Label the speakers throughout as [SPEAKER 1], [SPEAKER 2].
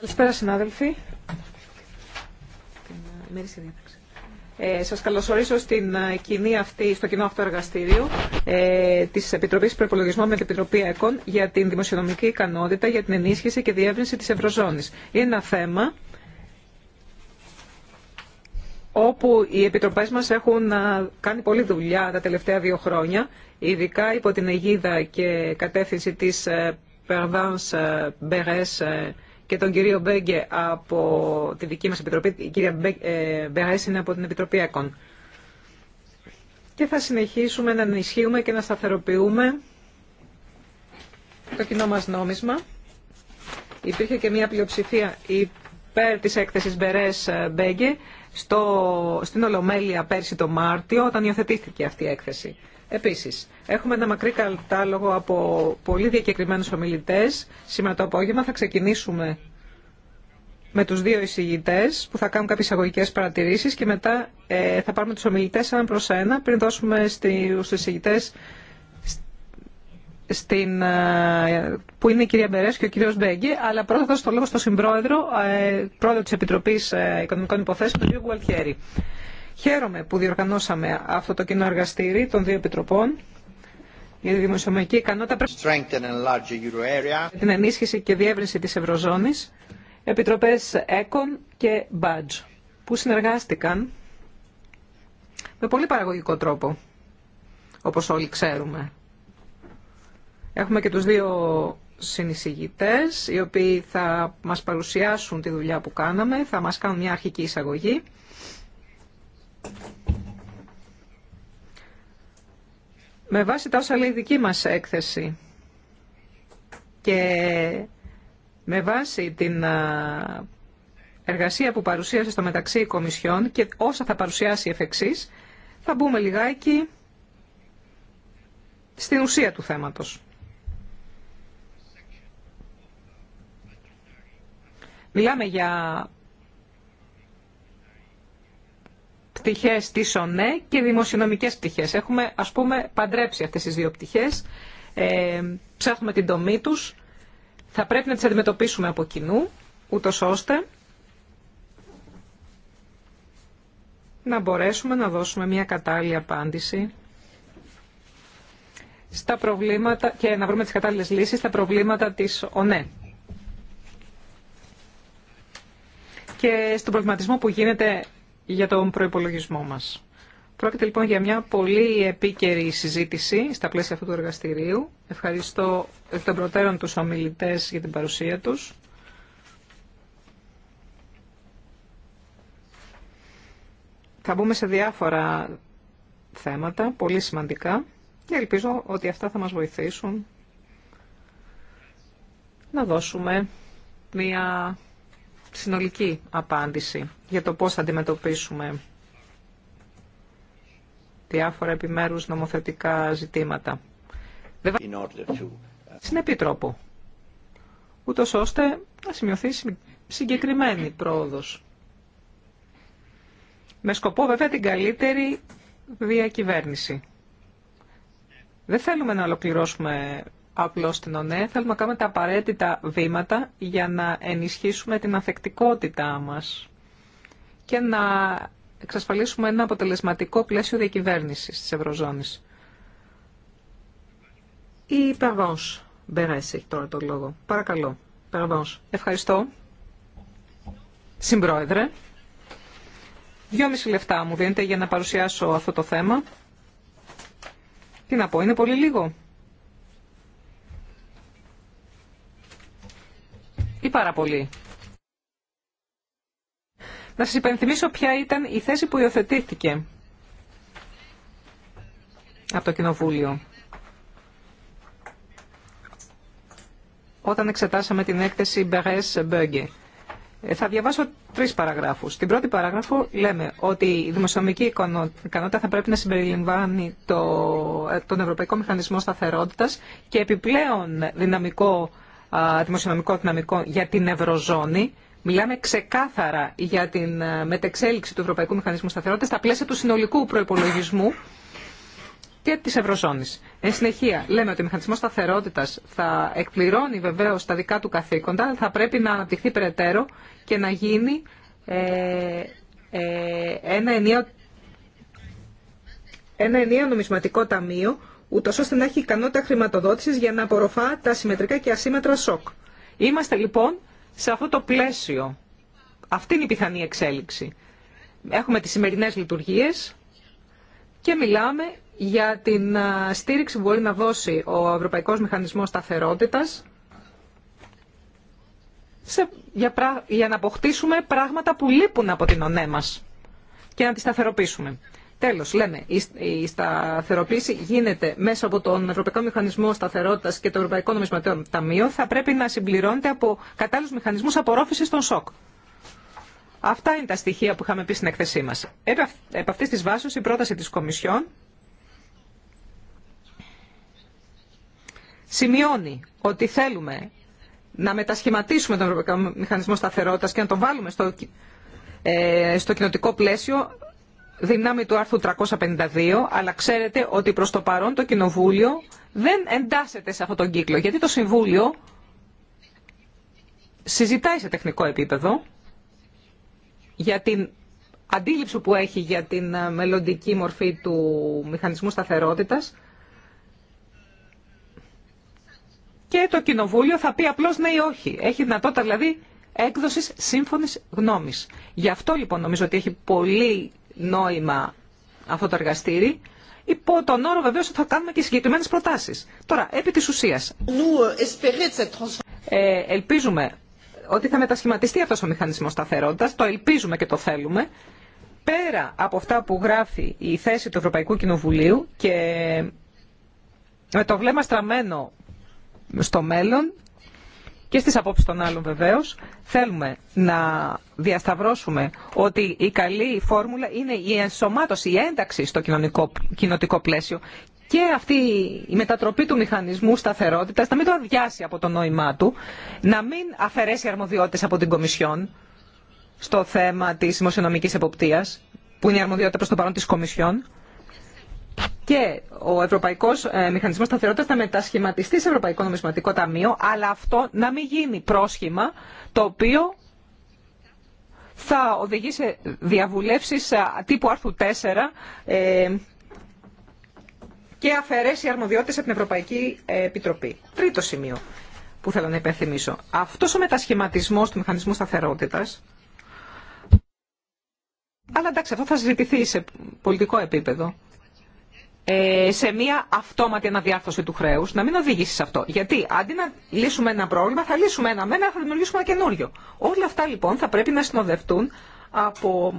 [SPEAKER 1] Καλησπέρα συνάδελφοι. Ε, ε, σας καλωσορίσω στην ε, κοινή αυτή, στο κοινό αυτό εργαστήριο ε, της Επιτροπής Προπολογισμών με την Επιτροπή ΕΚΟΝ για την δημοσιονομική ικανότητα, για την ενίσχυση και διεύρυνση της Ευρωζώνης. Είναι ένα θέμα όπου οι επιτροπές μας έχουν ε, κάνει πολλή δουλειά τα τελευταία δύο χρόνια, ειδικά υπό την αιγίδα και κατεύθυνση της Περδάνς ε, Μπερές ε, και τον κύριο Μπέγκε από τη δική μας επιτροπή. Η κυρία ε, Μπερές είναι από την Επιτροπή ΕΚΟΝ. Και θα συνεχίσουμε να ενισχύουμε και να σταθεροποιούμε το κοινό μας νόμισμα. Υπήρχε και μια πλειοψηφία υπέρ της έκθεσης Μπερές Μπέγκε στην Ολομέλεια πέρσι το Μάρτιο όταν υιοθετήθηκε αυτή η έκθεση. Επίση, έχουμε ένα μακρύ κατάλογο από πολύ διακεκριμένους ομιλητέ. Σήμερα το απόγευμα θα ξεκινήσουμε με τους δύο εισηγητές που θα κάνουν κάποιες αγωγικέ παρατηρήσεις και μετά ε, θα πάρουμε τους ομιλητές ένα προς ένα πριν δώσουμε στους εισηγητές στην, ε, που είναι η κυρία Μπερές και ο κύριος Μπέγκε, αλλά πρώτα θα δώσω το λόγο στον συμπρόεδρο, ε, πρόεδρο της Επιτροπής Οικονομικών Υποθέσεων, τον κύριο Γουαλτιέρη. Χαίρομαι που διοργανώσαμε αυτό το κοινό εργαστήρι των δύο επιτροπών για τη δημοσιονομική ικανότητα πρέπει την ενίσχυση και διεύρυνση της Ευρωζώνης, επιτροπές ΕΚΟΝ και BUDGE, που συνεργάστηκαν με πολύ παραγωγικό τρόπο, όπως όλοι ξέρουμε. Έχουμε και τους δύο συνεισηγητές, οι οποίοι θα μας παρουσιάσουν τη δουλειά που κάναμε, θα μας κάνουν μια αρχική εισαγωγή με βάση τα όσα λέει η δική μας έκθεση και με βάση την εργασία που παρουσίασε στο μεταξύ κομισιών και όσα θα παρουσιάσει εφ' εξής, θα μπούμε λιγάκι στην ουσία του θέματος. Μιλάμε για πτυχές της ΟΝΕ και δημοσιονομικές πτυχές. Έχουμε, ας πούμε, παντρέψει αυτές τις δύο πτυχές, ε, ψάχνουμε την τομή τους, θα πρέπει να τις αντιμετωπίσουμε από κοινού, ούτω ώστε να μπορέσουμε να δώσουμε μια κατάλληλη απάντηση στα προβλήματα και να βρούμε τις κατάλληλες λύσεις στα προβλήματα της ΟΝΕ. Και στον προβληματισμό που γίνεται για τον προπολογισμό μας. Πρόκειται λοιπόν για μια πολύ επίκαιρη συζήτηση στα πλαίσια αυτού του εργαστηρίου. Ευχαριστώ εκ των προτέρων του ομιλητέ για την παρουσία του. Θα μπούμε σε διάφορα θέματα, πολύ σημαντικά, και ελπίζω ότι αυτά θα μας βοηθήσουν να δώσουμε μια συνολική απάντηση για το πώς θα αντιμετωπίσουμε διάφορα επιμέρους νομοθετικά ζητήματα. Uh, Συνεπή τρόπο, ούτως ώστε να σημειωθεί συγκεκριμένη πρόοδος. Με σκοπό βέβαια την καλύτερη διακυβέρνηση. Δεν θέλουμε να ολοκληρώσουμε απλώς στην ΟΝΕ. Θέλουμε να κάνουμε τα απαραίτητα βήματα για να ενισχύσουμε την ανθεκτικότητά μας και να εξασφαλίσουμε ένα αποτελεσματικό πλαίσιο διακυβέρνησης της Ευρωζώνης. Η Περβάνς Μπερέση έχει τώρα το λόγο. Παρακαλώ. Περβάνς. Ευχαριστώ. Συμπρόεδρε. Δυόμιση λεφτά μου δίνετε για να παρουσιάσω αυτό το θέμα. Τι να πω, είναι πολύ λίγο. πάρα πολύ. Να σας υπενθυμίσω ποια ήταν η θέση που υιοθετήθηκε από το Κοινοβούλιο. Όταν εξετάσαμε την έκθεση Μπερές Μπέγκε. Ε, θα διαβάσω τρεις παραγράφους. Στην πρώτη παράγραφο λέμε ότι η δημοσιονομική ικανότητα θα πρέπει να συμπεριλαμβάνει το, ε, τον Ευρωπαϊκό Μηχανισμό Σταθερότητας και επιπλέον δυναμικό δημοσιονομικό δυναμικό για την Ευρωζώνη. Μιλάμε ξεκάθαρα για την μετεξέλιξη του Ευρωπαϊκού Μηχανισμού Σταθερότητα στα πλαίσια του συνολικού προπολογισμού και τη Ευρωζώνη. Εν συνεχεία, λέμε ότι ο μηχανισμό σταθερότητα θα εκπληρώνει βεβαίω τα δικά του καθήκοντα, αλλά θα πρέπει να αναπτυχθεί περαιτέρω και να γίνει ε, ε, ένα ενίο ένα νομισματικό ταμείο ούτω ώστε να έχει ικανότητα χρηματοδότησης για να απορροφά τα συμμετρικά και ασύμετρα σοκ. Είμαστε λοιπόν σε αυτό το πλαίσιο. Αυτή είναι η πιθανή εξέλιξη. Έχουμε τις σημερινές λειτουργίες και μιλάμε για την στήριξη που μπορεί να δώσει ο Ευρωπαϊκός Μηχανισμός Σταθερότητας για, πρα, για να αποκτήσουμε πράγματα που λείπουν από την ονέ μας και να τη σταθεροποιήσουμε. Τέλο, λέμε, η σταθεροποίηση γίνεται μέσα από τον Ευρωπαϊκό Μηχανισμό σταθερότητα και το Ευρωπαϊκό Νομισματικό Ταμείο. Θα πρέπει να συμπληρώνεται από κατάλληλου μηχανισμού απορρόφησης των σοκ. Αυτά είναι τα στοιχεία που είχαμε πει στην εκθεσή μα. Επ' αυτή τη βάση η πρόταση τη Κομισιόν σημειώνει ότι θέλουμε να μετασχηματίσουμε τον Ευρωπαϊκό Μηχανισμό σταθερότητα και να τον βάλουμε στο, ε, στο κοινοτικό πλαίσιο δυνάμει του άρθρου 352, αλλά ξέρετε ότι προς το παρόν το Κοινοβούλιο δεν εντάσσεται σε αυτόν τον κύκλο, γιατί το Συμβούλιο συζητάει σε τεχνικό επίπεδο για την αντίληψη που έχει για την ε, μελλοντική μορφή του μηχανισμού σταθερότητας και το Κοινοβούλιο θα πει απλώς ναι ή όχι. Έχει δυνατότητα δηλαδή έκδοσης σύμφωνης γνώμης. Γι' αυτό λοιπόν νομίζω ότι έχει πολύ νόημα αυτό το εργαστήρι, υπό τον όρο βεβαίω ότι θα κάνουμε και συγκεκριμένε προτάσει. Τώρα, επί τη ουσία. Euh, ε, ελπίζουμε ότι θα μετασχηματιστεί αυτό ο μηχανισμό σταθερότητα, το ελπίζουμε και το θέλουμε. Πέρα από αυτά που γράφει η θέση του Ευρωπαϊκού Κοινοβουλίου και με το βλέμμα στραμμένο στο μέλλον, και στις απόψεις των άλλων βεβαίως, θέλουμε να διασταυρώσουμε ότι η καλή φόρμουλα είναι η ενσωμάτωση, η ένταξη στο κοινωνικό, κοινωτικό πλαίσιο και αυτή η μετατροπή του μηχανισμού σταθερότητα να μην το αδειάσει από το νόημά του, να μην αφαιρέσει αρμοδιότητες από την Κομισιόν στο θέμα της δημοσιονομική εποπτείας, που είναι η αρμοδιότητα προς το παρόν της Κομισιόν, και ο Ευρωπαϊκό ε, Μηχανισμό Σταθερότητα θα μετασχηματιστεί σε Ευρωπαϊκό Νομισματικό Ταμείο, αλλά αυτό να μην γίνει πρόσχημα το οποίο θα οδηγεί σε διαβουλεύσεις ε, τύπου άρθρου 4 ε, και αφαιρέσει αρμοδιότητες από την Ευρωπαϊκή Επιτροπή. Τρίτο σημείο που θέλω να υπενθυμίσω. Αυτός ο μετασχηματισμός του μηχανισμού σταθερότητας, αλλά εντάξει αυτό θα συζητηθεί σε πολιτικό επίπεδο, ε, σε μία αυτόματη αναδιάρθρωση του χρέου, να μην οδηγήσει σε αυτό. Γιατί αντί να λύσουμε ένα πρόβλημα, θα λύσουμε ένα μένα, θα δημιουργήσουμε ένα καινούριο. Όλα αυτά λοιπόν θα πρέπει να συνοδευτούν από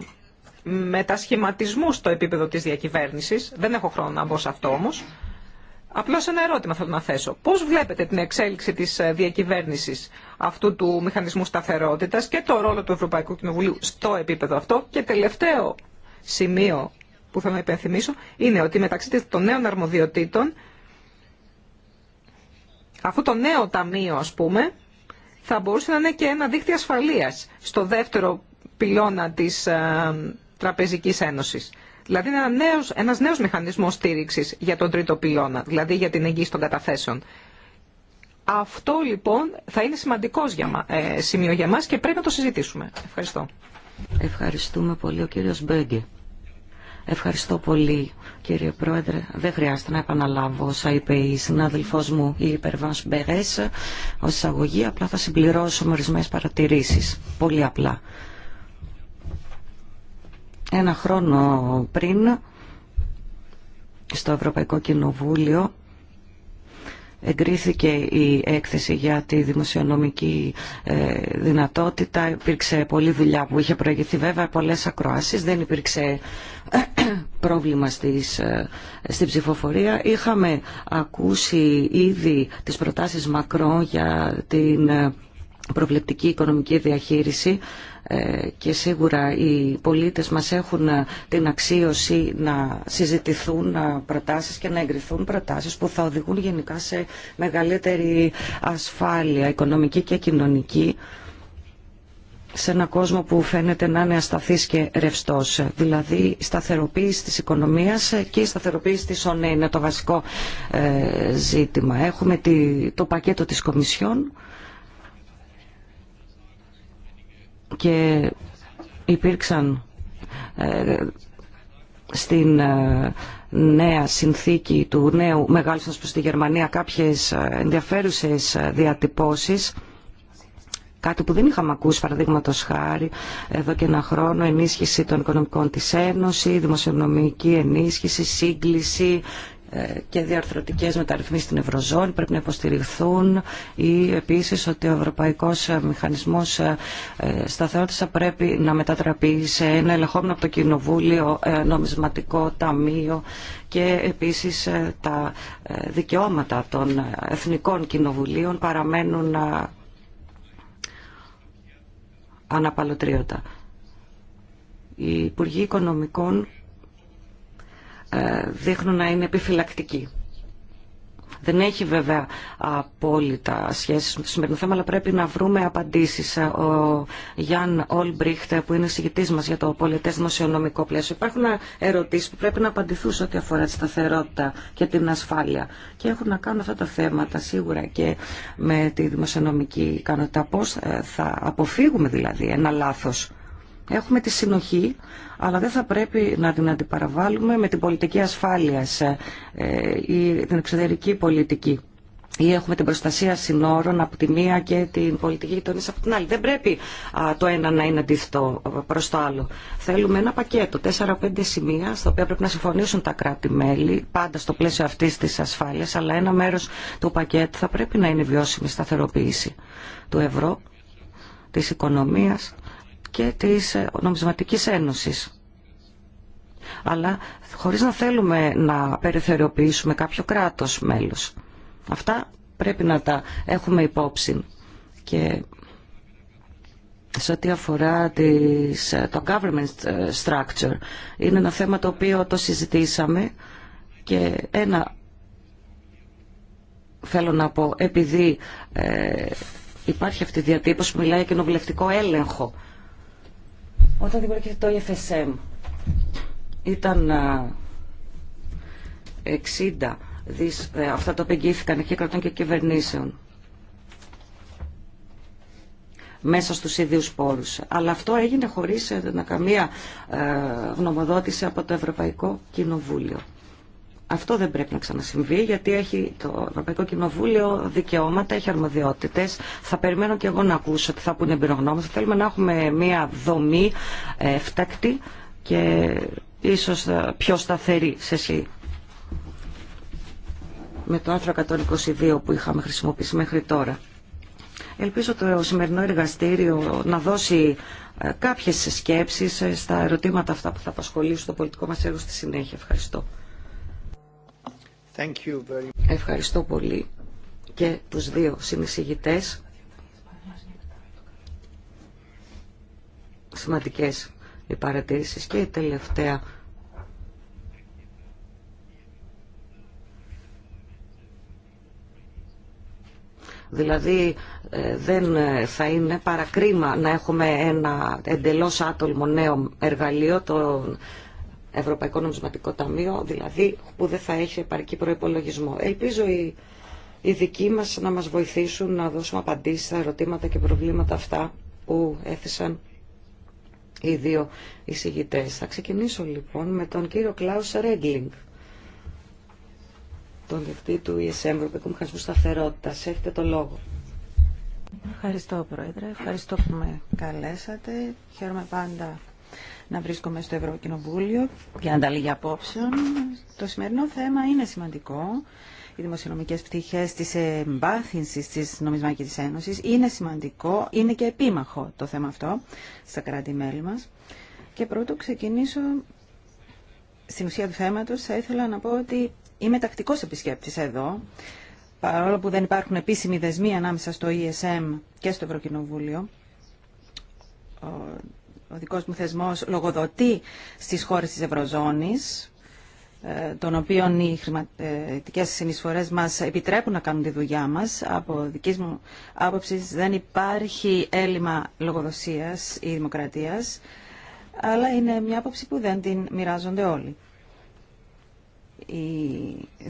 [SPEAKER 1] μετασχηματισμού στο επίπεδο τη διακυβέρνηση. Δεν έχω χρόνο να μπω σε αυτό όμω. Απλώ ένα ερώτημα θέλω να θέσω. Πώ βλέπετε την εξέλιξη τη διακυβέρνηση αυτού του μηχανισμού σταθερότητα και το ρόλο του Ευρωπαϊκού Κοινοβουλίου στο επίπεδο αυτό. Και τελευταίο σημείο που θα με υπενθυμίσω είναι ότι μεταξύ των νέων αρμοδιοτήτων αυτό το νέο ταμείο ας πούμε θα μπορούσε να είναι και ένα δίχτυ ασφαλείας στο δεύτερο πυλώνα της α, ε, Τραπεζικής Ένωσης. Δηλαδή ένα νέος, ένας νέος μηχανισμός στήριξης για τον τρίτο πυλώνα, δηλαδή για την εγγύηση των καταθέσεων. Αυτό λοιπόν θα είναι σημαντικό για, ε, σημείο για μας και πρέπει να το συζητήσουμε. Ευχαριστώ.
[SPEAKER 2] Ευχαριστούμε πολύ ο κύριος Μπέγκε. Ευχαριστώ πολύ κύριε Πρόεδρε. Δεν χρειάζεται να επαναλάβω όσα είπε η συνάδελφός μου η Υπερβάνς Μπερές ως εισαγωγή. Απλά θα συμπληρώσω με παρατηρήσεις. Πολύ απλά. Ένα χρόνο πριν στο Ευρωπαϊκό Κοινοβούλιο εγκρίθηκε η έκθεση για τη δημοσιονομική ε, δυνατότητα. Υπήρξε πολλή δουλειά που είχε προηγηθεί βέβαια, πολλές ακροάσεις. Δεν υπήρξε πρόβλημα στις, ε, στην ψηφοφορία. Είχαμε ακούσει ήδη τις προτάσεις Μακρό για την ε, προβλεπτική οικονομική διαχείριση ε, και σίγουρα οι πολίτες μας έχουν ε, την αξίωση να συζητηθούν προτάσεις και να εγκριθούν προτάσεις που θα οδηγούν γενικά σε μεγαλύτερη ασφάλεια οικονομική και κοινωνική σε ένα κόσμο που φαίνεται να είναι ασταθής και ρευστός. Δηλαδή η σταθεροποίηση της οικονομίας και η σταθεροποίηση της ΩΝΕ είναι το βασικό ε, ζήτημα. Έχουμε το πακέτο της Κομισιόν και υπήρξαν ε, στην ε, νέα συνθήκη του νέου μεγάλου σας στη Γερμανία κάποιες ε, ενδιαφέρουσες διατυπώσεις κάτι που δεν είχαμε ακούσει παραδείγματο χάρη εδώ και ένα χρόνο, ενίσχυση των οικονομικών της Ένωση, δημοσιονομική ενίσχυση, σύγκληση ε, και διαρθρωτικές μεταρρυθμίσεις στην Ευρωζώνη πρέπει να υποστηριχθούν ή επίσης ότι ο Ευρωπαϊκός Μηχανισμός ε, Σταθερότητας πρέπει να μετατραπεί σε ένα ελεγχόμενο από το Κοινοβούλιο ε, νομισματικό ταμείο και επίσης τα δικαιώματα των εθνικών κοινοβουλίων παραμένουν αναπαλωτρίωτα. Οι Υπουργοί Οικονομικών ε, δείχνουν να είναι επιφυλακτικοί. Δεν έχει βέβαια απόλυτα σχέση με το σημερινό θέμα, αλλά πρέπει να βρούμε απαντήσεις. Ε, ο Γιάνν Ολμπρίχτ, που είναι συγητής μας για το πολιτές δημοσιονομικό πλαίσιο, υπάρχουν ερωτήσεις που πρέπει να απαντηθούν σε ό,τι αφορά τη σταθερότητα και την ασφάλεια. Και έχουν να κάνουν αυτά τα θέματα σίγουρα και με τη δημοσιονομική ικανότητα. Πώς ε, θα αποφύγουμε δηλαδή ένα λάθος Έχουμε τη συνοχή, αλλά δεν θα πρέπει να την αντιπαραβάλλουμε με την πολιτική ασφάλειας ε, ή την εξωτερική πολιτική ή έχουμε την προστασία συνόρων από τη μία και την πολιτική γειτονία από την άλλη. Δεν πρέπει το ένα να είναι αντίθετο ε, προ το άλλο. Θέλουμε ένα πακέτο, τέσσερα-πέντε σημεία, στα οποία πρέπει να συμφωνήσουν τα κράτη-μέλη, πάντα στο πλαίσιο αυτή τη ασφάλεια, αλλά ένα μέρο του πακέτου θα πρέπει να είναι βιώσιμη σταθεροποίηση του ευρώ, τη οικονομία και της Νομισματικής Ένωσης. Αλλά χωρίς να θέλουμε να περιθωριοποιήσουμε κάποιο κράτος μέλος. Αυτά πρέπει να τα έχουμε υπόψη. Και σε ό,τι αφορά το government structure, είναι ένα θέμα το οποίο το συζητήσαμε και ένα θέλω να πω, επειδή ε, υπάρχει αυτή η διατύπωση που μιλάει για κοινοβουλευτικό έλεγχο όταν δημιουργήθηκε το EFSM ήταν 60 δις, ε, αυτά τα οποία εκεί κρατών και κυβερνήσεων μέσα στους ιδίους πόρους. Αλλά αυτό έγινε χωρίς ε, καμία ε, γνωμοδότηση από το Ευρωπαϊκό Κοινοβούλιο. Αυτό δεν πρέπει να ξανασυμβεί γιατί έχει το Ευρωπαϊκό Κοινοβούλιο δικαιώματα, έχει αρμοδιότητε. Θα περιμένω και εγώ να ακούσω τι θα πούνε εμπειρογνώμε. Θέλουμε να έχουμε μια δομή εφτάκτη και ίσω ε, πιο σταθερή σε εσύ. Με το άρθρο 122 που είχαμε χρησιμοποιήσει μέχρι τώρα. Ελπίζω το σημερινό εργαστήριο να δώσει ε, κάποιες σκέψεις ε, στα ερωτήματα αυτά που θα απασχολήσουν το πολιτικό μας έργο στη συνέχεια. Ευχαριστώ. Ευχαριστώ πολύ και τους δύο συνεισηγητές. Σημαντικές οι παρατηρήσεις και η τελευταία Δηλαδή ε, δεν ε, θα είναι παρακρίμα να έχουμε ένα εντελώς άτολμο νέο εργαλείο, το Ευρωπαϊκό Νομισματικό Ταμείο, δηλαδή που δεν θα έχει επαρκή προπολογισμό. Ελπίζω οι δικοί μας να μας βοηθήσουν να δώσουμε απαντήσεις στα ερωτήματα και προβλήματα αυτά που έθεσαν οι δύο εισηγητέ. Θα ξεκινήσω λοιπόν με τον κύριο Κλάου Ρέγκλινγκ, τον διευθύντη του ESM, Ευρωπαϊκού Μηχανισμού Σταθερότητα. Έχετε το λόγο.
[SPEAKER 3] Ευχαριστώ Πρόεδρε, ευχαριστώ που με καλέσατε. Χαίρομαι πάντα να βρίσκομαι στο Ευρωκοινοβούλιο για ανταλλήγη απόψεων. Το σημερινό θέμα είναι σημαντικό. Οι δημοσιονομικές πτυχές της εμπάθυνσης της της Ένωση. είναι σημαντικό, είναι και επίμαχο το θέμα αυτό στα κράτη-μέλη μας. Και πρώτο ξεκινήσω στην ουσία του θέματος. Θα ήθελα να πω ότι είμαι τακτικό επισκέπτη εδώ παρόλο που δεν υπάρχουν επίσημοι δεσμοί ανάμεσα στο ESM και στο Ευρωκοινοβούλιο, ο δικός μου θεσμός λογοδοτεί στις χώρες της Ευρωζώνης, ε, των οποίων οι χρηματικές συνεισφορές μας επιτρέπουν να κάνουν τη δουλειά μας. Από δική μου άποψη δεν υπάρχει έλλειμμα λογοδοσίας ή δημοκρατίας, αλλά είναι μια άποψη που δεν την μοιράζονται όλοι. Οι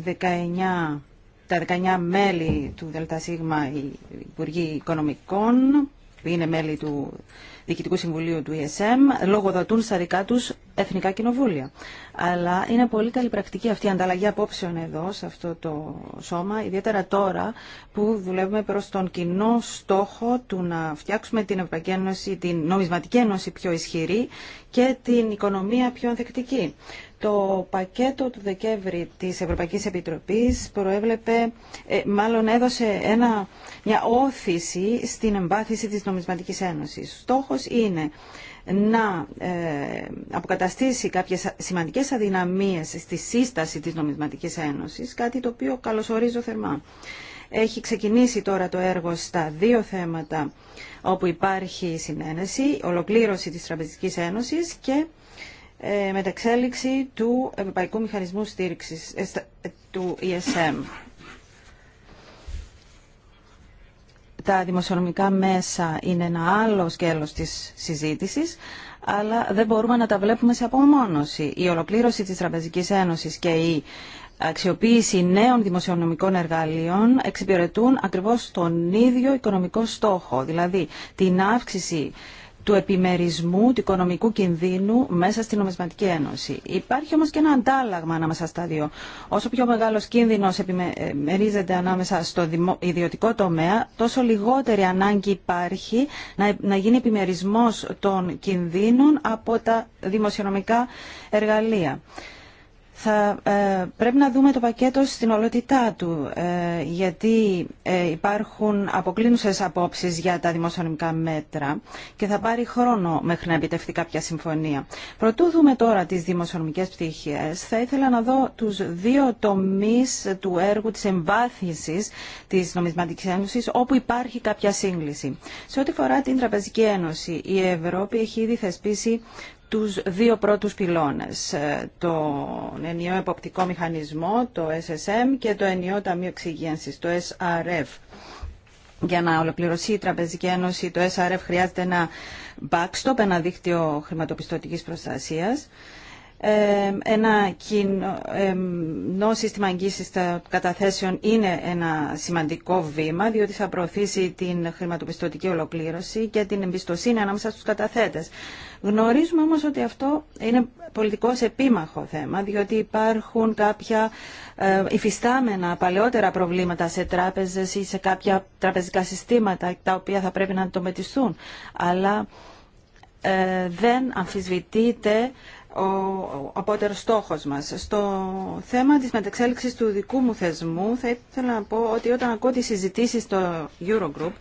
[SPEAKER 3] 19, τα 19 μέλη του ΔΣ, οι Υπουργοί Οικονομικών, που είναι μέλη του Διοικητικού Συμβουλίου του ESM, λογοδοτούν στα δικά του εθνικά κοινοβούλια. Αλλά είναι πολύ καλή πρακτική αυτή η ανταλλαγή απόψεων εδώ, σε αυτό το σώμα, ιδιαίτερα τώρα που δουλεύουμε προς τον κοινό στόχο του να φτιάξουμε την Ευρωπαϊκή Ένωση, την νομισματική ένωση πιο ισχυρή και την οικονομία πιο ανθεκτική. Το πακέτο του Δεκέμβρη της Ευρωπαϊκής Επιτροπής προέβλεπε, ε, μάλλον έδωσε ένα, μια όθηση στην εμπάθηση της Νομισματικής Ένωσης. Στόχος είναι να ε, αποκαταστήσει κάποιες σημαντικές αδυναμίες στη σύσταση της Νομισματικής Ένωσης, κάτι το οποίο καλωσορίζω θερμά. Έχει ξεκινήσει τώρα το έργο στα δύο θέματα όπου υπάρχει συνένεση, ολοκλήρωση της Τραπεζικής Ένωσης και ε, μεταξέλιξη του Ευρωπαϊκού Μηχανισμού Στήριξης, ε, ε, του ESM. Τα δημοσιονομικά μέσα είναι ένα άλλο σκέλος της συζήτησης, αλλά δεν μπορούμε να τα βλέπουμε σε απομόνωση. Η ολοκλήρωση της Τραπεζικής Ένωσης και η αξιοποίηση νέων δημοσιονομικών εργαλείων εξυπηρετούν ακριβώς τον ίδιο οικονομικό στόχο, δηλαδή την αύξηση του επιμερισμού, του οικονομικού κινδύνου μέσα στην Νομισματική Ένωση. Υπάρχει όμως και ένα αντάλλαγμα ανάμεσα στα δύο. Όσο πιο μεγάλος κίνδυνος επιμερίζεται ε, ανάμεσα στο ιδιωτικό τομέα, τόσο λιγότερη ανάγκη υπάρχει να γίνει επιμερισμός των κινδύνων από τα δημοσιονομικά εργαλεία θα ε, πρέπει να δούμε το πακέτο στην ολοτητά του, ε, γιατί ε, υπάρχουν αποκλίνουσες απόψεις για τα δημοσιονομικά μέτρα και θα πάρει χρόνο μέχρι να επιτευχθεί κάποια συμφωνία. Προτού δούμε τώρα τις δημοσιονομικές πτυχίες, θα ήθελα να δω τους δύο τομείς του έργου της εμβάθυνσης της Νομισματικής Ένωσης, όπου υπάρχει κάποια σύγκληση. Σε ό,τι φορά την Τραπεζική Ένωση, η Ευρώπη έχει ήδη θεσπίσει τους δύο πρώτους πυλώνες, ε, τον ενιαίο εποπτικό μηχανισμό, το SSM και το ενιαίο ταμείο εξυγένσης, το SRF. Για να ολοκληρωθεί η Τραπεζική Ένωση, το SRF χρειάζεται ένα backstop, ένα δίκτυο χρηματοπιστωτικής προστασίας ένα κοινό σύστημα εγγύηση των καταθέσεων είναι ένα σημαντικό βήμα, διότι θα προωθήσει την χρηματοπιστωτική ολοκλήρωση και την εμπιστοσύνη ανάμεσα στου καταθέτε. Γνωρίζουμε όμω ότι αυτό είναι πολιτικό επίμαχο θέμα, διότι υπάρχουν κάποια υφιστάμενα παλαιότερα προβλήματα σε τράπεζε ή σε κάποια τραπεζικά συστήματα, τα οποία θα πρέπει να αντιμετωπιστούν. Αλλά ε, δεν αμφισβητείται ο απότερο στόχο μα. Στο θέμα τη μεταξέλιξη του δικού μου θεσμού θα ήθελα να πω ότι όταν ακούω τι συζητήσει στο Eurogroup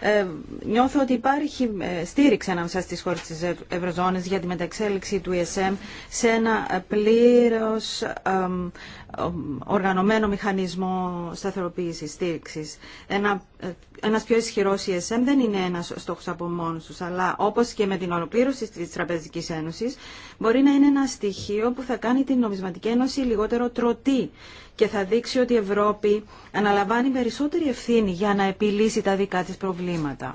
[SPEAKER 3] ε, νιώθω ότι υπάρχει ε, στήριξη ανάμεσα στις χώρες της Ευρωζώνης για τη μεταξέλιξη του ESM ε σε ένα πλήρως οργανωμένο μηχανισμό σταθεροποίηση στήριξης. Ένα, ε, ένας πιο ισχυρό ESM δεν είναι ένας στόχο από μόνο του, αλλά όπως και με την ολοκλήρωση της Τραπεζικής Ένωση, μπορεί να είναι ένα στοιχείο που θα κάνει την νομισματική ένωση λιγότερο τρωτή και θα δείξει ότι η Ευρώπη αναλαμβάνει περισσότερη ευθύνη για να επιλύσει τα δικά της προβλήματα.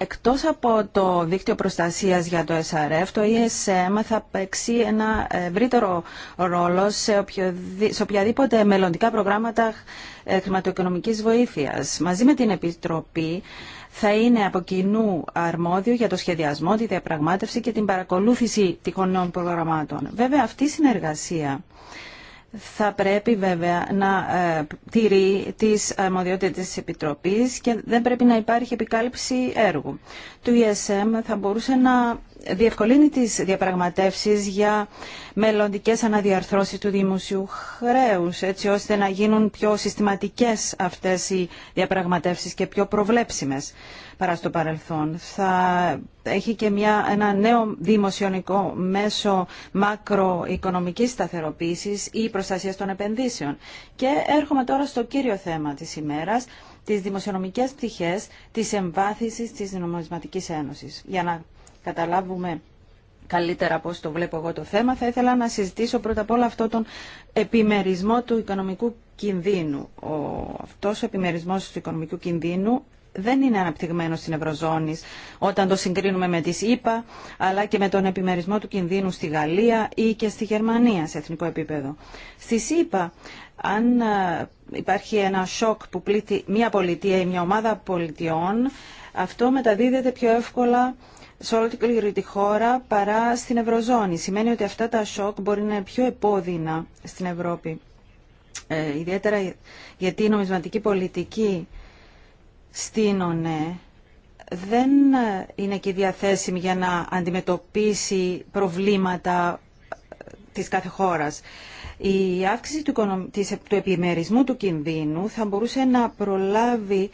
[SPEAKER 3] Εκτός από το δίκτυο προστασίας για το SRF, το ESM θα παίξει ένα ευρύτερο ρόλο σε, οποιαδήποτε μελλοντικά προγράμματα ε, χρηματοοικονομικής βοήθειας. Μαζί με την Επιτροπή θα είναι από κοινού αρμόδιο για το σχεδιασμό, τη διαπραγμάτευση και την παρακολούθηση νέων προγραμμάτων. Βέβαια, αυτή η συνεργασία θα πρέπει βέβαια να ε, τηρεί τις αρμοδιότητες της Επιτροπής και δεν πρέπει να υπάρχει επικάλυψη έργου. Το ESM θα μπορούσε να διευκολύνει τις διαπραγματεύσεις για μελλοντικές αναδιαρθρώσεις του δημοσίου χρέους, έτσι ώστε να γίνουν πιο συστηματικές αυτές οι διαπραγματεύσεις και πιο προβλέψιμες παρά στο παρελθόν. Θα έχει και μια, ένα νέο δημοσιονικό μέσο μακροοικονομικής σταθεροποίησης ή προστασίας των επενδύσεων. Και έρχομαι τώρα στο κύριο θέμα της ημέρας, τις δημοσιονομικές πτυχές της εμβάθυνσης της Νομισματικής Ένωσης. Για να καταλάβουμε καλύτερα πώς το βλέπω εγώ το θέμα, θα ήθελα να συζητήσω πρώτα απ' όλα αυτό τον επιμερισμό του οικονομικού κινδύνου. Ο, αυτός ο επιμερισμός του οικονομικού κινδύνου δεν είναι αναπτυγμένο στην Ευρωζώνη όταν το συγκρίνουμε με τις ΗΠΑ, αλλά και με τον επιμερισμό του κινδύνου στη Γαλλία ή και στη Γερμανία σε εθνικό επίπεδο. Στις ΗΠΑ, αν ε, υπάρχει ένα σοκ που πλήττει μια πολιτεία ή μια ομάδα πολιτιών, αυτό μεταδίδεται πιο εύκολα σε όλη τη χώρα παρά στην Ευρωζώνη. Σημαίνει ότι αυτά τα σοκ μπορεί να είναι πιο επώδυνα στην Ευρώπη. Ε, ιδιαίτερα γιατί η νομισματική πολιτική στην ναι, δεν είναι και διαθέσιμη για να αντιμετωπίσει προβλήματα της κάθε χώρας. Η αύξηση του, του επιμερισμού του κινδύνου θα μπορούσε να προλάβει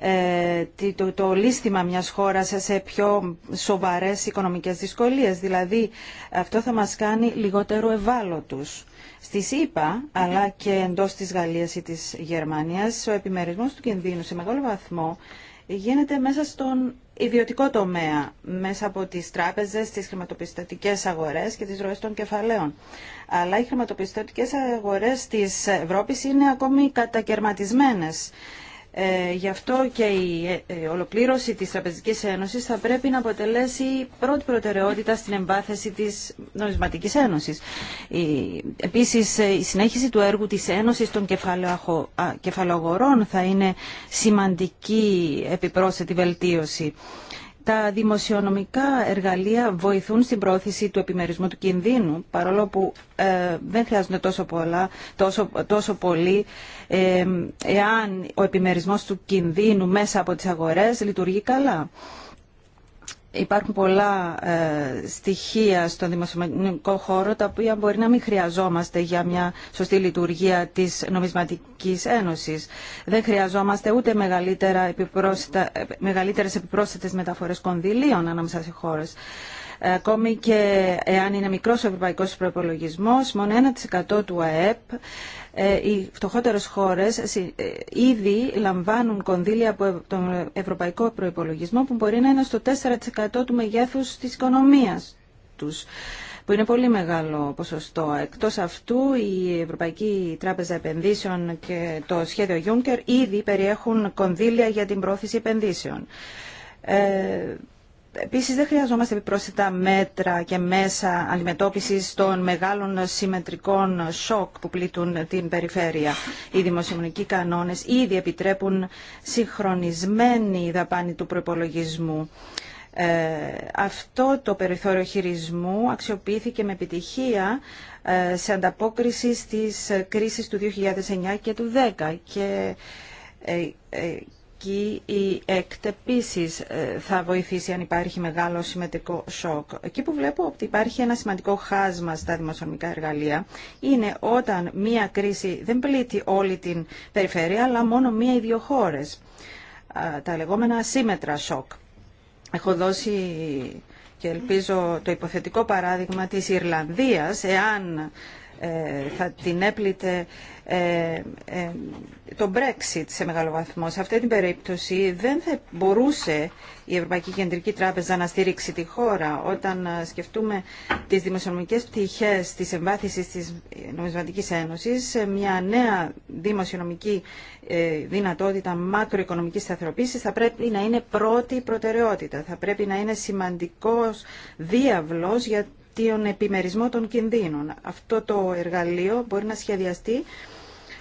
[SPEAKER 3] ε, το, το λίστημα μιας χώρας σε πιο σοβαρές οικονομικές δυσκολίες. Δηλαδή αυτό θα μας κάνει λιγότερο ευάλωτους. Στη ΣΥΠΑ, αλλά και εντός της Γαλλίας ή της Γερμανίας, ο επιμερισμός του κινδύνου σε μεγάλο βαθμό γίνεται μέσα στον ιδιωτικό τομέα, μέσα από τις τράπεζες, τις χρηματοπιστωτικές αγορές και τις ροές των κεφαλαίων. Αλλά οι χρηματοπιστωτικές αγορές της Ευρώπης είναι ακόμη κατακαιρματισμένες ε, γι' αυτό και η ε, ε, ολοκλήρωση της Τραπεζικής Ένωσης θα πρέπει να αποτελέσει πρώτη προτεραιότητα στην εμπάθεση της Νομισματικής Ένωσης. Η, επίσης, ε, η συνέχιση του έργου της Ένωσης των Κεφαλογορών θα είναι σημαντική επιπρόσθετη βελτίωση. Τα δημοσιονομικά εργαλεία βοηθούν στην πρόθεση του επιμερισμού του κινδύνου, παρόλο που ε, δεν χρειάζονται τόσο, τόσο, τόσο πολύ ε, εάν ο επιμερισμός του κινδύνου μέσα από τις αγορές λειτουργεί καλά. Υπάρχουν πολλά ε, στοιχεία στον δημοσιονομικό χώρο τα οποία μπορεί να μην χρειαζόμαστε για μια σωστή λειτουργία της νομισματικής ένωσης. Δεν χρειαζόμαστε ούτε μεγαλύτερα επιπρόσθετα, ε, μεγαλύτερες επιπρόσθετες μεταφορές κονδυλίων ανάμεσα σε χώρες. Ε, ακόμη και εάν είναι μικρός ο ευρωπαϊκός προϋπολογισμός, μόνο 1% του ΑΕΠ ε, οι φτωχότερες χώρες ε, ήδη λαμβάνουν κονδύλια από τον ευρωπαϊκό προϋπολογισμό που μπορεί να είναι στο 4% του μεγέθους της οικονομίας τους που είναι πολύ μεγάλο ποσοστό. Εκτός αυτού, η Ευρωπαϊκή Τράπεζα Επενδύσεων και το σχέδιο Juncker ήδη περιέχουν κονδύλια για την πρόθεση επενδύσεων. Ε, Επίσης δεν χρειαζόμαστε επιπρόσθετα μέτρα και μέσα αντιμετώπισης των μεγάλων συμμετρικών σοκ που πλήττουν την περιφέρεια. Οι δημοσιονομικοί κανόνες ήδη επιτρέπουν συγχρονισμένη δαπάνη του προπολογισμού. Ε, αυτό το περιθώριο χειρισμού αξιοποιήθηκε με επιτυχία ε, σε ανταπόκριση στις κρίσεις του 2009 και του 2010 και ε, εκεί η ΕΚΤ επίση ε, θα βοηθήσει αν υπάρχει μεγάλο συμμετρικό σοκ. Εκεί που βλέπω ότι υπάρχει ένα σημαντικό χάσμα στα δημοσιονομικά εργαλεία είναι όταν μία κρίση δεν πλήττει όλη την περιφέρεια, αλλά μόνο μία ή δύο χώρε. Τα λεγόμενα σύμμετρα σοκ. Έχω δώσει και ελπίζω το υποθετικό παράδειγμα της Ιρλανδίας, εάν ε, θα την έπλητε ε, ε, το Brexit σε μεγάλο βαθμό. Σε αυτή την περίπτωση δεν θα μπορούσε η Ευρωπαϊκή Κεντρική Τράπεζα να στηρίξει τη χώρα. Όταν σκεφτούμε τις δημοσιονομικές πτυχές της εμβάθυνσης της Νομισματικής Ένωσης, μια νέα δημοσιονομική δυνατότητα μακροοικονομικής σταθεροποίησης θα πρέπει να είναι πρώτη προτεραιότητα. Θα πρέπει να είναι σημαντικός διάβλος για δικτύων επιμερισμό των κινδύνων. Αυτό το εργαλείο μπορεί να σχεδιαστεί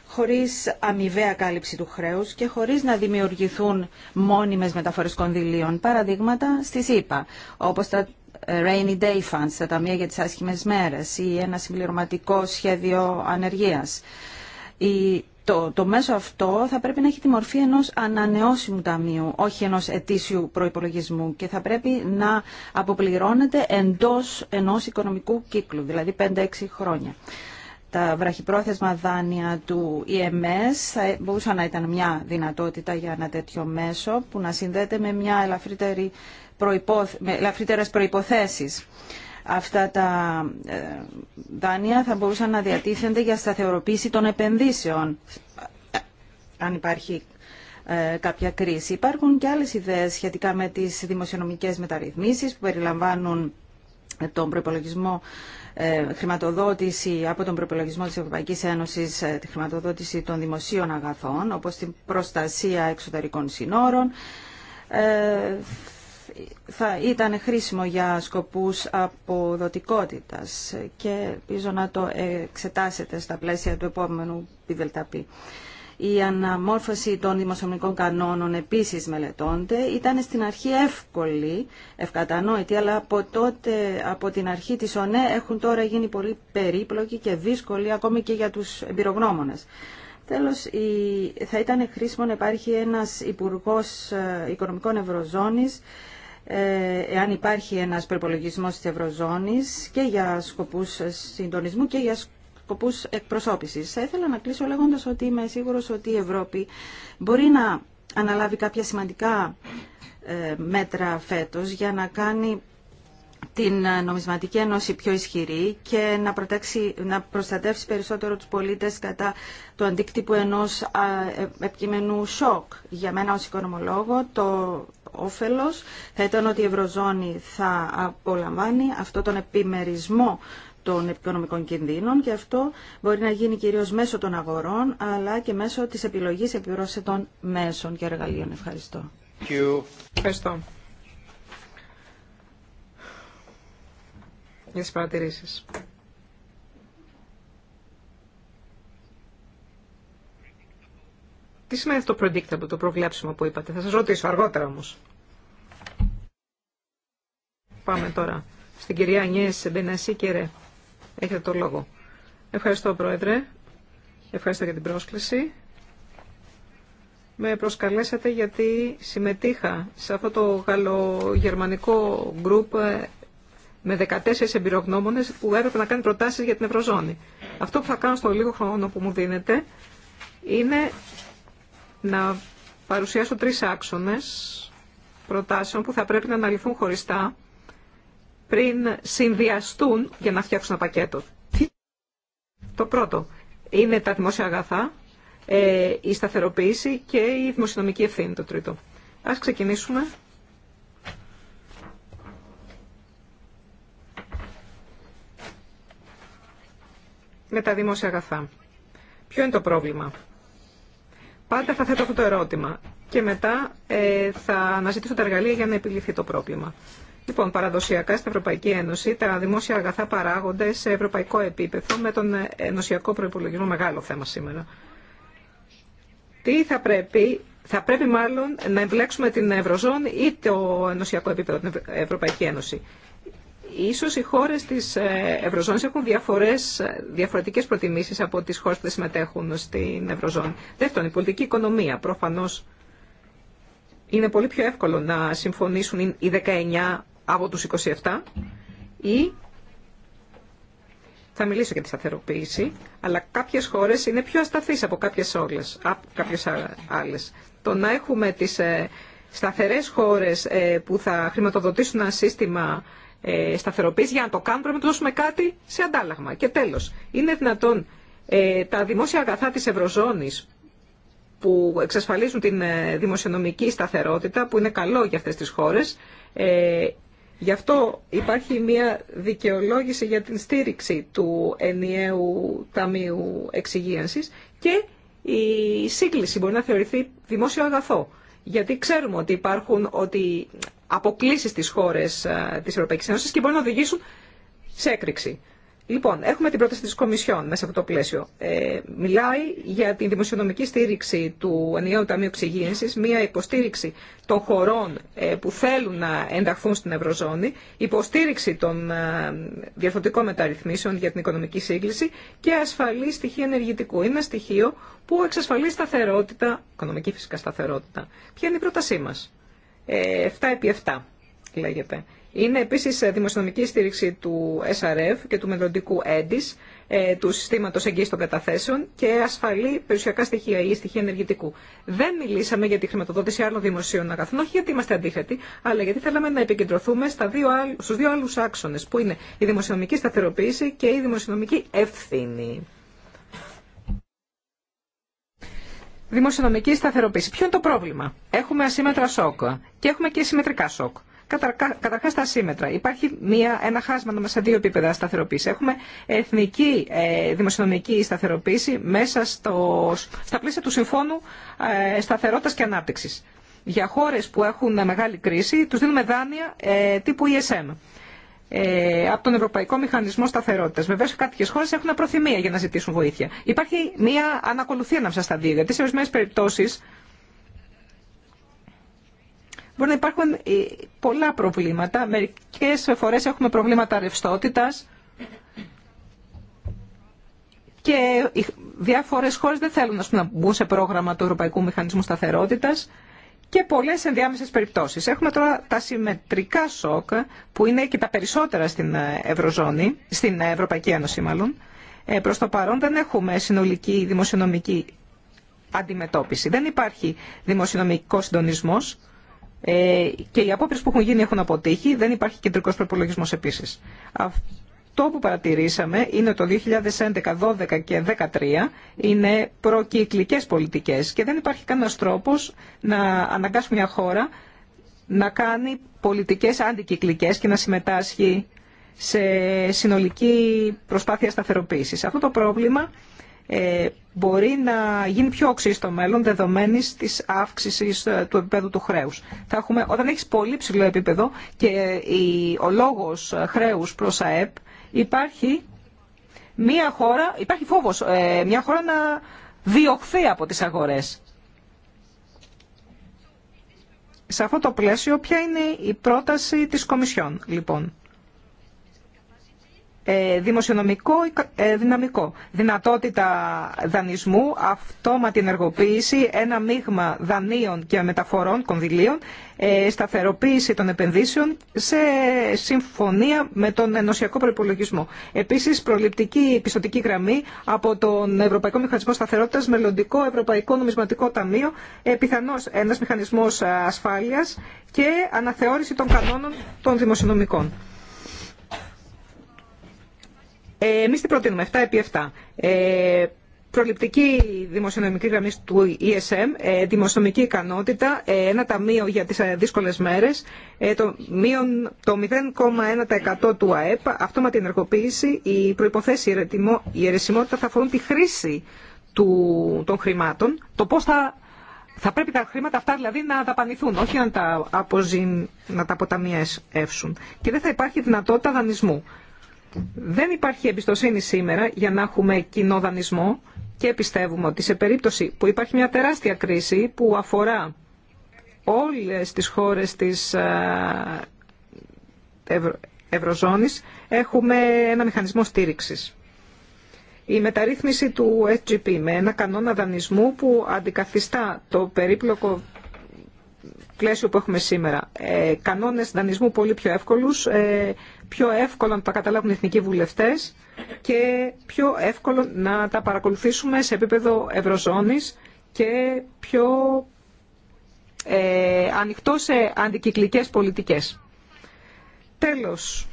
[SPEAKER 3] χωρίς αμοιβαία κάλυψη του χρέους και χωρίς να δημιουργηθούν μόνιμες μεταφορές κονδυλίων. Παραδείγματα στη ΣΥΠΑ, όπως τα Rainy Day Funds, τα ταμεία για τις άσχημες μέρες ή ένα συμπληρωματικό σχέδιο ανεργίας. Η το, το μέσο αυτό θα πρέπει να έχει τη μορφή ενός ανανεώσιμου ταμείου, όχι ενός ετήσιου προϋπολογισμού και θα πρέπει να αποπληρώνεται εντός ενός οικονομικού κύκλου, δηλαδή 5-6 χρόνια. Τα βραχυπρόθεσμα δάνεια του EMS θα μπορούσαν να ήταν μια δυνατότητα για ένα τέτοιο μέσο που να συνδέεται με μια ελαφρύτερη με ελαφρύτερες προϋποθέσεις αυτά τα ε, δάνεια θα μπορούσαν να διατίθενται για σταθεροποίηση των επενδύσεων, αν υπάρχει ε, κάποια κρίση. Υπάρχουν και άλλες ιδέες σχετικά με τις δημοσιονομικές μεταρρυθμίσεις που περιλαμβάνουν τον προπολογισμό ε, χρηματοδότηση από τον προπολογισμό της Ευρωπαϊκής Ένωσης τη χρηματοδότηση των δημοσίων αγαθών όπως την προστασία εξωτερικών συνόρων θα ήταν χρήσιμο για σκοπούς αποδοτικότητας και πίζω να το εξετάσετε στα πλαίσια του επόμενου πιδελταπή. Η αναμόρφωση των δημοσιονομικών κανόνων επίσης μελετώνται. Ήταν στην αρχή εύκολη, ευκατανόητη, αλλά από τότε, από την αρχή της ΟΝΕ έχουν τώρα γίνει πολύ περίπλοκοι και δύσκολοι ακόμη και για τους εμπειρογνώμονες. Τέλος, θα ήταν χρήσιμο να υπάρχει ένας Υπουργός ε, Οικονομικών Ευρωζώνης ε, εάν υπάρχει ένας προπολογισμό της Ευρωζώνης και για σκοπούς συντονισμού και για σκοπούς εκπροσώπησης. Θα ήθελα να κλείσω λέγοντας ότι είμαι σίγουρο ότι η Ευρώπη μπορεί να αναλάβει κάποια σημαντικά ε, μέτρα φέτος για να κάνει την νομισματική ένωση πιο ισχυρή και να, να προστατεύσει περισσότερο τους πολίτες κατά το αντίκτυπο ενός επικειμενού σοκ. Για μένα ως οικονομολόγο το όφελος θα ήταν ότι η Ευρωζώνη θα απολαμβάνει αυτό τον επιμερισμό των οικονομικών κινδύνων και αυτό μπορεί να γίνει κυρίως μέσω των αγορών αλλά και μέσω της επιλογής επιπρόσθετων μέσων και εργαλείων.
[SPEAKER 1] Ευχαριστώ. Ευχαριστώ. Για παρατηρήσεις. Τι σημαίνει αυτό το predictable, το προβλέψιμο που είπατε. Θα σας ρωτήσω αργότερα όμως. Πάμε τώρα στην κυρία Νιές Μπενασί Κερέ. Έχετε το λόγο. Ευχαριστώ, Πρόεδρε. Ευχαριστώ για την πρόσκληση. Με προσκαλέσατε γιατί συμμετείχα σε αυτό το γαλλογερμανικό γκρουπ με 14 εμπειρογνώμονε που έπρεπε να κάνει προτάσει για την Ευρωζώνη. Αυτό που θα κάνω στο λίγο χρόνο που μου δίνεται είναι να παρουσιάσω τρεις άξονες προτάσεων που θα πρέπει να αναλυθούν χωριστά πριν συνδυαστούν για να φτιάξουν ένα πακέτο. Το πρώτο είναι τα δημόσια αγαθά, ε, η σταθεροποίηση και η δημοσιονομική ευθύνη το τρίτο. Ας ξεκινήσουμε. Με τα δημόσια αγαθά. Ποιο είναι το πρόβλημα. Πάντα θα θέτω αυτό το ερώτημα και μετά ε, θα αναζητήσω τα εργαλεία για να επιληθεί το πρόβλημα. Λοιπόν, παραδοσιακά στην Ευρωπαϊκή Ένωση τα δημόσια αγαθά παράγονται σε ευρωπαϊκό επίπεδο με τον ενωσιακό προπολογισμό μεγάλο θέμα σήμερα. Τι θα πρέπει, θα πρέπει μάλλον να εμπλέξουμε την Ευρωζώνη ή το ενωσιακό επίπεδο, την Ευρωπαϊκή Ένωση. Ίσως οι χώρες της ε, Ευρωζώνης έχουν διαφορές, διαφορετικές προτιμήσεις από τις χώρες που δεν συμμετέχουν στην Ευρωζώνη. Δεύτερον, η πολιτική οικονομία προφανώς είναι πολύ πιο εύκολο να συμφωνήσουν οι 19 από τους 27 ή θα μιλήσω για τη σταθεροποίηση, αλλά κάποιες χώρες είναι πιο ασταθείς από κάποιες, όλες, από κάποιες άλλες. Το να έχουμε τις ε, σταθερές χώρες ε, που θα χρηματοδοτήσουν ένα σύστημα ε, σταθεροποίηση για να το κάνουμε πρέπει να δώσουμε κάτι σε αντάλλαγμα. Και τέλος, είναι δυνατόν τα δημόσια αγαθά της Ευρωζώνης που εξασφαλίζουν την δημοσιονομική σταθερότητα, που είναι καλό για αυτές τις χώρες, Γι' αυτό υπάρχει μια δικαιολόγηση για την στήριξη του ενιαίου ταμείου εξυγίανσης και η σύγκληση μπορεί να θεωρηθεί δημόσιο αγαθό. Γιατί ξέρουμε ότι υπάρχουν ότι αποκλήσεις στις χώρες ε, της Ευρωπαϊκής Ένωσης και μπορεί να οδηγήσουν σε έκρηξη. Λοιπόν, έχουμε την πρόταση της Κομισιόν μέσα από το πλαίσιο. Ε, μιλάει για την δημοσιονομική στήριξη του Ενιαίου Ταμείου Ξυγίνησης, μια υποστήριξη των χωρών ε, που θέλουν να ενταχθούν στην Ευρωζώνη, υποστήριξη των ε, διαφορετικών μεταρρυθμίσεων για την οικονομική σύγκληση και ασφαλή στοιχεία ενεργητικού. Είναι ένα στοιχείο που εξασφαλεί σταθερότητα, οικονομική φυσικά σταθερότητα. Ποια είναι η πρότασή μας. Ε, 7 επί 7 λέγεται. Είναι επίσης δημοσιονομική στήριξη του SRF και του μελλοντικού EDIS, ε, του συστήματο εγγύηση των καταθέσεων και ασφαλή περιουσιακά στοιχεία ή στοιχεία ενεργητικού. Δεν μιλήσαμε για τη χρηματοδότηση άλλων δημοσίων αγαθών, όχι γιατί είμαστε αντίθετοι, αλλά γιατί θέλαμε να επικεντρωθούμε στου δύο, άλλου άξονε, που είναι η δημοσιονομική σταθεροποίηση και η δημοσιονομική ευθύνη. Δημοσιονομική σταθεροποίηση. Ποιο είναι το πρόβλημα. Έχουμε ασύμετρα σοκ και έχουμε και συμμετρικά σοκ. Καταρχά τα σύμμετρα. Υπάρχει μια, ένα χάσμα ανάμεσα σε δύο επίπεδα σταθεροποίηση. Έχουμε εθνική ε, δημοσιονομική σταθεροποίηση μέσα στο, στα πλαίσια του Συμφώνου ε, Σταθερότητα και Ανάπτυξη. Για χώρε που έχουν μεγάλη κρίση, του δίνουμε δάνεια ε, τύπου ESM. Ε, από τον Ευρωπαϊκό Μηχανισμό Σταθερότητα. Βεβαίω, κάποιε χώρε έχουν προθυμία για να ζητήσουν βοήθεια. Υπάρχει μια ανακολουθία ανάμεσα στα δύο, γιατί σε ορισμένε περιπτώσει μπορεί να υπάρχουν πολλά προβλήματα. Μερικές φορές έχουμε προβλήματα ρευστότητας και οι διάφορες χώρες δεν θέλουν να μπουν σε πρόγραμμα του Ευρωπαϊκού Μηχανισμού Σταθερότητας και πολλές ενδιάμεσες περιπτώσεις. Έχουμε τώρα τα συμμετρικά σοκ που είναι και τα περισσότερα στην Ευρωζώνη, στην Ευρωπαϊκή Ένωση μάλλον. Ε, προς το παρόν δεν έχουμε συνολική δημοσιονομική αντιμετώπιση. Δεν υπάρχει δημοσιονομικό συντονισμός ε, και οι απόπειρε που έχουν γίνει έχουν αποτύχει, δεν υπάρχει κεντρικό προπολογισμό επίση. Αυτό που παρατηρήσαμε είναι το 2011, 2012 και 2013 είναι προκυκλικές πολιτικές και δεν υπάρχει κανένα τρόπο να αναγκάσει μια χώρα να κάνει πολιτικές αντικυκλικές και να συμμετάσχει σε συνολική προσπάθεια σταθεροποίησης. Αυτό το πρόβλημα ε, μπορεί να γίνει πιο οξύ στο μέλλον δεδομένη τη αύξηση ε, του επίπεδου του χρέου. Όταν έχει πολύ ψηλό επίπεδο και ε, ο λόγο χρέου προ ΑΕΠ, υπάρχει, μια χώρα, υπάρχει φόβος μια χώρα να διωχθεί από τις αγορές. Σε αυτό το πλαίσιο, ποια είναι η πρόταση της Κομισιόν, λοιπόν. Ε, δημοσιονομικό ε, δυναμικό. Δυνατότητα δανεισμού, αυτόματη ενεργοποίηση, ένα μείγμα δανείων και μεταφορών κονδυλίων, ε, σταθεροποίηση των επενδύσεων σε συμφωνία με τον ενωσιακό προπολογισμό. Επίση, προληπτική πιστοτική γραμμή από τον Ευρωπαϊκό Μηχανισμό Σταθερότητα, μελλοντικό Ευρωπαϊκό Νομισματικό Ταμείο, πιθανώ ένα μηχανισμό ασφάλεια και αναθεώρηση των κανόνων των δημοσιονομικών. Ε, εμείς τι προτείνουμε, 7 επί 7. Ε, προληπτική δημοσιονομική γραμμή του ESM, ε, δημοσιονομική ικανότητα, ε, ένα ταμείο για τις ε, δύσκολες μέρες, ε, το, το 0,1% του ΑΕΠ, αυτόματη ενεργοποίηση, η προϋποθέση, η αιρεσιμότητα θα αφορούν τη χρήση του, των χρημάτων, το πώς θα, θα πρέπει τα χρήματα αυτά δηλαδή να δαπανηθούν, όχι να τα, να τα αποταμιεύσουν. Και δεν θα υπάρχει δυνατότητα δανεισμού. Δεν υπάρχει εμπιστοσύνη σήμερα για να έχουμε κοινό δανεισμό και πιστεύουμε ότι σε περίπτωση που υπάρχει μια τεράστια κρίση που αφορά όλες τις χώρες της ε, Ευρω... Ευρωζώνης έχουμε ένα μηχανισμό στήριξης. Η μεταρρύθμιση του SGP με ένα κανόνα δανεισμού που αντικαθιστά το περίπλοκο πλαίσιο που έχουμε σήμερα. Ε, κανόνες δανεισμού πολύ πιο εύκολους, ε, πιο εύκολο να τα καταλάβουν οι εθνικοί βουλευτές και πιο εύκολο να τα παρακολουθήσουμε σε επίπεδο ευρωζώνης και πιο ε, ανοιχτό σε αντικυκλικές πολιτικές. Τέλος,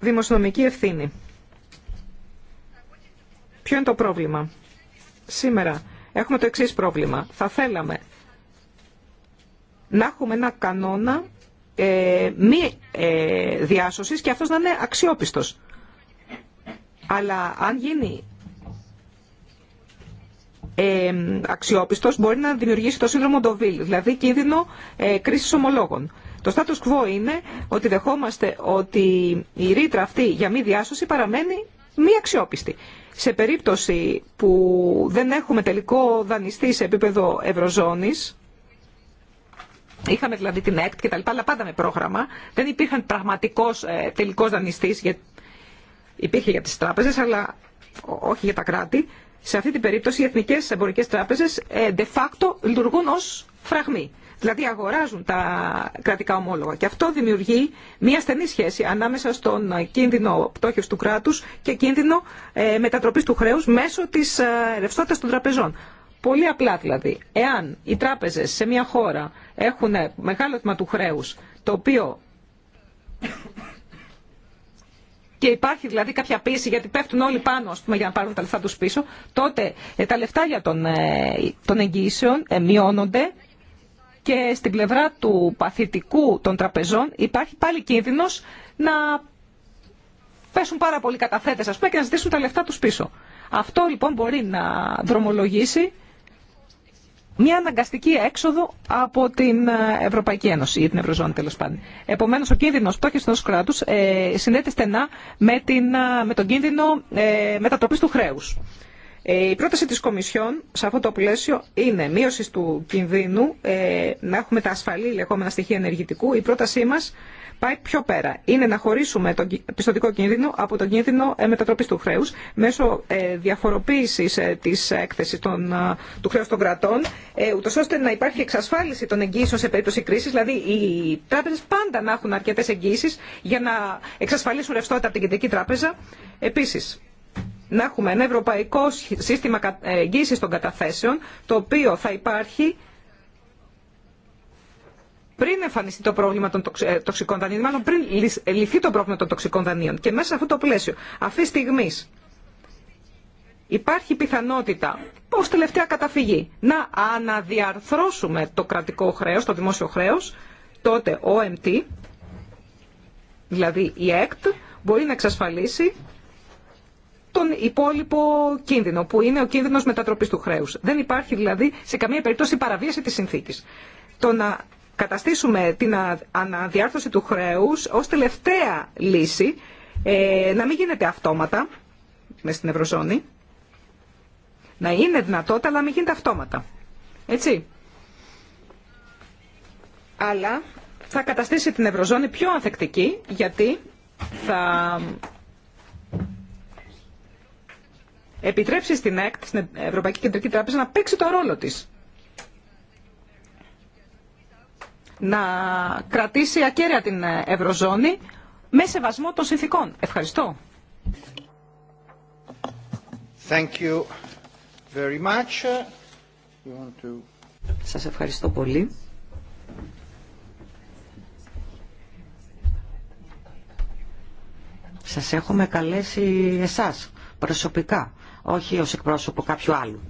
[SPEAKER 1] δημοσιονομική ευθύνη. Ποιο είναι το πρόβλημα. Σήμερα έχουμε το εξής πρόβλημα. Θα θέλαμε να έχουμε ένα κανόνα ε, μη ε, διάσωσης και αυτός να είναι αξιόπιστος. Αλλά αν γίνει ε, αξιόπιστος μπορεί να δημιουργήσει το σύνδρομο Ντοβίλ, δηλαδή κίνδυνο κρίσης ομολόγων. Το status quo είναι ότι δεχόμαστε ότι η ρήτρα αυτή για μη διάσωση παραμένει μη αξιόπιστη. Σε περίπτωση που δεν έχουμε τελικό δανειστή σε επίπεδο ευρωζώνης, Είχαμε δηλαδή την ΕΚΤ και τα λοιπά, αλλά πάντα με πρόγραμμα. Δεν υπήρχε πραγματικό ε, τελικός δανειστής, για... υπήρχε για τις τράπεζες, αλλά όχι για τα κράτη. Σε αυτή την περίπτωση οι εθνικές εμπορικέ τράπεζες ε, de facto λειτουργούν ως φραγμοί. Δηλαδή αγοράζουν τα κρατικά ομόλογα. Και αυτό δημιουργεί μια στενή σχέση ανάμεσα στον κίνδυνο πτώχευση του Κράτου και κίνδυνο ε, μετατροπή του χρέου μέσω τη ε, ρευστότητα των τραπεζών. Πολύ απλά δηλαδή, εάν οι τράπεζες σε μια χώρα έχουν μεγάλο τμήμα του χρέους, το οποίο και υπάρχει δηλαδή κάποια πίεση γιατί πέφτουν όλοι πάνω για να πάρουν τα λεφτά τους πίσω, τότε ε, τα λεφτά για των, ε, των εγγυήσεων ε, μειώνονται και στην πλευρά του παθητικού των τραπεζών υπάρχει πάλι κίνδυνος να πέσουν πάρα πολλοί καταθέτες ας πούμε και να ζητήσουν τα λεφτά τους πίσω. Αυτό λοιπόν μπορεί να δρομολογήσει μια αναγκαστική έξοδο από την ε, Ευρωπαϊκή Ένωση ή την Ευρωζώνη τέλο πάντων. Επομένω, ο κίνδυνο πτώχευση ενό κράτου ε, συνδέεται στενά με, την, ε, με τον κίνδυνο ε, μετατροπή του χρέου. Ε, η πρόταση τη Κομισιόν σε αυτό το πλαίσιο είναι μείωση του κινδύνου, ε, να έχουμε τα ασφαλή λεγόμενα στοιχεία ενεργητικού. Η πρότασή μα πάει πιο πέρα. Είναι να χωρίσουμε τον πιστοτικό κίνδυνο από τον κίνδυνο ε, μετατροπή του χρέου μέσω ε, διαφοροποίηση ε, τη έκθεση του χρέου των κρατών, ούτω ώστε να υπάρχει εξασφάλιση των εγγύσεων σε περίπτωση κρίση. Δηλαδή, οι τράπεζε πάντα να έχουν αρκετέ εγγύσει για να εξασφαλίσουν ρευστότητα από την Κεντρική Τράπεζα. Επίση, να έχουμε ένα ευρωπαϊκό σύστημα εγγύηση των καταθέσεων, το οποίο θα υπάρχει πριν εμφανιστεί το πρόβλημα των ε, τοξικών δανείων, μάλλον πριν λυθεί το πρόβλημα των τοξικών δανείων. Και μέσα σε αυτό το πλαίσιο, αυτή τη στιγμή υπάρχει πιθανότητα ως τελευταία καταφυγή να αναδιαρθρώσουμε το κρατικό χρέος, το δημόσιο χρέος, τότε ο MT, δηλαδή η ΕΚΤ, μπορεί να εξασφαλίσει τον υπόλοιπο κίνδυνο, που είναι ο κίνδυνος μετατροπής του χρέους. Δεν υπάρχει δηλαδή σε καμία περίπτωση παραβίαση της συνθήκης. Το να καταστήσουμε την αναδιάρθρωση του χρέους ως τελευταία λύση, ε, να μην γίνεται αυτόματα με στην Ευρωζώνη, να είναι δυνατότητα αλλά να μην γίνεται αυτόματα. Έτσι. Αλλά θα καταστήσει την Ευρωζώνη πιο ανθεκτική γιατί θα επιτρέψει στην ΕΚΤ, στην Ευρωπαϊκή Κεντρική Τράπεζα, να παίξει το ρόλο της. να κρατήσει ακέραια την Ευρωζώνη με σεβασμό των συνθήκων. Ευχαριστώ. Thank you
[SPEAKER 3] very much.
[SPEAKER 2] Σας ευχαριστώ πολύ. Σας έχουμε καλέσει εσάς προσωπικά, όχι ως εκπρόσωπο κάποιου άλλου.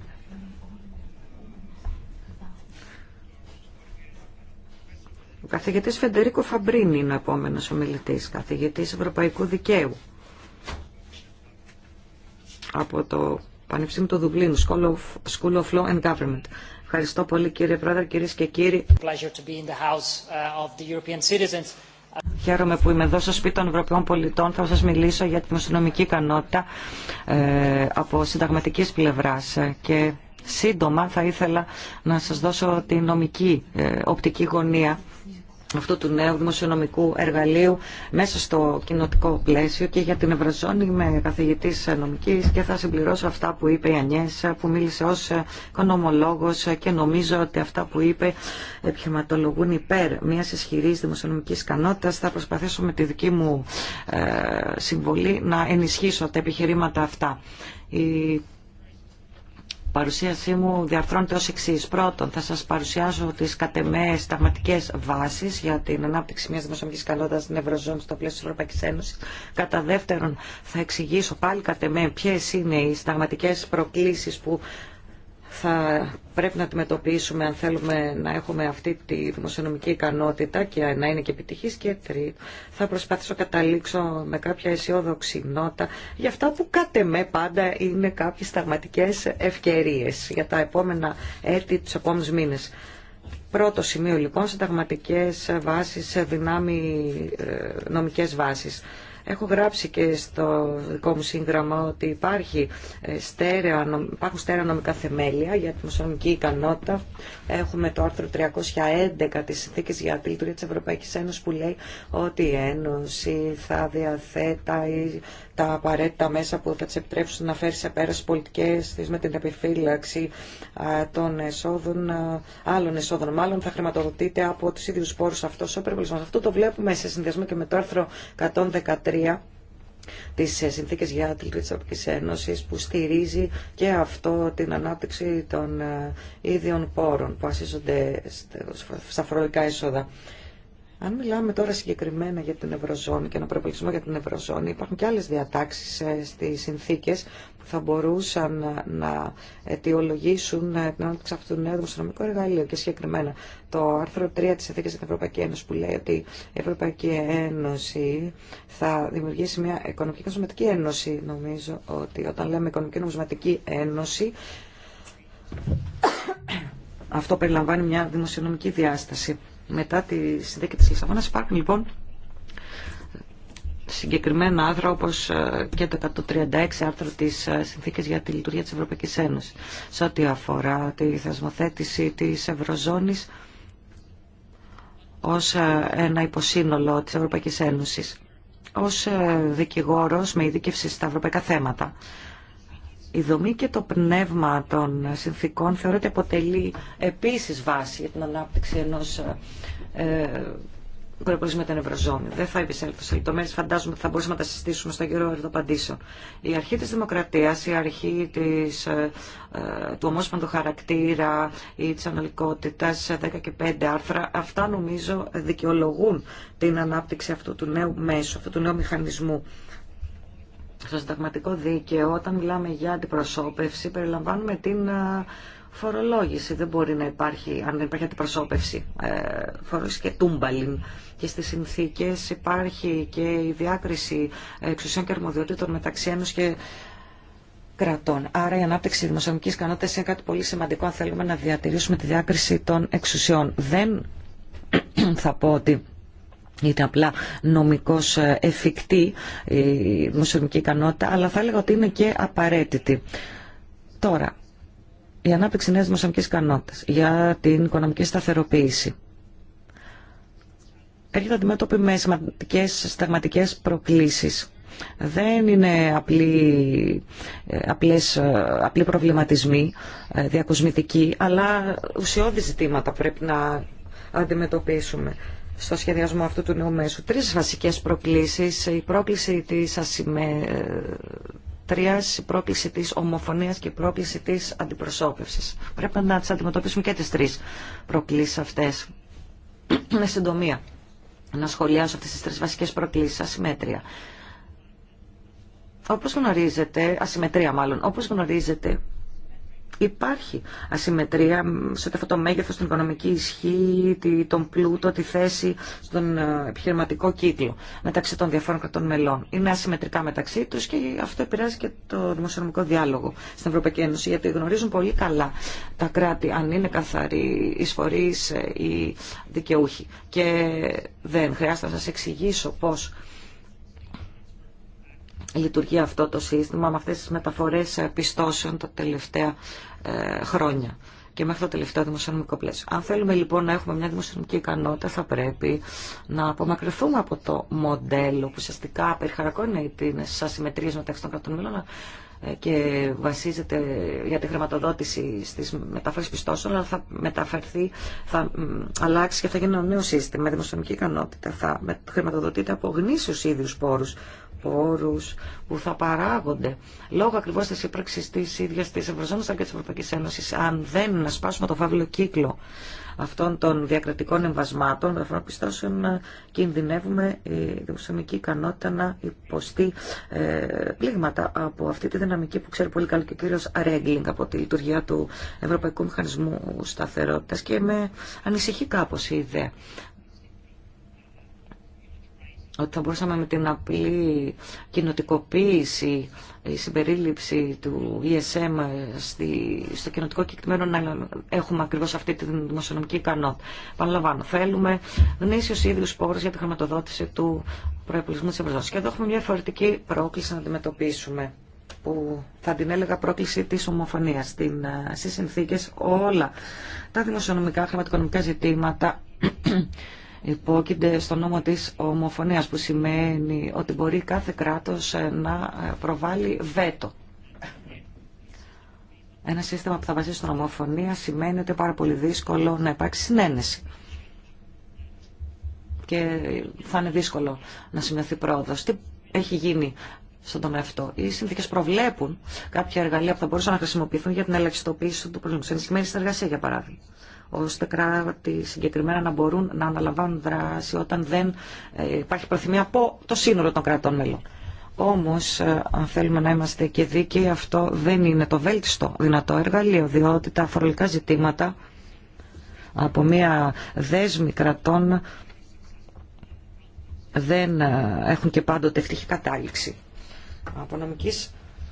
[SPEAKER 2] καθηγητής Φεντερίκο Φαμπρίνη είναι ο επόμενος ομιλητής, καθηγητής Ευρωπαϊκού Δικαίου από το Πανεπιστήμιο του Δουβλίνου, School of, School of Law and Government. Ευχαριστώ πολύ κύριε Πρόεδρε, κυρίες και κύριοι. Uh, Χαίρομαι που είμαι εδώ στο σπίτι των Ευρωπαίων πολιτών. Θα σας μιλήσω για την αστυνομική ικανότητα ε, από συνταγματικής πλευράς και σύντομα θα ήθελα να σας δώσω την νομική ε, οπτική γωνία αυτού του νέου δημοσιονομικού εργαλείου μέσα στο κοινοτικό πλαίσιο και για την Ευρωζώνη με καθηγητής νομικής και θα συμπληρώσω αυτά που είπε η Ανιέσα που μίλησε ως οικονομολόγος και νομίζω ότι αυτά που είπε επιχειρηματολογούν υπέρ μιας ισχυρή δημοσιονομικής ικανότητας. Θα προσπαθήσω με τη δική μου ε, συμβολή να ενισχύσω τα επιχειρήματα αυτά. Η παρουσίασή μου διαρθρώνεται ως εξή. Πρώτον, θα σας παρουσιάσω τις κατεμές ταγματικές βάσεις για την ανάπτυξη μιας δημοσιονομικής καλότητας στην Ευρωζώνη στο πλαίσιο της Ευρωπαϊκής Ένωσης. Κατά δεύτερον, θα εξηγήσω πάλι κατεμέ ποιες είναι οι σταγματικές προκλήσεις που θα πρέπει να αντιμετωπίσουμε αν θέλουμε να έχουμε αυτή τη δημοσιονομική ικανότητα και να είναι και επιτυχής και τρίτο. Θα προσπαθήσω να καταλήξω με κάποια αισιόδοξη νότα για αυτά που κάτε με πάντα είναι κάποιες σταγματικές ευκαιρίες για τα επόμενα έτη, τους επόμενους μήνες. Πρώτο σημείο λοιπόν, συνταγματικές βάσεις, δυνάμει ε, νομικές βάσεις. Έχω γράψει και στο δικό μου σύγγραμμα ότι υπάρχει ε, στέρεο, υπάρχουν στέρεα νομικά θεμέλια για τη μουσουλμική ικανότητα. Έχουμε το άρθρο 311 της Συνθήκης για τη Λειτουργία της Ευρωπαϊκής Ένωσης που λέει ότι η Ένωση θα διαθέτει τα απαραίτητα μέσα που θα τι επιτρέψουν να φέρει σε πέρα τι πολιτικέ τη με την επιφύλαξη των εσόδων, άλλων εσόδων. Μάλλον θα χρηματοδοτείται από του ίδιου πόρου αυτό ο περιβολισμό. Αυτό το βλέπουμε σε συνδυασμό και με το άρθρο 113 της συνθήκε για τη λειτουργία Ευρωπαϊκή Ένωση που στηρίζει και αυτό την ανάπτυξη των ε, ίδιων πόρων που ασύζονται στα φορολογικά έσοδα. Αν μιλάμε τώρα συγκεκριμένα για την Ευρωζώνη και να προεπολογισμό για την Ευρωζώνη, υπάρχουν και άλλες διατάξεις ε, στις συνθήκες που θα μπορούσαν ε, να αιτιολογήσουν ε, την ανάπτυξη αυτού του νέου δημοσιονομικού εργαλείου και συγκεκριμένα το άρθρο 3 της Συνθήκης της Ευρωπαϊκή Ένωση που λέει ότι η Ευρωπαϊκή Ένωση θα δημιουργήσει μια οικονομική και νομισματική ένωση. Νομίζω ότι όταν λέμε οικονομική και νομισματική ένωση αυτό περιλαμβάνει μια δημοσιονομική διάσταση μετά τη συνδέκη της Λισαβόνας υπάρχουν λοιπόν συγκεκριμένα άρθρα όπως ε, και το 136 άρθρο της ε, Συνθήκης για τη Λειτουργία της Ευρωπαϊκής Ένωσης σε ό,τι αφορά τη θεσμοθέτηση της Ευρωζώνης ως ε, ένα υποσύνολο της Ευρωπαϊκής Ένωσης ως δικηγόρος με ειδίκευση στα ευρωπαϊκά θέματα η δομή και το πνεύμα των συνθήκων θεωρείται αποτελεί επίσης βάση για την ανάπτυξη ενός ε, με την Ευρωζώνη. Δεν θα επισέλθω σε λεπτομέρειε, φαντάζομαι ότι θα μπορούσαμε να τα συστήσουμε στον κύριο ερωτοπαντήσεων. Η αρχή τη δημοκρατία, η αρχή της, ε, ε, του ομόσπαντου χαρακτήρα ή τη αναλυκότητα, 10 ε, και 5 άρθρα, αυτά νομίζω δικαιολογούν την ανάπτυξη αυτού του νέου μέσου, αυτού του νέου μηχανισμού στο συνταγματικό δίκαιο, όταν μιλάμε για αντιπροσώπευση, περιλαμβάνουμε την ε, φορολόγηση. Δεν μπορεί να υπάρχει, αν δεν υπάρχει αντιπροσώπευση, ε, φορολόγηση και τούμπαλιν. Και στις συνθήκες υπάρχει και η διάκριση εξουσιών και αρμοδιότητων μεταξύ ένωση και κρατών. Άρα η ανάπτυξη δημοσιονομική ικανότητας είναι κάτι πολύ σημαντικό αν θέλουμε να διατηρήσουμε τη διάκριση των εξουσιών. Δεν θα πω ότι είναι απλά νομικώς ε, εφικτή η μουσουλμική ικανότητα, αλλά θα έλεγα ότι είναι και απαραίτητη. Τώρα, η ανάπτυξη νέας δημοσιονομικής ικανότητας για την οικονομική σταθεροποίηση. Έρχεται αντιμέτωπη με σημαντικέ σταγματικές προκλήσεις. Δεν είναι απλή, ε, απλές, ε, απλή προβληματισμοί, διακοσμητική, αλλά ουσιώδη ζητήματα πρέπει να αντιμετωπίσουμε στο σχεδιασμό αυτού του νέου μέσου. Τρεις βασικές προκλήσεις. Η πρόκληση της ασυμμετρίας, η πρόκληση της ομοφωνίας και η πρόκληση της αντιπροσώπευσης. Πρέπει να τις αντιμετωπίσουμε και τις τρεις προκλήσεις αυτές. Με συντομία να σχολιάσω αυτές τις τρεις βασικές προκλήσεις. Ασυμμέτρια. Όπως γνωρίζετε, ασυμμετρία μάλλον, όπως γνωρίζετε, υπάρχει ασυμμετρία σε αυτό το μέγεθος, την οικονομική ισχύ, τον πλούτο, τη θέση στον ε, επιχειρηματικό κύκλο μεταξύ των διαφόρων κρατών μελών. Είναι ασυμμετρικά μεταξύ τους και αυτό επηρεάζει και το δημοσιονομικό διάλογο στην Ευρωπαϊκή Ένωση, γιατί γνωρίζουν πολύ καλά τα κράτη αν είναι καθαροί εισφορείς ε, ή δικαιούχοι. Και δεν χρειάζεται να σας εξηγήσω πώς λειτουργεί αυτό το σύστημα με αυτές τις μεταφορές ε, πιστώσεων τα τελευταία ε, χρόνια και μέχρι το τελευταίο δημοσιονομικό πλαίσιο. Αν θέλουμε λοιπόν να έχουμε μια δημοσιονομική ικανότητα, θα πρέπει να απομακρυνθούμε από το μοντέλο που ουσιαστικά περιχαρακώνει τι ασυμμετρίε μεταξύ των κρατών μήλων ε, και βασίζεται για τη χρηματοδότηση στις μεταφορές πιστώσεων, αλλά θα μεταφερθεί, θα αλλάξει και θα γίνει ένα νέο σύστημα. Η δημοσιονομική ικανότητα θα χρηματοδοτείται από γνήσιους ίδιους πόρους που θα παράγονται λόγω ακριβώς της ύπαρξης της ίδιας της Ευρωζώνης και της Ευρωπαϊκής Ένωσης αν δεν σπάσουμε το φαύλο κύκλο αυτών των διακρατικών εμβασμάτων των πιστώσεων κινδυνεύουμε η δημοσιονομική ικανότητα να υποστεί ε, πλήγματα από αυτή τη δυναμική που ξέρει πολύ καλά και ο κύριος Ρέγκλινγκ από τη λειτουργία του Ευρωπαϊκού Μηχανισμού Σταθερότητας και με ανησυχεί κάπω η ιδέα ότι θα μπορούσαμε με την απλή κοινοτικοποίηση, η συμπερίληψη του ESM στη, στο κοινοτικό κεκτημένο να έχουμε ακριβώ αυτή τη δημοσιονομική ικανότητα. Παναλαμβάνω, θέλουμε γνήσιου ίδιου πόρου για τη χρηματοδότηση του προεπιλισμού τη Ευρωζώνη. Και εδώ έχουμε μια διαφορετική πρόκληση να αντιμετωπίσουμε που θα την έλεγα πρόκληση της ομοφωνίας. Στην, ε, στις όλα τα δημοσιονομικά, χρηματοοικονομικά ζητήματα υπόκεινται στο νόμο της ομοφωνίας που σημαίνει ότι μπορεί κάθε κράτος ε, να ε, προβάλλει βέτο. Ένα σύστημα που θα βασίσει στην ομοφωνία σημαίνει ότι είναι πάρα πολύ δύσκολο να υπάρξει συνένεση. Και θα είναι δύσκολο να σημειωθεί πρόοδο. Τι έχει γίνει στον τομέα αυτό. Οι συνθήκε προβλέπουν κάποια εργαλεία που θα μπορούσαν να χρησιμοποιηθούν για την ελαχιστοποίηση του προβλήματο. Ενισχυμένη συνεργασία, για παράδειγμα ώστε κράτη συγκεκριμένα να μπορούν να αναλαμβάνουν δράση όταν δεν ε, υπάρχει προθυμία από το σύνολο των κρατών μελών. Όμως, ε, αν θέλουμε να είμαστε και δίκαιοι, αυτό δεν είναι το βέλτιστο δυνατό εργαλείο, διότι τα αφορολικά ζητήματα από μια δέσμη κρατών δεν ε, έχουν και πάντοτε ευτυχή κατάληξη. Από νομικής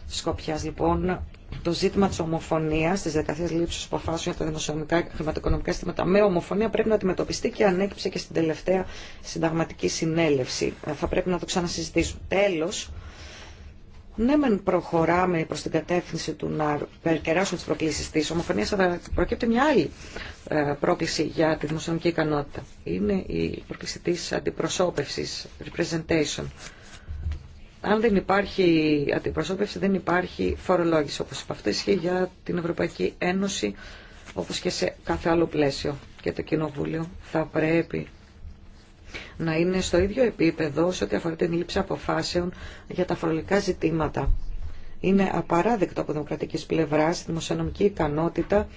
[SPEAKER 2] σκοπιάς λοιπόν το ζήτημα τη ομοφωνία, τη δεκαετία λήψη αποφάσεων για τα δημοσιονομικά και χρηματοοικονομικά συστήματα με ομοφωνία πρέπει να αντιμετωπιστεί και ανέκυψε και στην τελευταία συνταγματική συνέλευση. Ε, θα πρέπει να το ξανασυζητήσουμε. Τέλο, ναι, μεν προχωράμε προ την κατεύθυνση του να περκεράσουν τι προκλήσει τη ομοφωνία, αλλά προκύπτει μια άλλη ε, πρόκληση για τη δημοσιονομική ικανότητα. Είναι η πρόκληση τη αντιπροσώπευση, representation αν δεν υπάρχει αντιπροσώπευση, δεν υπάρχει φορολόγηση, όπως είπα. Αυτό για την Ευρωπαϊκή Ένωση, όπως και σε κάθε άλλο πλαίσιο. Και το Κοινοβούλιο θα πρέπει να είναι στο ίδιο επίπεδο σε ό,τι αφορά την λήψη αποφάσεων για τα φορολογικά ζητήματα. Είναι απαράδεκτο από δημοκρατική πλευρά, η δημοσιονομική ικανότητα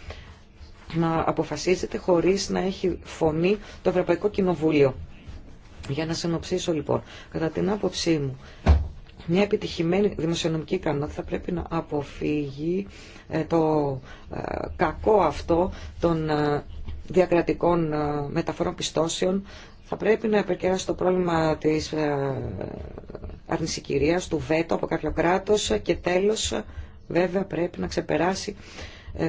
[SPEAKER 2] να αποφασίζεται χωρίς να έχει φωνή το Ευρωπαϊκό Κοινοβούλιο. Για να συνοψίσω λοιπόν, κατά την άποψή μου, μια επιτυχημένη δημοσιονομική ικανότητα θα πρέπει να αποφύγει ε, το ε, κακό αυτό των ε, διακρατικών μεταφορών πιστώσεων. Θα πρέπει να επεκεράσει το πρόβλημα της αρνησικυρίας, του βέτο από κάποιο κράτος και τέλος βέβαια πρέπει να ξεπεράσει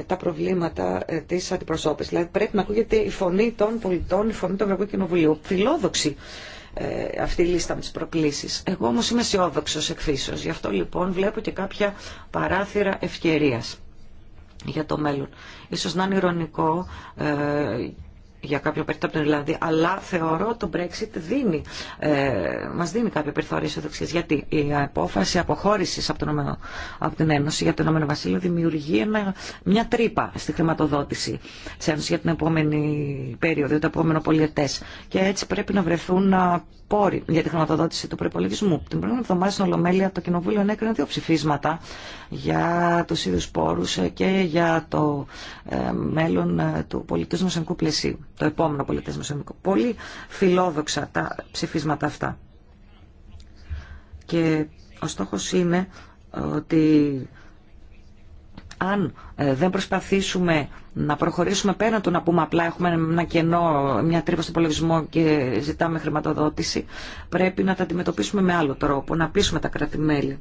[SPEAKER 2] τα προβλήματα της αντιπροσώπησης. Δηλαδή πρέπει να ακούγεται η φωνή των πολιτών, η φωνή του Ευρωπαϊκού Κοινοβουλίου. Φιλόδοξη ε, αυτή η λίστα με τις προκλήσεις. Εγώ όμως είμαι αισιόδοξο εκφύσεως, γι' αυτό λοιπόν βλέπω και κάποια παράθυρα ευκαιρίας για το μέλλον. Ίσως να είναι ηρωνικό ε, για κάποιο περίπτωση δηλαδή, αλλά θεωρώ το Brexit δίνει, ε, μας δίνει κάποια περιθώρια ισοδοξίας, Γιατί η απόφαση αποχώρησης από, από την Ένωση για το Ηνωμένο Βασίλειο δημιουργεί μια τρύπα στη χρηματοδότηση σε ένωση για την επόμενη περίοδο, το επόμενο πολιετές. Και έτσι πρέπει να βρεθούν πόροι για τη χρηματοδότηση του προπολογισμού. Την προηγούμενη εβδομάδα στην Ολομέλεια το Κοινοβούλιο ενέκρινε δύο ψηφίσματα για του ίδιου πόρου και για το ε, μέλλον ε, του πολιτικού δημοσιονομικού πλαισίου. Το επόμενο πολιτικό Πολύ φιλόδοξα τα ψηφίσματα αυτά. Και ο στόχο είναι ότι αν ε, δεν προσπαθήσουμε να προχωρήσουμε πέραν του να πούμε απλά έχουμε ένα κενό, μια τρύπα στον πολεμισμό και ζητάμε χρηματοδότηση, πρέπει να τα αντιμετωπίσουμε με άλλο τρόπο, να πείσουμε τα κράτη-μέλη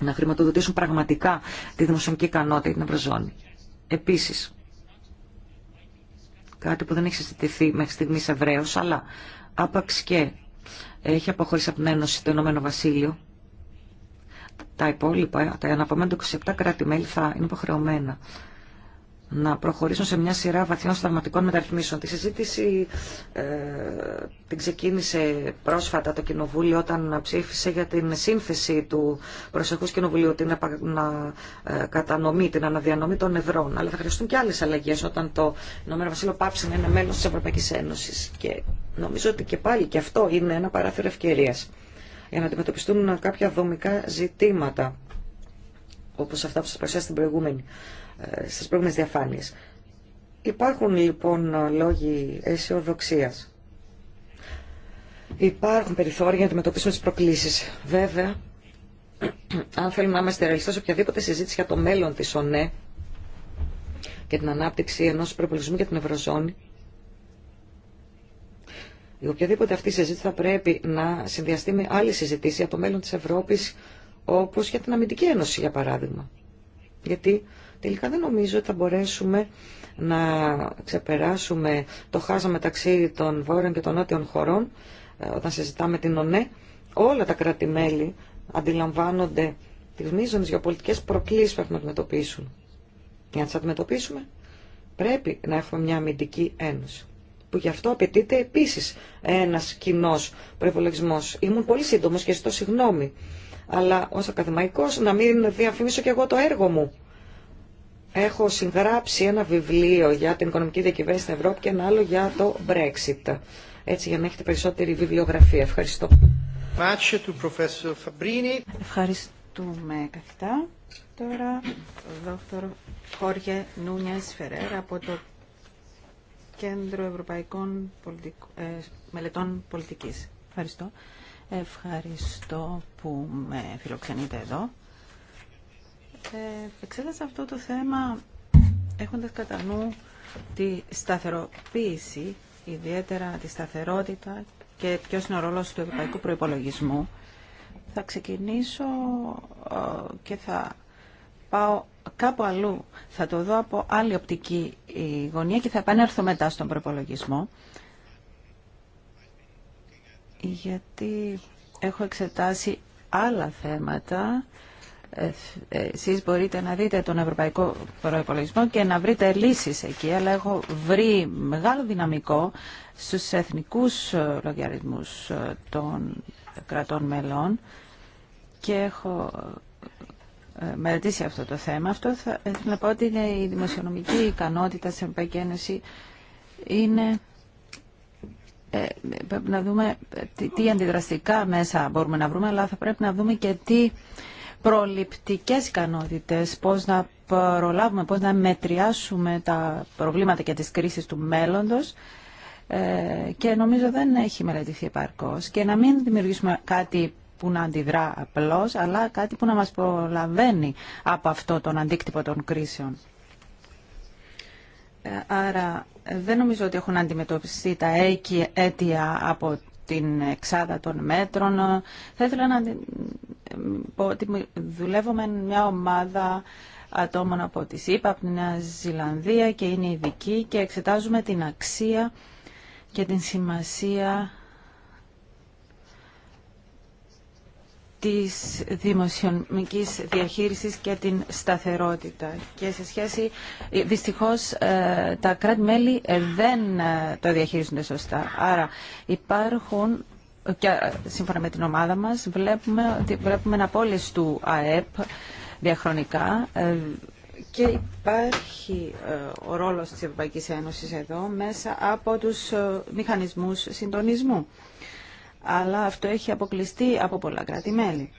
[SPEAKER 2] να χρηματοδοτήσουν πραγματικά τη δημοσιονομική ικανότητα για την Ευρωζώνη. Επίσης, κάτι που δεν έχει συζητηθεί μέχρι στιγμή ευρέως, αλλά άπαξ και έχει αποχωρήσει από την Ένωση το Ηνωμένο Βασίλειο, τα υπόλοιπα, τα αναπόμενα 27 κράτη-μέλη θα είναι υποχρεωμένα να προχωρήσουν σε μια σειρά βαθιών σταγματικών μεταρρυθμίσεων. Τη συζήτηση ε, την ξεκίνησε πρόσφατα το Κοινοβούλιο όταν ψήφισε για την σύνθεση του προσεχούς Κοινοβουλίου, την ε, κατανομή, την αναδιανομή των ευρών. Αλλά θα χρειαστούν και άλλες αλλαγές όταν το Ηνωμένο Βασίλο πάψει να είναι μέλος της Ευρωπαϊκής Ένωσης. Και νομίζω ότι και πάλι και αυτό είναι ένα παράθυρο ευκαιρίας για να αντιμετωπιστούν κάποια δομικά ζητήματα, όπως αυτά που σας παρουσιάσα προηγούμενη, ε, στις προηγούμενες διαφάνειες. Υπάρχουν λοιπόν λόγοι αισιοδοξία. Υπάρχουν περιθώρια για να αντιμετωπίσουμε τις προκλήσεις. Βέβαια, αν θέλουμε να είμαστε ρεαλιστές οποιαδήποτε συζήτηση για το μέλλον της ΟΝΕ και την ανάπτυξη ενός προπολογισμού για την Ευρωζώνη, η οποιαδήποτε αυτή η συζήτηση θα πρέπει να συνδυαστεί με άλλη συζήτηση για το μέλλον τη Ευρώπη, όπω για την Αμυντική Ένωση, για παράδειγμα. Γιατί τελικά δεν νομίζω ότι θα μπορέσουμε να ξεπεράσουμε το χάσμα μεταξύ των βόρειων και των νότιων χωρών, ε, όταν συζητάμε την ΟΝΕ, όλα τα κράτη-μέλη αντιλαμβάνονται τις μείζονες γεωπολιτικές προκλήσεις που έχουμε να αντιμετωπίσουν. Για να τις αντιμετωπίσουμε πρέπει να έχουμε μια αμυντική ένωση που γι' αυτό απαιτείται επίσης ένας κοινό προπολογισμό. Ήμουν πολύ σύντομο και ζητώ συγγνώμη. Αλλά ως ακαδημαϊκός να μην διαφημίσω κι εγώ το έργο μου. Έχω συγγράψει ένα βιβλίο για την οικονομική διακυβέρνηση στην Ευρώπη και ένα άλλο για το Brexit. Έτσι για να έχετε περισσότερη βιβλιογραφία. Ευχαριστώ.
[SPEAKER 3] Ευχαριστούμε καθητά.
[SPEAKER 1] Τώρα, ο
[SPEAKER 3] Χόρχε Νούνιας από το Κέντρο Ευρωπαϊκών ε, Μελετών Πολιτικής. Ευχαριστώ. Ευχαριστώ που με φιλοξενείτε εδώ. Ε, εξέτασα αυτό το θέμα έχοντας κατά νου τη σταθεροποίηση, ιδιαίτερα τη σταθερότητα και ποιο είναι ο ρόλος του ευρωπαϊκού προϋπολογισμού. Θα ξεκινήσω ε, και θα πάω κάπου αλλού, θα το δω από άλλη οπτική ε, γωνία και θα επανέλθω μετά στον προπολογισμό. Γιατί έχω εξετάσει άλλα θέματα. Ε, ε, εσείς μπορείτε να δείτε τον ευρωπαϊκό προπολογισμό και να βρείτε λύσεις εκεί, αλλά έχω βρει μεγάλο δυναμικό στους εθνικούς λογαριασμούς των κρατών μελών και έχω ε, μελετήσει αυτό το θέμα. Αυτό θα ήθελα να πω ότι είναι η δημοσιονομική ικανότητα στην Ευρωπαϊκή Ένωση είναι ε, πρέπει να δούμε ε, τι, τι αντιδραστικά μέσα μπορούμε να βρούμε, αλλά θα πρέπει να δούμε και τι προληπτικές ικανότητες, πώς να προλάβουμε, πώς να μετριάσουμε τα προβλήματα και τις κρίσεις του μέλλοντος και νομίζω δεν έχει μελετηθεί επαρκώς και να μην δημιουργήσουμε κάτι που να αντιδρά απλώ αλλά κάτι που να μας προλαβαίνει από αυτό τον αντίκτυπο των κρίσεων. Ε, άρα δεν νομίζω ότι έχουν αντιμετωπιστεί τα αίτια από την εξάδα των μέτρων. Θα ήθελα να πω ότι δουλεύω μια ομάδα ατόμων από τη ΣΥΠΑ, από τη Νέα Ζηλανδία και είναι ειδική και εξετάζουμε την αξία και την σημασία της δημοσιονομικής διαχείρισης και την σταθερότητα. Και σε σχέση, ε, δυστυχώς, ε, τα κράτη-μέλη ε, δεν το διαχείριζονται σωστά. Άρα υπάρχουν και σύμφωνα με την ομάδα μας βλέπουμε βλέπουμε ένα πόλης του ΑΕΠ διαχρονικά και υπάρχει ο ρόλος της Ευρωπαϊκής Ένωσης εδώ μέσα από τους μηχανισμούς συντονισμού αλλά αυτό έχει αποκλειστεί από πολλά κράτη-μέλη.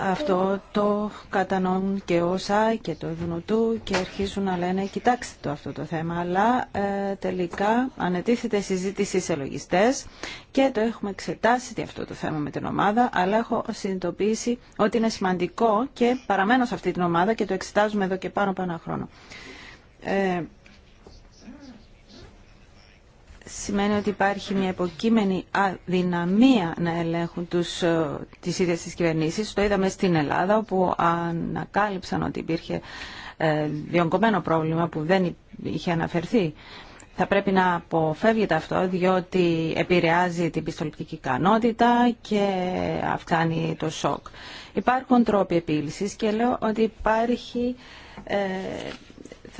[SPEAKER 3] Αυτό το κατανοούν και ο και το Ευνουτού και αρχίζουν να λένε κοιτάξτε το αυτό το θέμα, αλλά ε, τελικά ανετίθεται συζήτηση σε λογιστές και το έχουμε εξετάσει αυτό το θέμα με την ομάδα, αλλά έχω συνειδητοποιήσει ότι είναι σημαντικό και παραμένω σε αυτή την ομάδα και το εξετάζουμε εδώ και πάνω από χρόνο. Ε, σημαίνει ότι υπάρχει μια υποκείμενη αδυναμία να ελέγχουν τους, ε, τις ίδιες τις κυβερνήσεις. Το είδαμε στην Ελλάδα όπου ανακάλυψαν ότι υπήρχε ε, διονκωμένο πρόβλημα που δεν είχε αναφερθεί. Θα πρέπει να αποφεύγεται αυτό διότι επηρεάζει την πιστοληπτική ικανότητα και αυξάνει το σοκ. Υπάρχουν τρόποι επίλυσης και λέω ότι υπάρχει ε,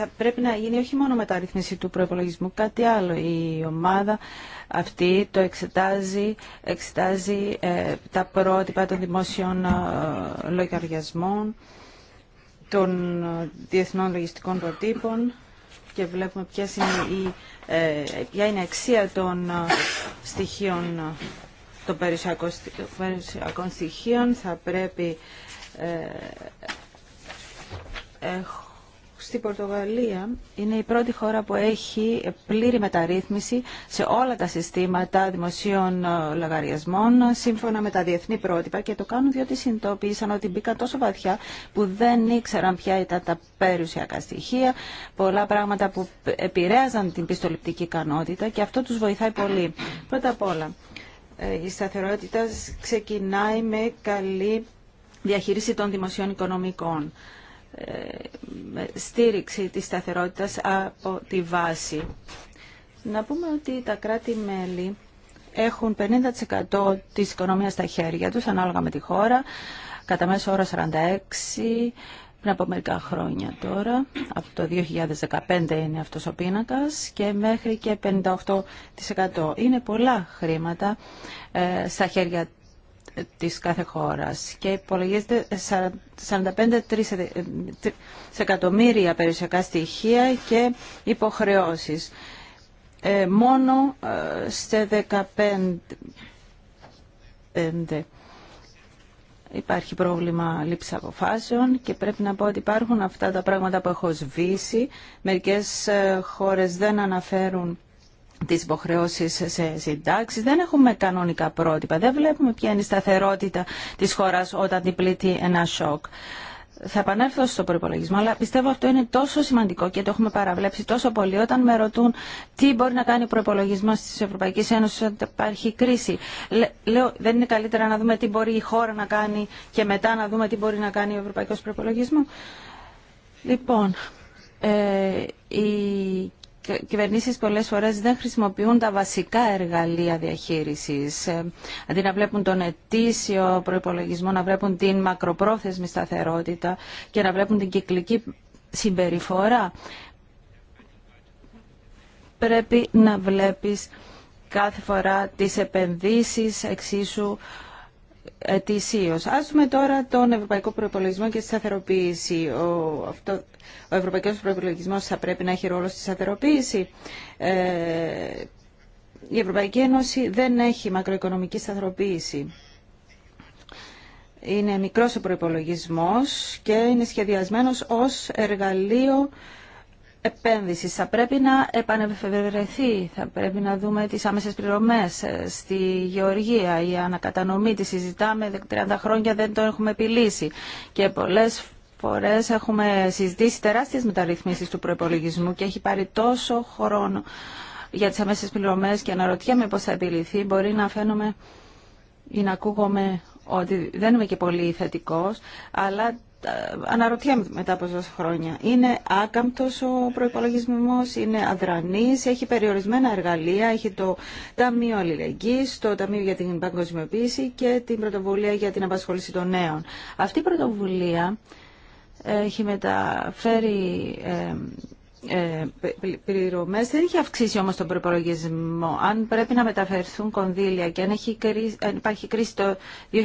[SPEAKER 3] θα πρέπει να γίνει όχι μόνο μεταρρύθμιση του προπολογισμού, κάτι άλλο. Η ομάδα αυτή το εξετάζει, εξετάζει ε, τα πρότυπα των δημόσιων ε, λογαριασμών, των ε, διεθνών λογιστικών προτύπων και βλέπουμε ποια είναι η, ε, ποια είναι η αξία των στοιχείων των περιουσιακών στοιχείων. Θα πρέπει έχω στην Πορτογαλία είναι η πρώτη χώρα που έχει πλήρη μεταρρύθμιση σε όλα τα συστήματα δημοσίων ε, λογαριασμών σύμφωνα με τα διεθνή πρότυπα και το κάνουν διότι συνειδητοποίησαν ότι μπήκαν τόσο βαθιά που δεν ήξεραν ποια ήταν τα περιουσιακά στοιχεία, πολλά πράγματα που επηρέαζαν την πιστοληπτική ικανότητα και αυτό τους βοηθάει πολύ. Πρώτα απ' όλα, ε, η σταθερότητα ξεκινάει με καλή διαχείριση των δημοσίων οικονομικών στήριξη της σταθερότητας από τη βάση. Να πούμε ότι τα κράτη-μέλη έχουν 50% της οικονομίας στα χέρια τους, ανάλογα με τη χώρα, κατά μέσο όρο 46%, πριν από μερικά χρόνια τώρα, από το 2015 είναι αυτός ο πίνακας και μέχρι και 58%. Είναι πολλά χρήματα ε, στα χέρια της κάθε χώρας και υπολογίζεται 45 ε, εκατομμύρια περιουσιακά στοιχεία και υποχρεώσεις. Ε, μόνο ε, σε 15 ε, Υπάρχει πρόβλημα λήψη αποφάσεων και πρέπει να πω ότι υπάρχουν αυτά τα πράγματα που έχω σβήσει. Μερικές χώρες δεν αναφέρουν τις υποχρεώσεις σε συντάξεις. Δεν έχουμε κανονικά πρότυπα. Δεν βλέπουμε ποια είναι η σταθερότητα της χώρας όταν την πλήττει ένα σοκ. Θα επανέλθω στο προπολογισμό, αλλά πιστεύω αυτό είναι τόσο σημαντικό και το έχουμε παραβλέψει τόσο πολύ όταν με ρωτούν τι μπορεί να κάνει ο προπολογισμό τη Ευρωπαϊκή Ένωση όταν υπάρχει κρίση. Λέω, δεν είναι καλύτερα να δούμε τι μπορεί η χώρα να κάνει και μετά να δούμε τι μπορεί να κάνει ο Ευρωπαϊκό Προπολογισμό. Λοιπόν, ε, η κυβερνήσεις πολλές φορές δεν χρησιμοποιούν τα βασικά εργαλεία διαχείρισης. Ε, αντί να βλέπουν τον ετήσιο προϋπολογισμό, να βλέπουν την μακροπρόθεσμη σταθερότητα και να βλέπουν την κυκλική συμπεριφορά. Πρέπει να βλέπεις κάθε φορά τις επενδύσεις εξίσου ετησίω. Ας δούμε τώρα τον ευρωπαϊκό προπολογισμό και τη σταθεροποίηση. Ο, αυτό, ο ευρωπαϊκός προϋπολογισμός θα πρέπει να έχει ρόλο στη σταθεροποίηση. Ε, η Ευρωπαϊκή Ένωση δεν έχει μακροοικονομική σταθεροποίηση. Είναι μικρός ο προϋπολογισμός και είναι σχεδιασμένος ως εργαλείο επένδυσης. Θα πρέπει να επανεφευρεθεί, θα πρέπει να δούμε τις άμεσες πληρωμές ε, στη γεωργία, η ανακατανομή, τη συζητάμε 30 χρόνια δεν το έχουμε επιλύσει και πολλές φορές έχουμε συζητήσει τεράστιες μεταρρυθμίσεις του προπολογισμού και έχει πάρει τόσο χρόνο για τις αμέσες πληρωμές και αναρωτιέμαι πώς θα επιληθεί. Μπορεί να φαίνομαι ή να ακούγομαι ότι δεν είμαι και πολύ θετικός, αλλά ε, αναρωτιέμαι μετά από τόσα χρόνια. Είναι άκαμπτος ο προπολογισμό, είναι αδρανής, έχει περιορισμένα εργαλεία, έχει το Ταμείο Αλληλεγγύης, το Ταμείο για την Παγκοσμιοποίηση και την Πρωτοβουλία για την Απασχόληση των Νέων. Αυτή η πρωτοβουλία έχει μεταφέρει ε, ε, δεν έχει αυξήσει όμω τον προπολογισμό. Αν πρέπει να μεταφερθούν κονδύλια και αν, υπάρχει κρίση το 2019,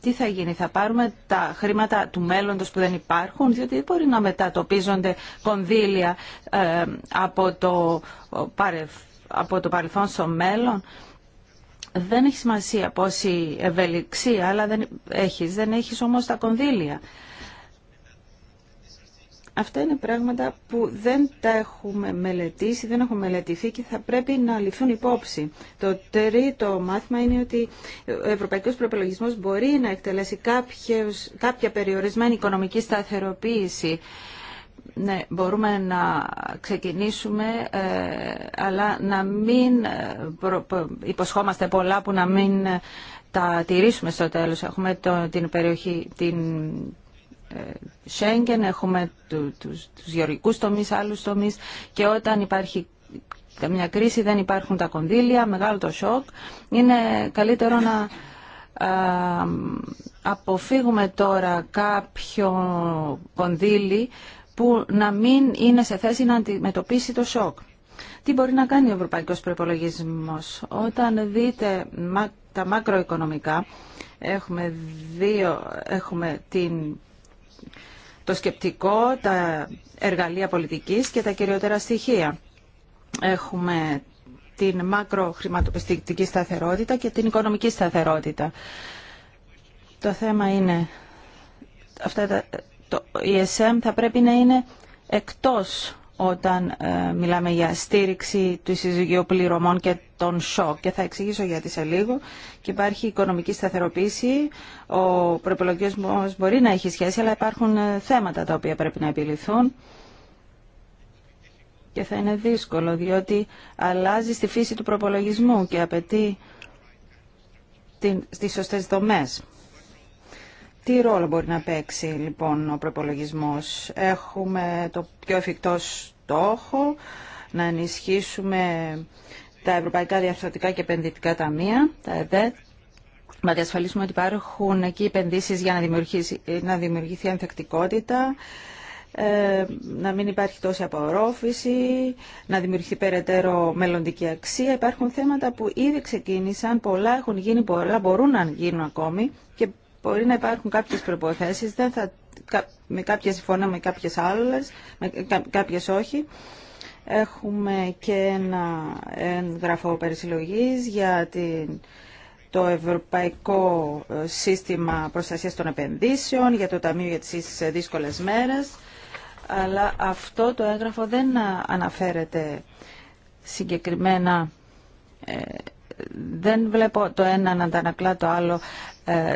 [SPEAKER 3] τι θα γίνει, θα πάρουμε τα χρήματα του μέλλοντος που δεν υπάρχουν, διότι δεν μπορεί να μετατοπίζονται κονδύλια ε, από, το, από παρελθόν στο μέλλον. Δεν έχει σημασία πόση ευελιξία, αλλά δεν έχεις, δεν έχεις όμως τα κονδύλια. Αυτά είναι πράγματα που δεν τα έχουμε μελετήσει, δεν έχουν μελετηθεί και θα πρέπει να ληφθούν υπόψη. Το τρίτο μάθημα είναι ότι ο ευρωπαϊκός προπολογισμός μπορεί να εκτελέσει κάποιες, κάποια περιορισμένη οικονομική σταθεροποίηση. Ναι, μπορούμε να ξεκινήσουμε, ε, αλλά να μην ε, υποσχόμαστε πολλά που να μην ε, τα τηρήσουμε στο τέλος. Έχουμε την περιοχή, την Σέγγεν, έχουμε τους γεωργικούς τομείς, άλλους τομείς και όταν υπάρχει μια κρίση δεν υπάρχουν τα κονδύλια, μεγάλο το σοκ. Είναι καλύτερο να αποφύγουμε τώρα κάποιο κονδύλι που να μην είναι σε θέση να αντιμετωπίσει το σοκ. Τι μπορεί να κάνει ο Ευρωπαϊκός Προϋπολογισμός. Όταν δείτε τα μακροοικονομικά, έχουμε, δύο, έχουμε την το σκεπτικό, τα εργαλεία πολιτικής και τα κυριότερα στοιχεία. Έχουμε την μακροχρηματοπιστική σταθερότητα και την οικονομική σταθερότητα. Το θέμα είναι, αυτά τα, το ESM θα πρέπει να είναι εκτός όταν ε, μιλάμε για στήριξη του συζυγίου πληρωμών και σοκ και θα εξηγήσω γιατί σε λίγο. Και υπάρχει οικονομική σταθεροποίηση, ο προπολογισμό μπορεί να έχει σχέση, αλλά υπάρχουν ε, θέματα τα οποία πρέπει να επιληθούν. Και θα είναι δύσκολο, διότι αλλάζει στη φύση του προπολογισμού και απαιτεί τι σωστές δομές. Τι ρόλο μπορεί να παίξει λοιπόν ο προπολογισμό. Έχουμε το πιο εφικτό στόχο να ενισχύσουμε τα Ευρωπαϊκά Διαρθρωτικά και Επενδυτικά Ταμεία, τα ΕΔΕΤ, να διασφαλίσουμε ότι υπάρχουν εκεί επενδύσεις για να δημιουργηθεί, να ανθεκτικότητα, ε, να μην υπάρχει τόση απορρόφηση, να δημιουργηθεί περαιτέρω μελλοντική αξία. Υπάρχουν θέματα που ήδη ξεκίνησαν, πολλά έχουν γίνει, πολλά μπορούν να γίνουν ακόμη και μπορεί να υπάρχουν κάποιες προϋποθέσεις, δεν θα, με κάποιες συμφωνώ, με κάποιες άλλες, με κάποιες όχι. Έχουμε και ένα έγγραφο περισυλλογής για την το Ευρωπαϊκό Σύστημα Προστασίας των Επενδύσεων, για το Ταμείο για τις Δύσκολες Μέρες, αλλά αυτό το έγγραφο δεν αναφέρεται συγκεκριμένα, ε, δεν βλέπω το ένα να αντανακλά το άλλο ε,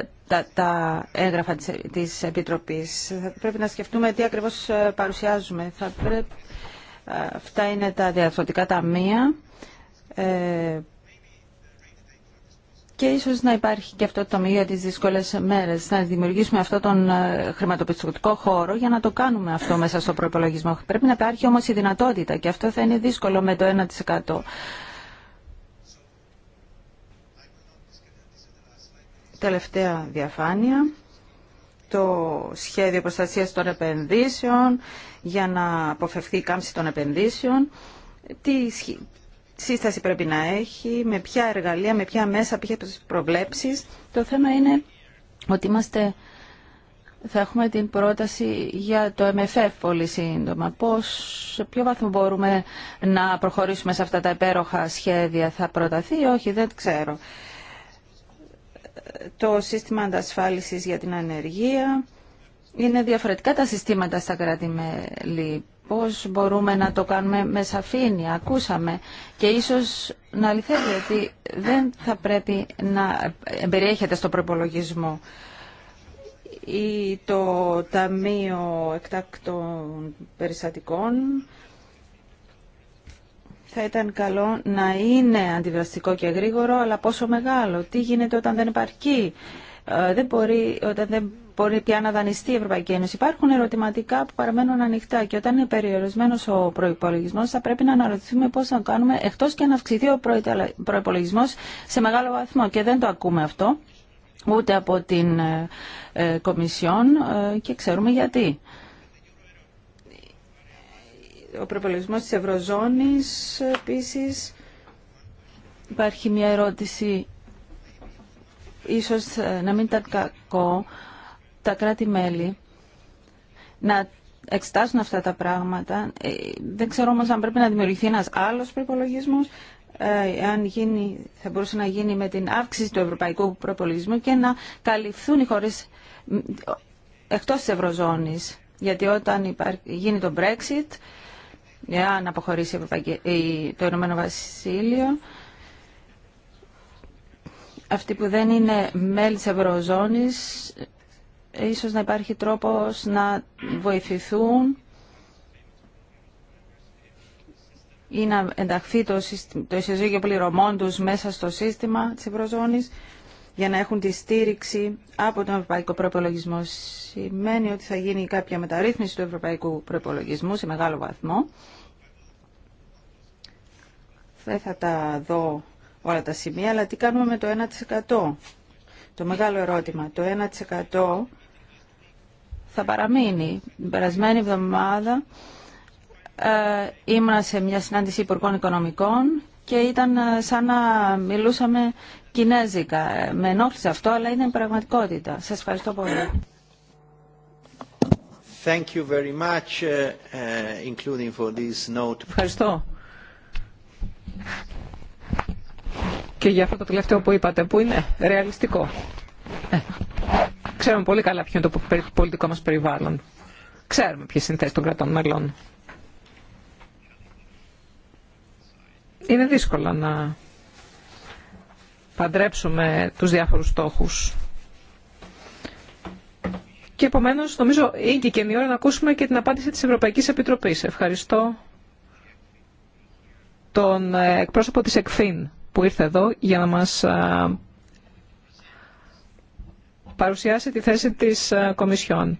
[SPEAKER 3] τα, έγγραφα της, της Επιτροπής. Θα πρέπει να σκεφτούμε τι ακριβώς ε, παρουσιάζουμε. Θα πρέπει Αυτά είναι τα διαρθρωτικά ταμεία ε, και ίσως να υπάρχει και αυτό το ταμείο για τις δύσκολες μέρες. Να δημιουργήσουμε αυτό τον ε, χρηματοπιστωτικό χώρο για να το κάνουμε αυτό μέσα στο προπολογισμό. Πρέπει να υπάρχει όμως η δυνατότητα και αυτό θα είναι δύσκολο με το 1%. Τελευταία διαφάνεια, το σχέδιο προστασίας των επενδύσεων, για να αποφευθεί η κάμψη των επενδύσεων, τι σύσταση πρέπει να έχει, με ποια εργαλεία, με ποια μέσα, ποιες προβλέψεις. Το θέμα είναι ότι είμαστε, θα έχουμε την πρόταση για το MFF πολύ σύντομα. Πώς, σε ποιο βάθμο μπορούμε να προχωρήσουμε σε αυτά τα υπέροχα σχέδια, θα προταθεί, όχι, δεν ξέρω. Το σύστημα αντασφάλισης για την ανεργία, είναι διαφορετικά τα συστήματα στα κράτη-μέλη. Πώς μπορούμε να το κάνουμε με σαφήνεια, ακούσαμε. Και ίσως να αληθεύει ότι δεν θα πρέπει να περιέχεται στο προπολογισμό ή το Ταμείο Εκτάκτων Περιστατικών. Θα ήταν καλό να είναι αντιδραστικό και γρήγορο, αλλά πόσο μεγάλο. Τι γίνεται όταν δεν υπάρχει; ε, Δεν μπορεί, όταν δεν μπορεί λοιπόν, πια να δανειστεί η Ευρωπαϊκή Ένωση. Υπάρχουν ερωτηματικά που παραμένουν ανοιχτά και όταν είναι περιορισμένο ο προπολογισμό, θα πρέπει να αναρωτηθούμε πώ θα κάνουμε εκτό και να αυξηθεί ο προπολογισμό σε μεγάλο βαθμό. Και δεν το ακούμε αυτό ούτε από την ε, ε Κομισιόν ε, και ξέρουμε γιατί. Ο προπολογισμό τη Ευρωζώνη επίση υπάρχει μια ερώτηση ίσως ε, να μην ήταν κακό τα κράτη-μέλη να εξετάσουν αυτά τα πράγματα. Ε, δεν ξέρω όμως αν πρέπει να δημιουργηθεί ένας άλλος προπολογισμό. Ε, αν γίνει, θα μπορούσε να γίνει με την αύξηση του ευρωπαϊκού προπολογισμού και να καλυφθούν οι χώρες εκτός της Ευρωζώνης. Γιατί όταν γίνει το Brexit, αν αποχωρήσει το Ηνωμένο Βασίλειο, αυτοί που δεν είναι μέλη της Ευρωζώνης ίσως να υπάρχει τρόπος να βοηθηθούν ή να ενταχθεί το, το ισοζύγιο πληρωμών τους μέσα στο σύστημα της Ευρωζώνης για να έχουν τη στήριξη από τον Ευρωπαϊκό Προπολογισμό. Σημαίνει ότι θα γίνει κάποια μεταρρύθμιση του Ευρωπαϊκού Προπολογισμού σε μεγάλο βαθμό. Δεν θα τα δω όλα τα σημεία, αλλά τι κάνουμε με το 1%. Το μεγάλο ερώτημα, το 1% θα παραμείνει. Την περασμένη εβδομάδα ε, ήμουνα σε μια συνάντηση υπουργών οικονομικών και ήταν ε, σαν να μιλούσαμε κινέζικα. Ε, με ενόχλησε αυτό, αλλά είναι πραγματικότητα. Σας ευχαριστώ πολύ. Thank you very much, ε, for this note.
[SPEAKER 1] Ευχαριστώ. Και για αυτό το τελευταίο που είπατε, που είναι ρεαλιστικό. Ξέρουμε πολύ καλά ποιο είναι το πολιτικό μας περιβάλλον. Ξέρουμε ποιες είναι οι θέσεις των κρατών μελών. Είναι δύσκολο να παντρέψουμε τους διάφορους στόχους. Και επομένως νομίζω είναι και η ώρα να ακούσουμε και την απάντηση της Ευρωπαϊκής Επιτροπής. Ευχαριστώ τον ε, εκπρόσωπο της ΕΚΦΗΝ που ήρθε εδώ για να μας ε, παρουσιάσει τη θέση της ε, Κομισιόν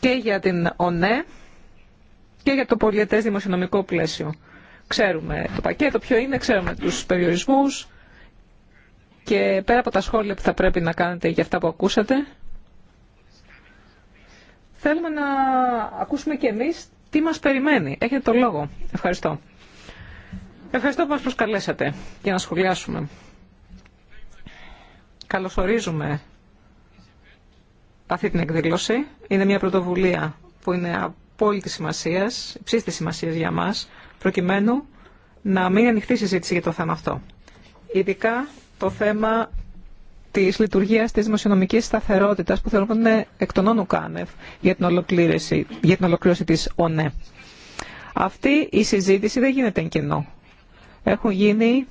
[SPEAKER 1] και για την ΟΝΕ και για το πολιετές δημοσιονομικό πλαίσιο. Ξέρουμε το πακέτο ποιο είναι, ξέρουμε τους περιορισμούς και πέρα από τα σχόλια που θα πρέπει να κάνετε για αυτά που ακούσατε, θέλουμε να ακούσουμε και εμείς τι μας περιμένει. Έχετε το λόγο. Ευχαριστώ. Ευχαριστώ που μας προσκαλέσατε για να σχολιάσουμε Καλωσορίζουμε αυτή την εκδήλωση. Είναι μια πρωτοβουλία που είναι απόλυτη σημασία, υψίστη σημασία για μα, προκειμένου να μην ανοιχτή συζήτηση για το θέμα αυτό. Ειδικά το θέμα τη λειτουργία τη δημοσιονομική σταθερότητα που θεωρούμε είναι εκ των όνου κάνευ για την ολοκλήρωση, για την ολοκλήρωση τη ΟΝΕ. Αυτή η συζήτηση δεν γίνεται εν κενό. Έχουν γίνει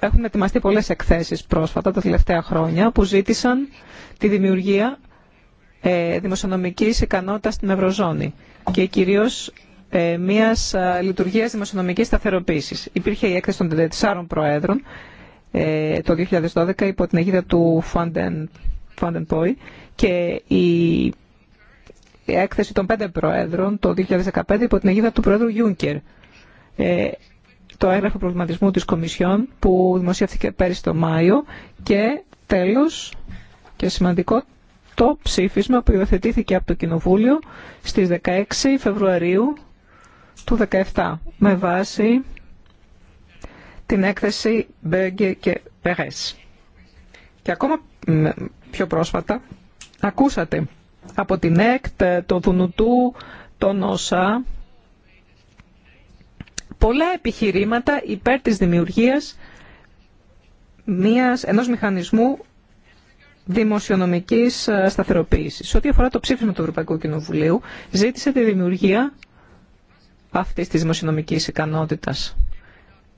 [SPEAKER 1] έχουν ετοιμαστεί πολλές εκθέσεις πρόσφατα τα τελευταία χρόνια που ζήτησαν τη δημιουργία ε, δημοσιονομικής ικανότητας στην Ευρωζώνη και κυρίως ε, μιας ε, λειτουργίας δημοσιονομικής σταθεροποίησης. Υπήρχε η έκθεση των τεσσάρων προέδρων ε, το 2012 υπό την αιγύδα του Φαντεν Πόι και η έκθεση των πέντε προέδρων το 2015 υπό την αιγύδα του πρόεδρου Γιούνκερ. Ε, το έγγραφο προβληματισμού της Κομισιόν που δημοσιεύθηκε πέρυσι το Μάιο και τέλος και σημαντικό το ψήφισμα που υιοθετήθηκε από το Κοινοβούλιο στις 16 Φεβρουαρίου του 2017 με βάση την έκθεση Μπέγκε και Περές. Και ακόμα πιο πρόσφατα ακούσατε από την ΕΚΤ, το Δουνουτού, τον ΩΣΑ πολλά επιχειρήματα υπέρ της δημιουργίας μιας, ενός μηχανισμού δημοσιονομικής ε, σταθεροποίησης. Ό,τι αφορά το ψήφισμα του Ευρωπαϊκού Κοινοβουλίου, ζήτησε τη δημιουργία αυτής της δημοσιονομικής ικανότητας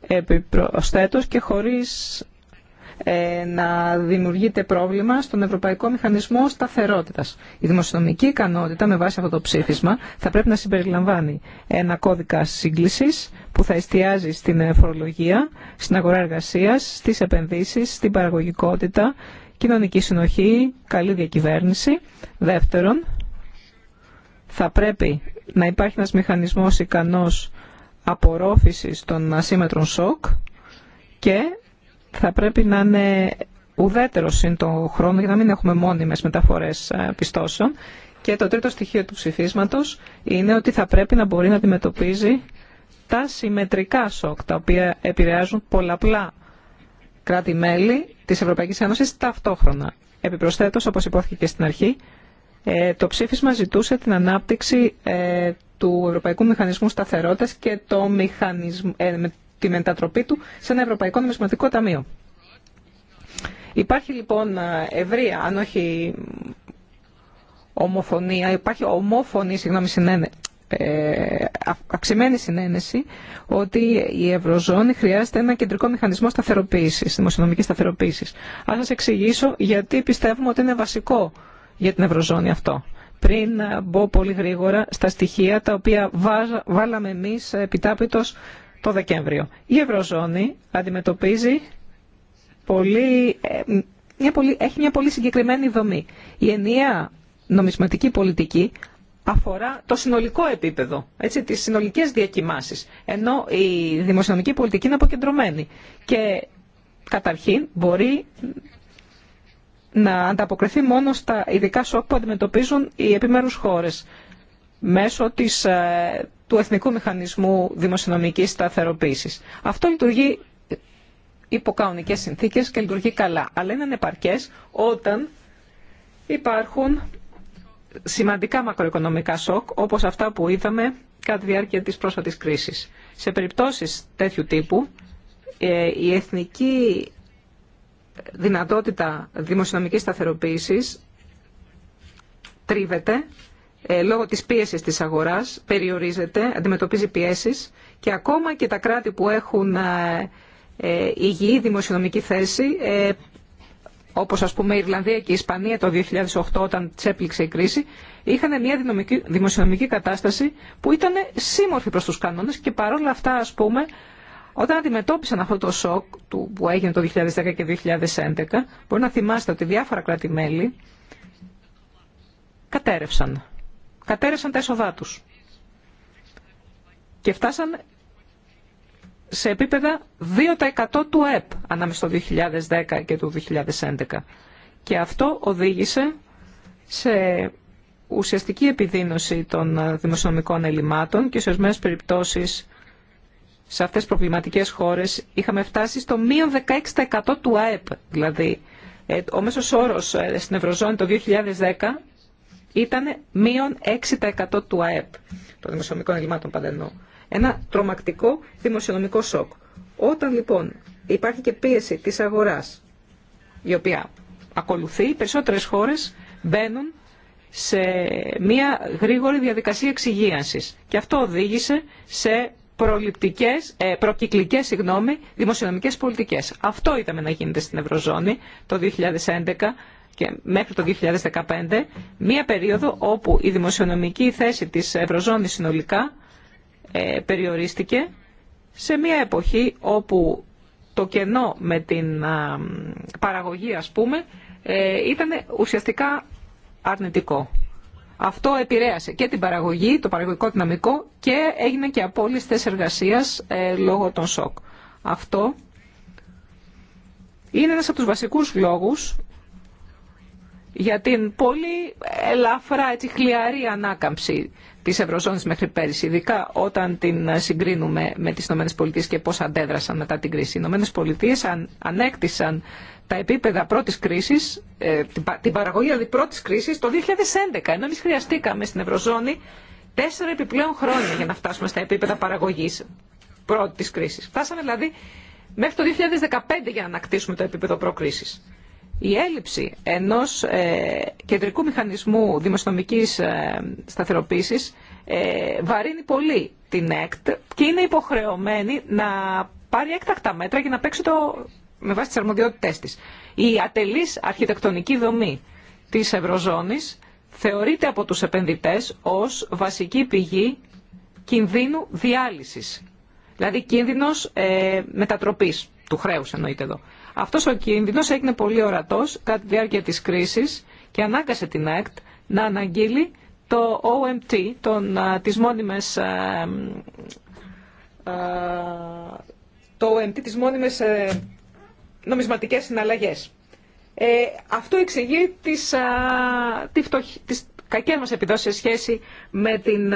[SPEAKER 1] επιπροσθέτως και χωρίς ε, να δημιουργείται πρόβλημα στον Ευρωπαϊκό Μηχανισμό σταθερότητα. Η δημοσιονομική ικανότητα με βάση αυτό το ψήφισμα θα πρέπει να συμπεριλαμβάνει ένα κώδικα σύγκληση που θα εστιάζει στην φορολογία, στην αγορά εργασία, στι επενδύσεις, στην παραγωγικότητα, κοινωνική συνοχή, καλή διακυβέρνηση. Δεύτερον, θα πρέπει να υπάρχει ένας μηχανισμός ικανός απορρόφησης των ασύμετρων σοκ και θα πρέπει να είναι ουδέτερο συν το χρόνο για να μην έχουμε μόνιμες μεταφορές ε, πιστώσεων. Και το τρίτο στοιχείο του ψηφίσματος είναι ότι θα πρέπει να μπορεί να αντιμετωπίζει τα συμμετρικά σοκ, τα οποία επηρεάζουν πολλαπλά κράτη-μέλη της Ευρωπαϊκής Ένωσης ταυτόχρονα. Επιπροσθέτως, όπως υπόθηκε και στην αρχή, ε, το ψήφισμα ζητούσε την ανάπτυξη ε, του Ευρωπαϊκού Μηχανισμού Σταθερότητας και το μηχανισμ τη μετατροπή του σε ένα Ευρωπαϊκό Νομισματικό Ταμείο. Υπάρχει λοιπόν ε, ευρεία, αν όχι ομοφωνία, υπάρχει ομόφωνη, συγγνώμη, συνένε, ε, αυξημένη συνένεση ότι η Ευρωζώνη χρειάζεται ένα κεντρικό μηχανισμό σταθεροποίησης, δημοσιονομικής σταθεροποίησης. Ας σας εξηγήσω γιατί πιστεύουμε ότι είναι βασικό για την Ευρωζώνη αυτό. Πριν ε, μπω πολύ γρήγορα στα στοιχεία τα οποία βάλαμε εμείς επιτάπητος το Δεκέμβριο. Η Ευρωζώνη αντιμετωπίζει πολύ, ε, μια πολύ, έχει μια πολύ συγκεκριμένη δομή. Η ενιαία νομισματική πολιτική αφορά το συνολικό επίπεδο, έτσι, τις συνολικές διακοιμάσεις, ενώ η δημοσιονομική πολιτική είναι αποκεντρωμένη και καταρχήν μπορεί να ανταποκριθεί μόνο στα ειδικά σοκ που αντιμετωπίζουν οι επιμέρους χώρες μέσω της ε, του Εθνικού Μηχανισμού Δημοσιονομικής Σταθεροποίησης. Αυτό λειτουργεί υπό κανονικές συνθήκες και λειτουργεί καλά, αλλά είναι ανεπαρκές όταν υπάρχουν σημαντικά μακροοικονομικά σοκ, όπως αυτά που είδαμε κατά τη διάρκεια της πρόσφατης κρίσης. Σε περιπτώσεις τέτοιου τύπου, ε, η εθνική δυνατότητα δημοσιονομικής σταθεροποίησης τρίβεται ε, λόγω της πίεσης της αγοράς περιορίζεται, αντιμετωπίζει πιέσεις και ακόμα και τα κράτη που έχουν ε, ε, υγιή δημοσιονομική θέση, όπως ας πούμε η Ιρλανδία και η Ισπανία το 2008 όταν τσέπληξε η κρίση, είχαν μια δημοσιονομική κατάσταση που ήταν σύμμορφη προς τους κανόνες και παρόλα αυτά ας πούμε όταν αντιμετώπισαν αυτό το σοκ που έγινε το 2010 και 2011, μπορεί να θυμάστε ότι διάφορα κράτη-μέλη κατέρευσαν κατέρευσαν τα έσοδά τους και φτάσαν σε επίπεδα 2% του ΕΠ ανάμεσα στο 2010 και το 2011. Και αυτό οδήγησε σε ουσιαστική επιδείνωση των δημοσιονομικών ελλημάτων και σε ορισμένε περιπτώσεις σε αυτές τις προβληματικές χώρες είχαμε φτάσει στο μείον 16% του ΑΕΠ. Δηλαδή, ε, ο μέσος όρος ε, στην Ευρωζώνη το 2010 ήταν μείον 6% του ΑΕΠ, των δημοσιονομικών ελλημάτων παντενό. Ένα τρομακτικό δημοσιονομικό σοκ. Όταν λοιπόν υπάρχει και πίεση της αγοράς, η οποία ακολουθεί, περισσότερες χώρες μπαίνουν σε μια γρήγορη διαδικασία εξυγίανσης. Και αυτό οδήγησε σε προληπτικές, ε, προκυκλικές συγγνώμη, δημοσιονομικές πολιτικές. Αυτό είδαμε να γίνεται στην Ευρωζώνη το 2011 και μέχρι το 2015 μία περίοδο όπου η δημοσιονομική θέση της Ευρωζώνης συνολικά ε, περιορίστηκε σε μία εποχή όπου το κενό με την παραγωγή ας πούμε ε, ήταν ουσιαστικά αρνητικό. Αυτό επηρέασε και την παραγωγή, το παραγωγικό δυναμικό και έγινε και απόλυτη θέση εργασία ε, λόγω των σοκ. Αυτό είναι ένας από τους βασικούς λόγους για την πολύ ελαφρά έτσι, χλιαρή ανάκαμψη της Ευρωζώνης μέχρι πέρυσι, ειδικά όταν την συγκρίνουμε με τις ΗΠΑ και πώς αντέδρασαν μετά την κρίση. Οι ΗΠΑ ανέκτησαν τα επίπεδα πρώτης κρίσης, ε, την παραγωγή δηλαδή πρώτης κρίσης το 2011, ενώ εμείς χρειαστήκαμε στην Ευρωζώνη τέσσερα επιπλέον χρόνια για να φτάσουμε στα επίπεδα παραγωγής πρώτης κρίσης. Φτάσαμε δηλαδή μέχρι το 2015 για να ανακτήσουμε το επίπεδο προκρίσης. Η έλλειψη ενός ε, κεντρικού μηχανισμού δημοσιονομικής ε, σταθεροποίησης ε, βαρύνει πολύ την ΕΚΤ και είναι υποχρεωμένη να πάρει έκτακτα μέτρα για να παίξει το με βάση τις αρμοδιότητές της. Η ατελής αρχιτεκτονική δομή της Ευρωζώνης θεωρείται από τους επενδυτές ως βασική πηγή κινδύνου διάλυσης, δηλαδή κίνδυνος ε, μετατροπής του χρέους εννοείται εδώ. Αυτός ο κίνδυνος έγινε πολύ ορατός κατά τη διάρκεια της κρίσης και ανάγκασε την ΕΚΤ να αναγγείλει το OMT, τον, τις μόνιμες, το OMT, τις μόνιμες ε, νομισματικές συναλλαγές. Ε, αυτό εξηγεί τις, τη φτωχ... τις κακές μας επιδόσεις σε σχέση με, την,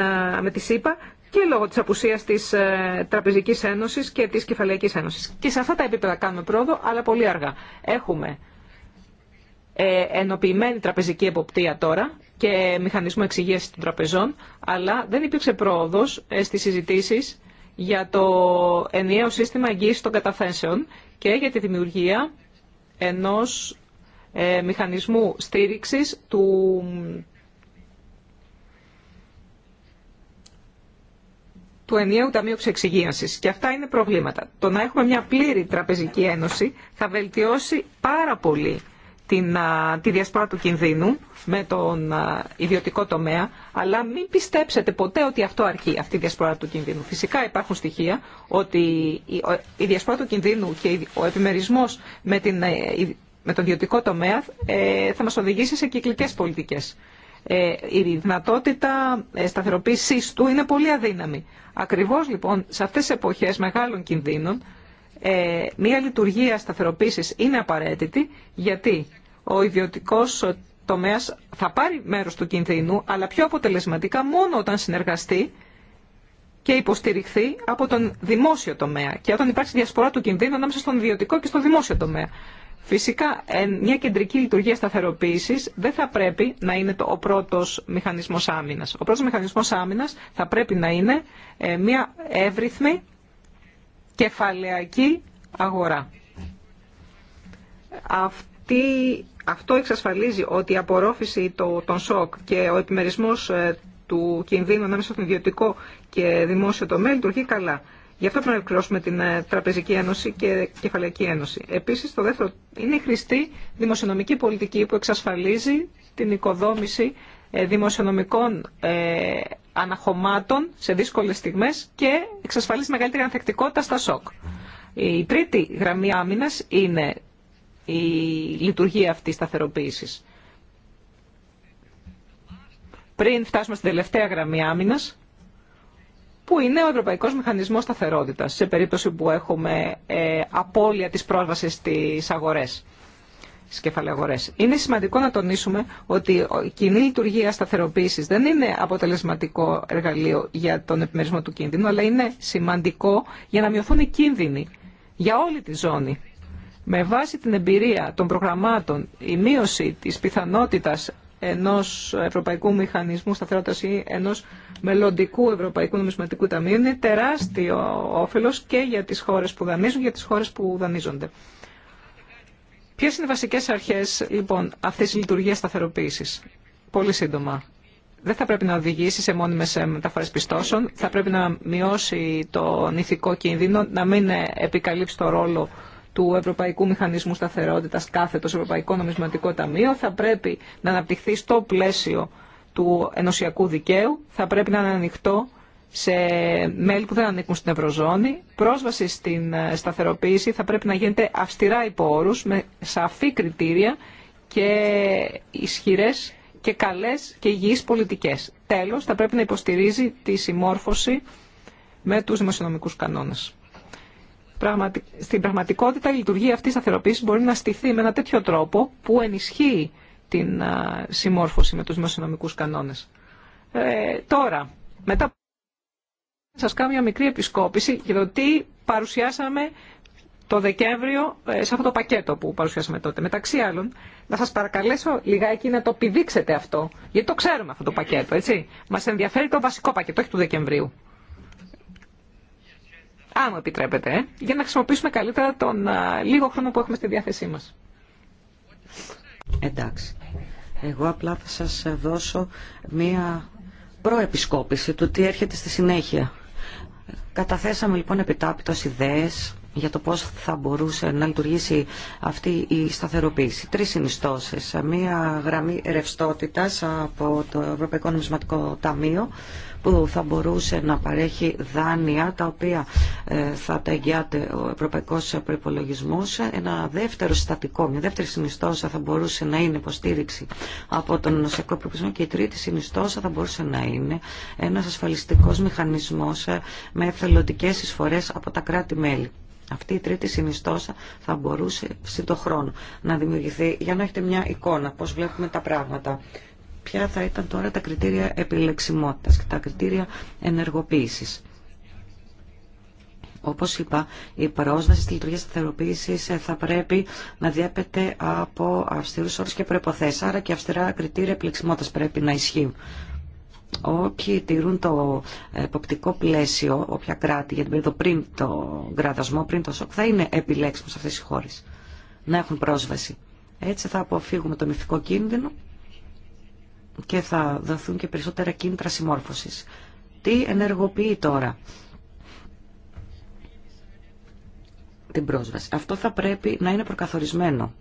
[SPEAKER 1] με τη ΣΥΠΑ και λόγω της απουσίας της ε, Τραπεζικής Ένωσης και της Κεφαλαϊκής Ένωσης. Και σε αυτά τα επίπεδα κάνουμε πρόοδο, αλλά πολύ αργά. Έχουμε ε, ενοποιημένη τραπεζική εποπτεία τώρα και μηχανισμό εξυγίασης των τραπεζών, αλλά δεν υπήρξε πρόοδος ε, στις συζητήσεις για το ενιαίο σύστημα εγγύηση των καταθέσεων και για τη δημιουργία ενός μηχανισμού στήριξης του του ενιαίου Ταμείου Ξεξυγίανση. Και αυτά είναι προβλήματα. Το να έχουμε μια πλήρη τραπεζική ένωση θα βελτιώσει πάρα πολύ την, τη διασπορά του κινδύνου με τον ιδιωτικό τομέα, αλλά μην πιστέψετε ποτέ ότι αυτό αρκεί, αυτή η διασπορά του κινδύνου. Φυσικά υπάρχουν στοιχεία ότι η διασπορά του κινδύνου και ο επιμερισμός με, ε, με τον ιδιωτικό τομέα ε, θα μας οδηγήσει σε κυκλικές πολιτικές. Ε, η δυνατότητα ε, σταθεροποίησης του είναι πολύ αδύναμη. Ακριβώς λοιπόν σε αυτές τις εποχές μεγάλων κινδύνων ε, μία λειτουργία σταθεροποίησης είναι απαραίτητη γιατί ο ιδιωτικός τομέας θα πάρει μέρος του κινδύνου αλλά πιο αποτελεσματικά μόνο όταν συνεργαστεί και υποστηριχθεί από τον δημόσιο τομέα και όταν υπάρξει διασπορά του κινδύνου ανάμεσα στον ιδιωτικό και στον δημόσιο τομέα. Φυσικά, μια κεντρική λειτουργία σταθεροποίηση δεν θα πρέπει να είναι ο πρώτο μηχανισμό άμυνα. Ο πρώτο μηχανισμό άμυνα θα πρέπει να είναι ε, μια εύρυθμη κεφαλαιακή αγορά. Αυτή, αυτό εξασφαλίζει ότι η απορρόφηση των σοκ και ο επιμερισμός ε, του κινδύνου ανάμεσα στον ιδιωτικό και δημόσιο τομέα λειτουργεί καλά. Γι' αυτό πρέπει να ολοκληρώσουμε την ε, Τραπεζική Ένωση και Κεφαλαϊκή Ένωση. Επίση, το δεύτερο είναι η χρηστή δημοσιονομική πολιτική που εξασφαλίζει την οικοδόμηση ε, δημοσιονομικών ε, αναχωμάτων σε δύσκολε στιγμέ και εξασφαλίζει μεγαλύτερη ανθεκτικότητα στα σοκ. Η τρίτη γραμμή άμυνα είναι η λειτουργία αυτή σταθεροποίηση. Πριν φτάσουμε στην τελευταία γραμμή άμυνας, που είναι ο Ευρωπαϊκό Μηχανισμός σταθερότητα σε περίπτωση που έχουμε ε, απώλεια της πρόσβασης στις αγορές. Αγορές. Είναι σημαντικό να τονίσουμε ότι η κοινή λειτουργία σταθεροποίηση δεν είναι αποτελεσματικό εργαλείο για τον επιμερισμό του κίνδυνου, αλλά είναι σημαντικό για να μειωθούν οι κίνδυνοι για όλη τη ζώνη. Με βάση την εμπειρία των προγραμμάτων, η μείωση της πιθανότητας ενός ευρωπαϊκού μηχανισμού σταθερότητας ή ενός μελλοντικού ευρωπαϊκού νομισματικού ταμείου είναι τεράστιο όφελος και για τις χώρες που δανείζουν και για τις χώρες που δανείζονται. Ποιε είναι οι βασικές αρχές λοιπόν αυτής της λειτουργίας σταθεροποίησης. Πολύ σύντομα. Δεν θα πρέπει να οδηγήσει σε μόνιμες ε, μεταφορές πιστώσεων, θα πρέπει να μειώσει τον ηθικό κίνδυνο, να μην ε, επικαλύψει το ρόλο του Ευρωπαϊκού Μηχανισμού Σταθερότητας κάθετο Ευρωπαϊκό Νομισματικό Ταμείο θα πρέπει να αναπτυχθεί στο πλαίσιο του ενωσιακού δικαίου, θα πρέπει να είναι ανοιχτό σε μέλη που δεν ανήκουν στην Ευρωζώνη. Πρόσβαση στην ε, σταθεροποίηση θα πρέπει να γίνεται αυστηρά υπό όρους, με σαφή κριτήρια και ισχυρές και καλές και υγιείς πολιτικές. Τέλος, θα πρέπει να υποστηρίζει τη συμμόρφωση με τους δημοσιονομικούς κανόνες πραγματι... στην πραγματικότητα η λειτουργία αυτής της σταθεροποίησης μπορεί να στηθεί με ένα τέτοιο τρόπο που ενισχύει την συμμόρφωση με τους δημοσιονομικούς κανόνες. Ε, τώρα, μετά σας κάνω μια μικρή επισκόπηση για το τι παρουσιάσαμε το Δεκέμβριο ε, σε αυτό το πακέτο που παρουσιάσαμε τότε. Μεταξύ άλλων, να σας παρακαλέσω λιγάκι να το επιδείξετε αυτό, γιατί το ξέρουμε αυτό το πακέτο, έτσι. Μας ενδιαφέρει το βασικό πακέτο, όχι του Δεκεμβρίου αν μου επιτρέπετε, ε, για να χρησιμοποιήσουμε καλύτερα τον λίγο χρόνο που έχουμε στη διάθεσή μας.
[SPEAKER 2] Εντάξει. Εγώ απλά θα σας δώσω μία προεπισκόπηση του τι έρχεται στη συνέχεια. Καταθέσαμε λοιπόν επιτάπητος ιδέες για το πώς θα μπορούσε να λειτουργήσει αυτή η σταθεροποίηση. Τρεις συνιστώσεις. Μία γραμμή ρευστότητας από το Ευρωπαϊκό Νομισματικό Ταμείο που θα μπορούσε να παρέχει δάνεια τα οποία ε, θα τα εγγυάται ο ευρωπαϊκό προπολογισμό. Ένα δεύτερο συστατικό, μια δεύτερη συνιστόσα θα μπορούσε να είναι υποστήριξη από τον νοσιακό προπολογισμό και η τρίτη συνιστόσα θα μπορούσε να είναι ένα ασφαλιστικό μηχανισμό ε, με εθελοντικέ εισφορέ από τα κράτη-μέλη. Αυτή η τρίτη συνιστόσα θα μπορούσε στον χρόνο να δημιουργηθεί για να έχετε μια εικόνα πώς βλέπουμε τα πράγματα ποια θα ήταν τώρα τα κριτήρια επιλεξιμότητας και τα κριτήρια ενεργοποίησης. Όπως είπα, η πρόσβαση στη λειτουργία σταθεροποίησης ε, θα πρέπει να διέπεται από αυστηρούς όρους και προϋποθέσεις. Άρα και αυστηρά κριτήρια επιλεξιμότητας πρέπει να ισχύουν. Όποιοι τηρούν το εποπτικό πλαίσιο, όποια κράτη για την περίοδο πριν το κράτασμό, πριν το σοκ, θα είναι επιλέξιμο σε αυτές οι χώρες να έχουν πρόσβαση. Έτσι θα αποφύγουμε το μυθικό κίνδυνο και θα δοθούν και περισσότερα κίνητρα συμμόρφωσης. Τι ενεργοποιεί τώρα την πρόσβαση. Αυτό θα πρέπει να είναι προκαθορισμένο.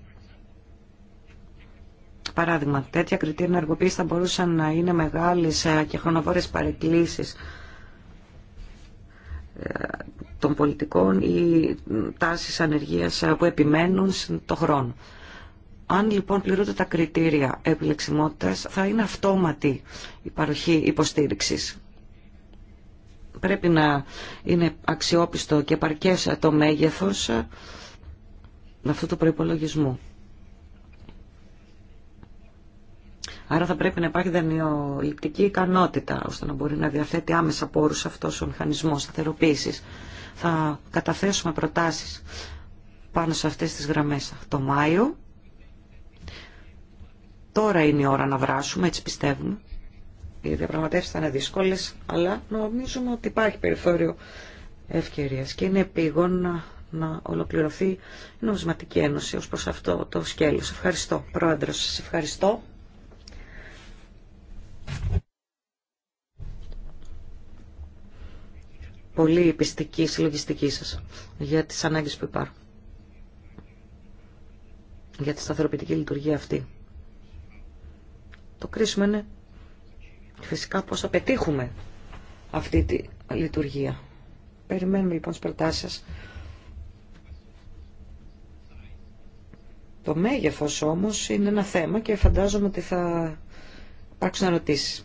[SPEAKER 2] Παράδειγμα, τέτοια κριτήρια ενεργοποίηση θα μπορούσαν να είναι μεγάλες ε, και χρονοβόρες παρεκκλήσεις ε, των πολιτικών ή τάσεις ανεργίας ε, που επιμένουν το χρόνο. Αν λοιπόν πληρούνται τα κριτήρια επιλεξιμότητας, θα είναι αυτόματη η παροχή υποστήριξης. Πρέπει να είναι αξιόπιστο και παρκές το μέγεθος αυτού του προϋπολογισμού. Άρα θα πρέπει να υπάρχει δανειοληπτική ικανότητα, ώστε να μπορεί να διαθέτει άμεσα πόρους αυτός ο μηχανισμός σταθεροποίησης. Θα καταθέσουμε προτάσεις πάνω σε αυτές τις γραμμές το Μάιο Τώρα είναι η ώρα να βράσουμε, έτσι πιστεύουμε. Οι διαπραγματεύσει θα είναι δύσκολε, αλλά νομίζουμε ότι υπάρχει περιθώριο ευκαιρία και είναι επίγον να, ολοκληρωθεί η Νομισματική Ένωση ω προ αυτό το σκέλο. Ευχαριστώ, Πρόεδρο. Σα ευχαριστώ. Πολύ πιστική συλλογιστική σας για τις ανάγκες που υπάρχουν για τη σταθεροποιητική λειτουργία αυτή. Το κρίσιμο είναι φυσικά πώς θα πετύχουμε αυτή τη λειτουργία. Περιμένουμε λοιπόν τις προτάσεις σας. Το μέγεθος όμως είναι ένα θέμα και φαντάζομαι ότι θα υπάρξουν ερωτήσει.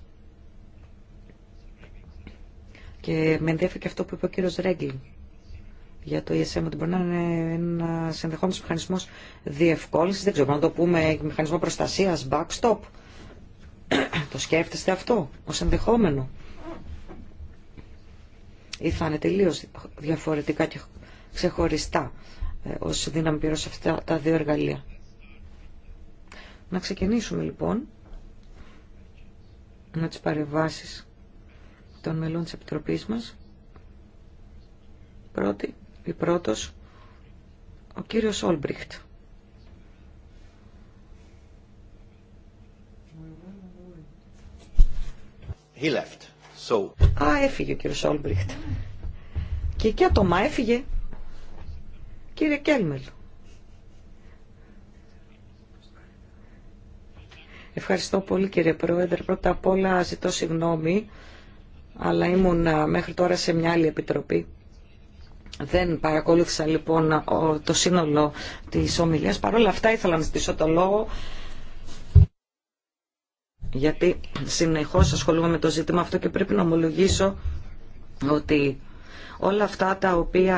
[SPEAKER 2] Και με ενδιαφέρει και αυτό που είπε ο κύριος Ρέγκλιν για το ESM, ότι μπορεί να είναι ένα ενδεχόμενο μηχανισμό διευκόλυνση, δεν ξέρω, να το πούμε μηχανισμό προστασία, backstop. το σκέφτεστε αυτό ως ενδεχόμενο. Ή θα είναι τελείω διαφορετικά και ξεχωριστά ε, ως δύναμη πυρός αυτά τα δύο εργαλεία. Να ξεκινήσουμε λοιπόν με τις παρεμβάσεις των μελών της Επιτροπής μας. Πρώτη ή πρώτος ο κύριος Όλμπριχτ. Α, έφυγε ο κύριος Όλμπριχτ. Και εκεί άτομα έφυγε. Κύριε Κέλμελ. Ευχαριστώ πολύ κύριε Πρόεδρε. Πρώτα απ' όλα ζητώ συγγνώμη, αλλά ήμουν μέχρι τώρα σε μια άλλη επιτροπή. Δεν παρακολούθησα λοιπόν το σύνολο της ομιλίας. Παρ' όλα αυτά ήθελα να ζητήσω το λόγο γιατί συνεχώς ασχολούμαι με το ζήτημα αυτό και πρέπει να ομολογήσω ότι όλα αυτά τα οποία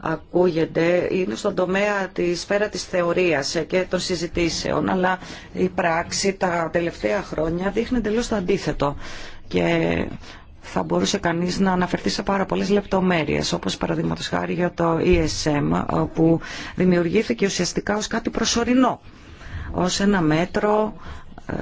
[SPEAKER 2] ακούγεται είναι στον τομέα τη σφαίρα της θεωρίας και των συζητήσεων, αλλά η πράξη τα τελευταία χρόνια δείχνει εντελώ το αντίθετο. Και θα μπορούσε κανείς να αναφερθεί σε πάρα πολλές λεπτομέρειες, όπως παραδείγματος χάρη για το ESM, που δημιουργήθηκε ουσιαστικά ως κάτι προσωρινό, ως ένα μέτρο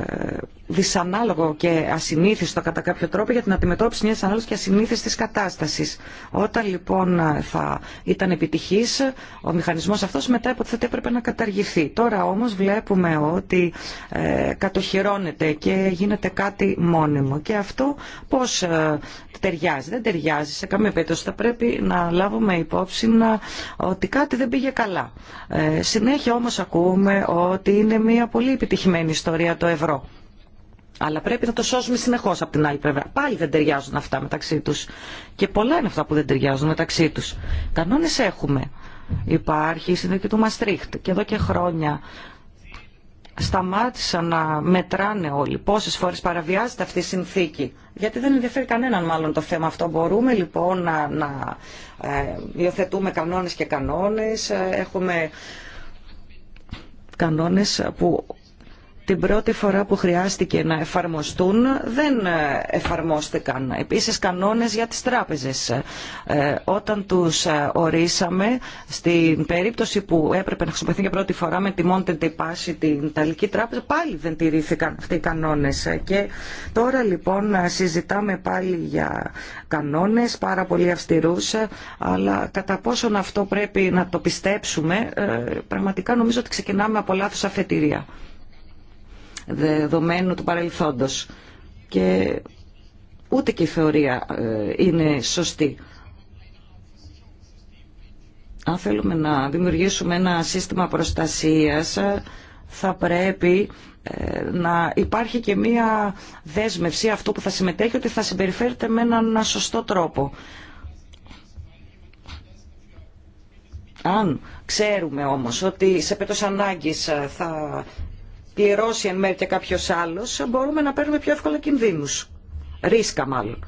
[SPEAKER 2] ε, δυσανάλογο και ασυνήθιστο κατά κάποιο τρόπο για την αντιμετώπιση μιας ανάλογης και ασυνήθιστης κατάστασης. Όταν λοιπόν ε, θα ήταν επιτυχής ο μηχανισμός αυτός μετά υποθέτει έπρεπε να καταργηθεί. Τώρα όμως βλέπουμε ότι ε, κατοχυρώνεται και γίνεται κάτι μόνιμο και αυτό πώς ε, ταιριάζει. Δεν ταιριάζει σε καμία περίπτωση. Θα πρέπει να λάβουμε υπόψη να, ότι κάτι δεν πήγε καλά. Ε, συνέχεια όμως ακούμε ότι είναι μια πολύ επιτυχημένη ιστορία το αλλά πρέπει να το σώσουμε συνεχώ από την άλλη πλευρά. Πάλι δεν ταιριάζουν αυτά μεταξύ του. Και πολλά είναι αυτά που δεν ταιριάζουν μεταξύ του. Κανόνε έχουμε. Υπάρχει η συνδίκη του Μαστρίχτ και εδώ και χρόνια σταμάτησαν να μετράνε όλοι πόσες φορές παραβιάζεται αυτή η συνθήκη. Γιατί δεν ενδιαφέρει κανέναν μάλλον το θέμα αυτό. Μπορούμε λοιπόν να, να ε, υιοθετούμε κανόνες και κανόνες. Έχουμε κανόνες που την πρώτη φορά που χρειάστηκε να εφαρμοστούν δεν ε, εφαρμόστηκαν. Επίσης κανόνες για τις τράπεζες. Ε, όταν τους ε, ορίσαμε, στην περίπτωση που έπρεπε να χρησιμοποιηθεί για πρώτη φορά με τη Monte την Ιταλική τράπεζα, πάλι δεν τηρήθηκαν αυτοί οι κανόνες. Και τώρα λοιπόν συζητάμε πάλι για κανόνες πάρα πολύ αυστηρούς, αλλά κατά πόσον αυτό πρέπει να το πιστέψουμε, πραγματικά νομίζω ότι ξεκινάμε από λάθος αφετηρία δεδομένου του παρελθόντος. Και ούτε και η θεωρία ε, είναι σωστή. Αν θέλουμε να δημιουργήσουμε ένα σύστημα προστασίας, θα πρέπει ε, να υπάρχει και μία δέσμευση αυτό που θα συμμετέχει ότι θα συμπεριφέρεται με έναν σωστό τρόπο. Αν ξέρουμε όμως ότι σε πέτος ανάγκης ε, θα πληρώσει εν μέρει και κάποιο άλλο, μπορούμε να παίρνουμε πιο εύκολα κινδύνου. Ρίσκα μάλλον.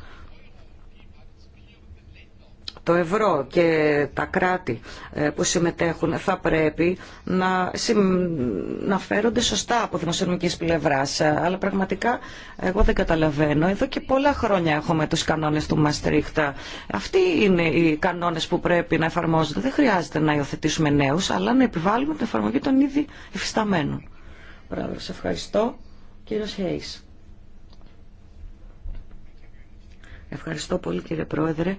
[SPEAKER 2] Το ευρώ και τα κράτη ε, που συμμετέχουν θα πρέπει να, να φέρονται σωστά από δημοσιονομικής πλευράς. Ε, αλλά πραγματικά εγώ δεν καταλαβαίνω. Εδώ και πολλά χρόνια έχουμε τους κανόνες του Μαστρίχτα. Ε, αυτοί είναι οι κανόνες που πρέπει να εφαρμόζονται. Δεν χρειάζεται να υιοθετήσουμε νέους, αλλά να επιβάλλουμε την εφαρμογή των ήδη υφισταμένων. Πρόεδρος, ευχαριστώ. Κύριος Χέις. Ευχαριστώ πολύ κύριε Πρόεδρε.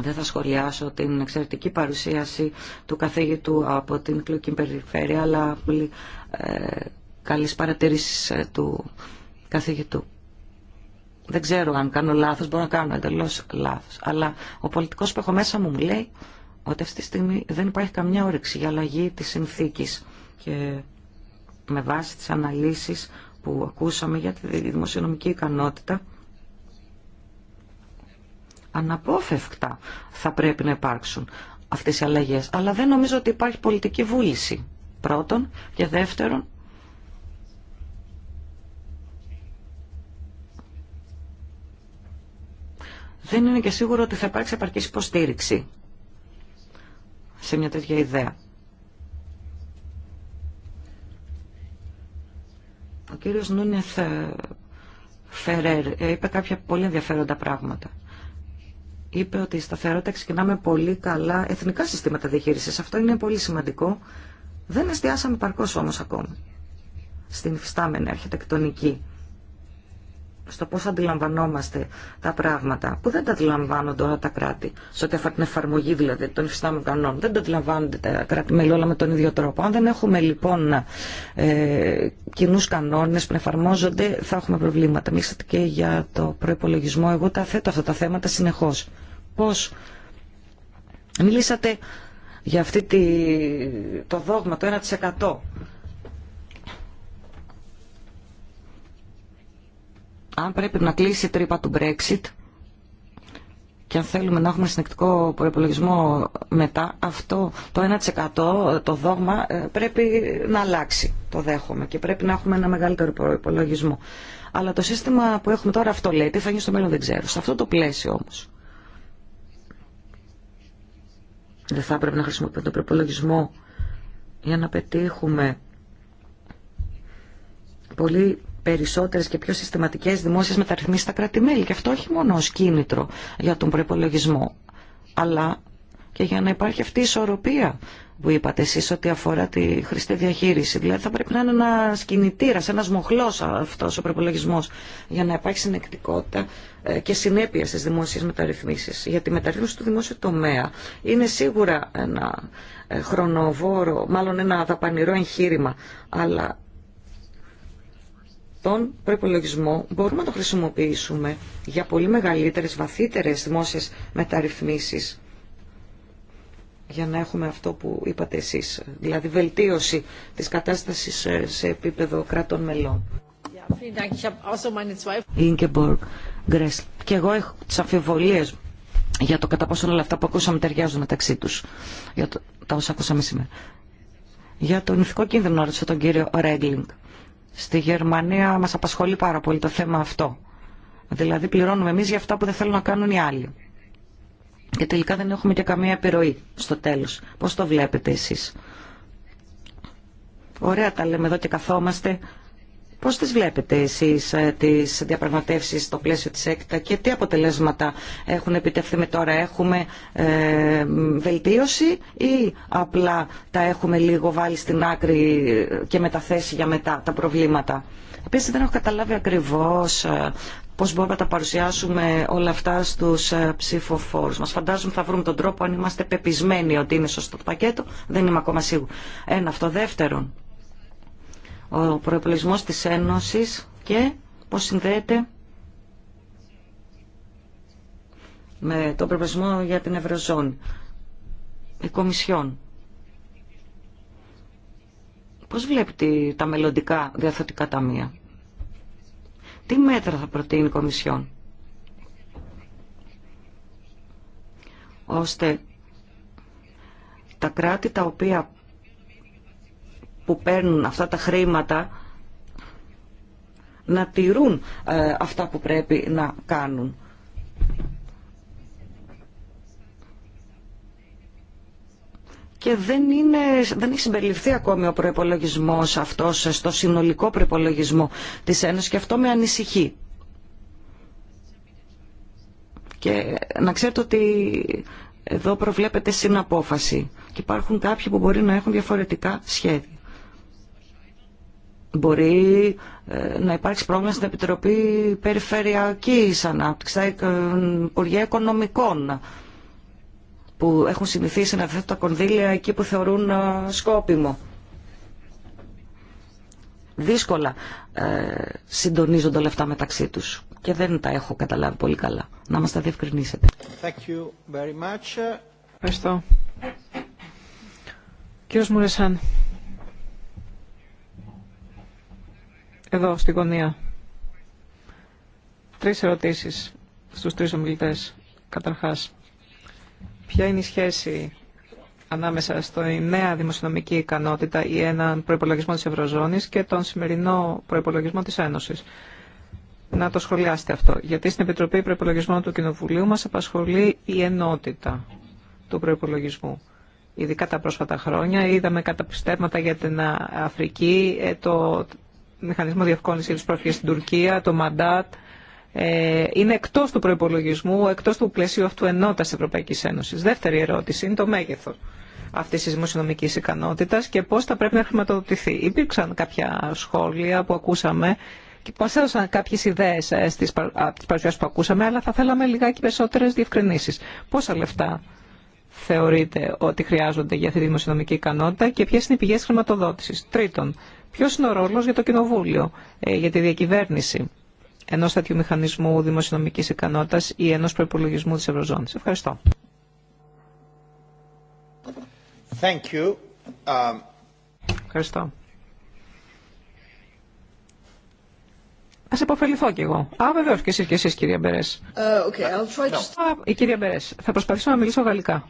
[SPEAKER 2] Δεν θα σχολιάσω την εξαιρετική παρουσίαση του καθηγητού από την κλουκή περιφέρεια, αλλά πολύ ε, καλής παρατηρήσεις ε, του καθηγητού. Δεν ξέρω αν κάνω λάθος, μπορώ να κάνω εντελώς λάθος, αλλά ο πολιτικός που έχω μέσα μου μου λέει ότι αυτή τη στιγμή δεν υπάρχει καμιά όρεξη για αλλαγή της συνθήκης και με βάση τις αναλύσεις που ακούσαμε για τη δημοσιονομική ικανότητα αναπόφευκτα θα πρέπει να υπάρξουν αυτές οι αλλαγές. Αλλά δεν νομίζω ότι υπάρχει πολιτική βούληση πρώτον και δεύτερον δεν είναι και σίγουρο ότι θα υπάρξει επαρκής υποστήριξη σε μια τέτοια ιδέα. Ο κύριος Νούνεθ ε, Φερέρ ε, είπε κάποια πολύ ενδιαφέροντα πράγματα. Είπε ότι η σταθερότητα ξεκινάμε πολύ καλά εθνικά συστήματα διαχείρισης. Αυτό είναι πολύ σημαντικό. Δεν εστιάσαμε παρκώς όμως ακόμη στην φυστάμενη αρχιτεκτονική στο πώς αντιλαμβανόμαστε τα πράγματα, που δεν τα αντιλαμβάνονται όλα τα κράτη, σε ό,τι αφορά την εφαρμογή δηλαδή των υφιστάμενων κανόνων. Δεν τα αντιλαμβάνονται τα κράτη μέλη όλα με τον ίδιο τρόπο. Αν δεν έχουμε λοιπόν ε, κοινού κανόνες που εφαρμόζονται, θα έχουμε προβλήματα. Μίλησατε και για το προπολογισμό. Εγώ τα θέτω αυτά τα θέματα συνεχώς. Πώς μιλήσατε για αυτή τη... το δόγμα, το 1% αν πρέπει να κλείσει η τρύπα του Brexit και αν θέλουμε να έχουμε συνεκτικό προπολογισμό μετά, αυτό το 1% το δόγμα ε, πρέπει να αλλάξει. Το δέχομαι και πρέπει να έχουμε ένα μεγαλύτερο προπολογισμό. Αλλά το σύστημα που έχουμε τώρα αυτό λέει, τι θα γίνει στο μέλλον δεν ξέρω. Σε αυτό το πλαίσιο όμως. Δεν θα πρέπει να χρησιμοποιούμε τον προπολογισμό για να πετύχουμε πολύ Περισσότερε και πιο συστηματικέ δημόσιε μεταρρυθμίσεις στα κράτη-μέλη. Και αυτό όχι μόνο ω κίνητρο για τον προπολογισμό, αλλά και για να υπάρχει αυτή η ισορροπία που είπατε εσεί ότι αφορά τη χρηστή διαχείριση. Δηλαδή θα πρέπει να είναι ένα κινητήρα, ένα μοχλός αυτό ο προπολογισμό για να υπάρχει συνεκτικότητα ε, και συνέπεια στι δημόσιε μεταρρυθμίσεις. Γιατί η μεταρρύθμιση του δημόσιου τομέα είναι σίγουρα ένα ε, χρονοβόρο, μάλλον ένα δαπανηρό εγχείρημα, αλλά τον προπολογισμό μπορούμε να το χρησιμοποιήσουμε για πολύ μεγαλύτερες, βαθύτερες δημόσιες μεταρρυθμίσεις για να έχουμε αυτό που είπατε εσείς, δηλαδή βελτίωση της κατάστασης ε, σε επίπεδο κρατών μελών. Γκρέσλ Και εγώ έχω τις αμφιβολίες για το κατά πόσο όλα αυτά που ακούσαμε ταιριάζουν μεταξύ τους, για το, τα όσα ακούσαμε σήμερα. Για τον ηθικό κίνδυνο ρώτησε τον κύριο Ρέγκλινγκ. Στη Γερμανία μας απασχολεί πάρα πολύ το θέμα αυτό. Δηλαδή πληρώνουμε εμείς για αυτά που δεν θέλουν να κάνουν οι άλλοι. Και τελικά δεν έχουμε και καμία επιρροή στο τέλος. Πώς το βλέπετε εσείς. Ωραία τα λέμε εδώ και καθόμαστε Πώς τις βλέπετε εσείς ε, τις διαπραγματεύσεις στο πλαίσιο της ΕΚΤΑ και τι αποτελέσματα έχουν επιτευχθεί με τώρα. Έχουμε ε, βελτίωση ή απλά τα έχουμε λίγο βάλει στην άκρη και μεταθέσει για μετά τα προβλήματα. Επίσης δεν έχω καταλάβει ακριβώς ε, πώς μπορούμε να τα παρουσιάσουμε όλα αυτά στους ψηφοφόρους μας. Φαντάζομαι θα βρούμε τον τρόπο αν είμαστε πεπισμένοι ότι είναι σωστό το πακέτο. Δεν είμαι ακόμα σίγουρη. Ένα αυτό. Δεύτερον, ο προεπλογισμός της Ένωσης και πώς συνδέεται με τον προεπλογισμό για την Ευρωζώνη. Η Κομισιόν. Πώς βλέπετε τα μελλοντικά διαθωτικά ταμεία. Τι μέτρα θα προτείνει η Κομισιόν. ώστε τα κράτη τα οποία που παίρνουν αυτά τα χρήματα να τηρούν ε, αυτά που πρέπει να κάνουν. και δεν, είναι, δεν έχει συμπεριληφθεί ακόμη ο προπολογισμό αυτό στο συνολικό προπολογισμό τη Ένωση και αυτό με ανησυχεί. Και να ξέρετε ότι εδώ προβλέπεται συναπόφαση και υπάρχουν κάποιοι που μπορεί να έχουν διαφορετικά σχέδια. Μπορεί ε, να υπάρξει πρόβλημα στην Επιτροπή Περιφερειακής Ανάπτυξης, Υπουργεία Οικονομικών, που έχουν συνηθίσει να θέτουν τα κονδύλια εκεί που θεωρούν ε, σκόπιμο. Δύσκολα ε, συντονίζονται όλα αυτά μεταξύ τους και δεν τα έχω καταλάβει πολύ καλά. Να μας τα διευκρινίσετε.
[SPEAKER 3] Ευχαριστώ.
[SPEAKER 1] Κύριος Μουρεσάν. εδώ στη γωνία. Τρεις ερωτήσεις στους τρεις ομιλητές. Καταρχάς, ποια είναι η σχέση ανάμεσα η νέα δημοσιονομική ικανότητα ή έναν προϋπολογισμό της Ευρωζώνης και τον σημερινό προϋπολογισμό της Ένωσης. Να το σχολιάσετε αυτό, γιατί στην Επιτροπή Προπολογισμών του Κοινοβουλίου μας απασχολεί η ενότητα του προπολογισμού. Ειδικά τα πρόσφατα χρόνια είδαμε πιστεύματα για την Αφρική, ε, το μηχανισμό διευκόλυνση για τους στην Τουρκία, το Μαντάτ, ε, είναι εκτό του προπολογισμού, εκτό του πλαισίου αυτού της Ευρωπαϊκή Ένωση. Δεύτερη ερώτηση είναι το μέγεθο αυτή τη δημοσιονομική ικανότητα και πώ θα πρέπει να χρηματοδοτηθεί. Υπήρξαν κάποια σχόλια που ακούσαμε και μα έδωσαν κάποιες ιδέες ε, τι παρουσιάσει που ακούσαμε, αλλά θα θέλαμε λιγάκι περισσότερες διευκρινήσει. Πόσα λεφτά θεωρείτε ότι χρειάζονται για αυτή τη δημοσιονομική ικανότητα και ποιε είναι οι πηγέ χρηματοδότηση. Τρίτον, Ποιο είναι ο ρόλος για το Κοινοβούλιο, ε, για τη διακυβέρνηση ενό τέτοιου μηχανισμού δημοσιονομική ικανότητα ή ενό προπολογισμού τη Ευρωζώνη. Ευχαριστώ.
[SPEAKER 3] Thank you. Um,
[SPEAKER 1] Ευχαριστώ. Α υποφεληθώ κι εγώ. Α, βεβαίω και εσεί και εσεί, κυρία Μπερέ. Uh, ε, okay, to... η κυρία Μπερέ, θα προσπαθήσω να μιλήσω γαλλικά.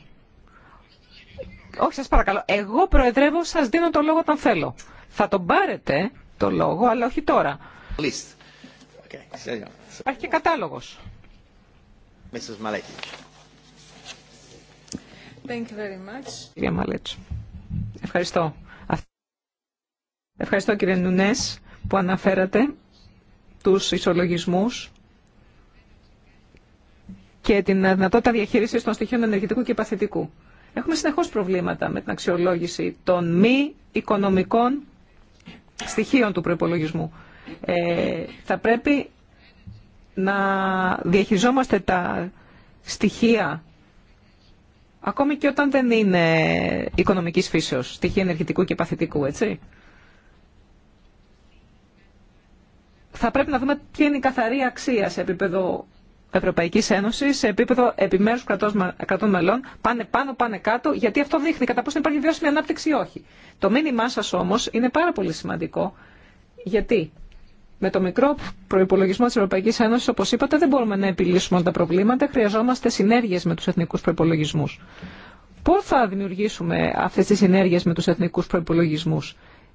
[SPEAKER 1] Όχι, σα παρακαλώ. Εγώ προεδρεύω, σα δίνω το λόγο όταν θέλω. Θα τον πάρετε το λόγο, αλλά όχι τώρα. Υπάρχει και κατάλογος. Κυρία Ευχαριστώ. Ευχαριστώ κύριε Νουνές που αναφέρατε τους ισολογισμούς και την δυνατότητα διαχείρισης των στοιχείων ενεργητικού και παθητικού. Έχουμε συνεχώς προβλήματα με την αξιολόγηση των μη οικονομικών στοιχείων του προπολογισμού. Ε, θα πρέπει να διαχειριζόμαστε τα στοιχεία ακόμη και όταν δεν είναι οικονομικής φύσεως, στοιχεία ενεργητικού και παθητικού, έτσι. Θα πρέπει να δούμε τι είναι η καθαρή αξία σε επίπεδο Ευρωπαϊκή Ένωση, σε επίπεδο επιμέρου κρατών μελών πάνε πάνω, πάνε κάτω, γιατί αυτό δείχνει κατά πόσο υπάρχει βιώσιμη ανάπτυξη ή όχι. Το μήνυμά σα όμω είναι πάρα πολύ σημαντικό, γιατί με το μικρό προπολογισμό τη Ευρωπαϊκή Ένωση, όπω είπατε, δεν μπορούμε να επιλύσουμε όλα τα προβλήματα. Χρειαζόμαστε συνέργειε με του εθνικού προπολογισμού. Πώ θα δημιουργήσουμε αυτέ τι συνέργειε με του εθνικού προπολογισμού,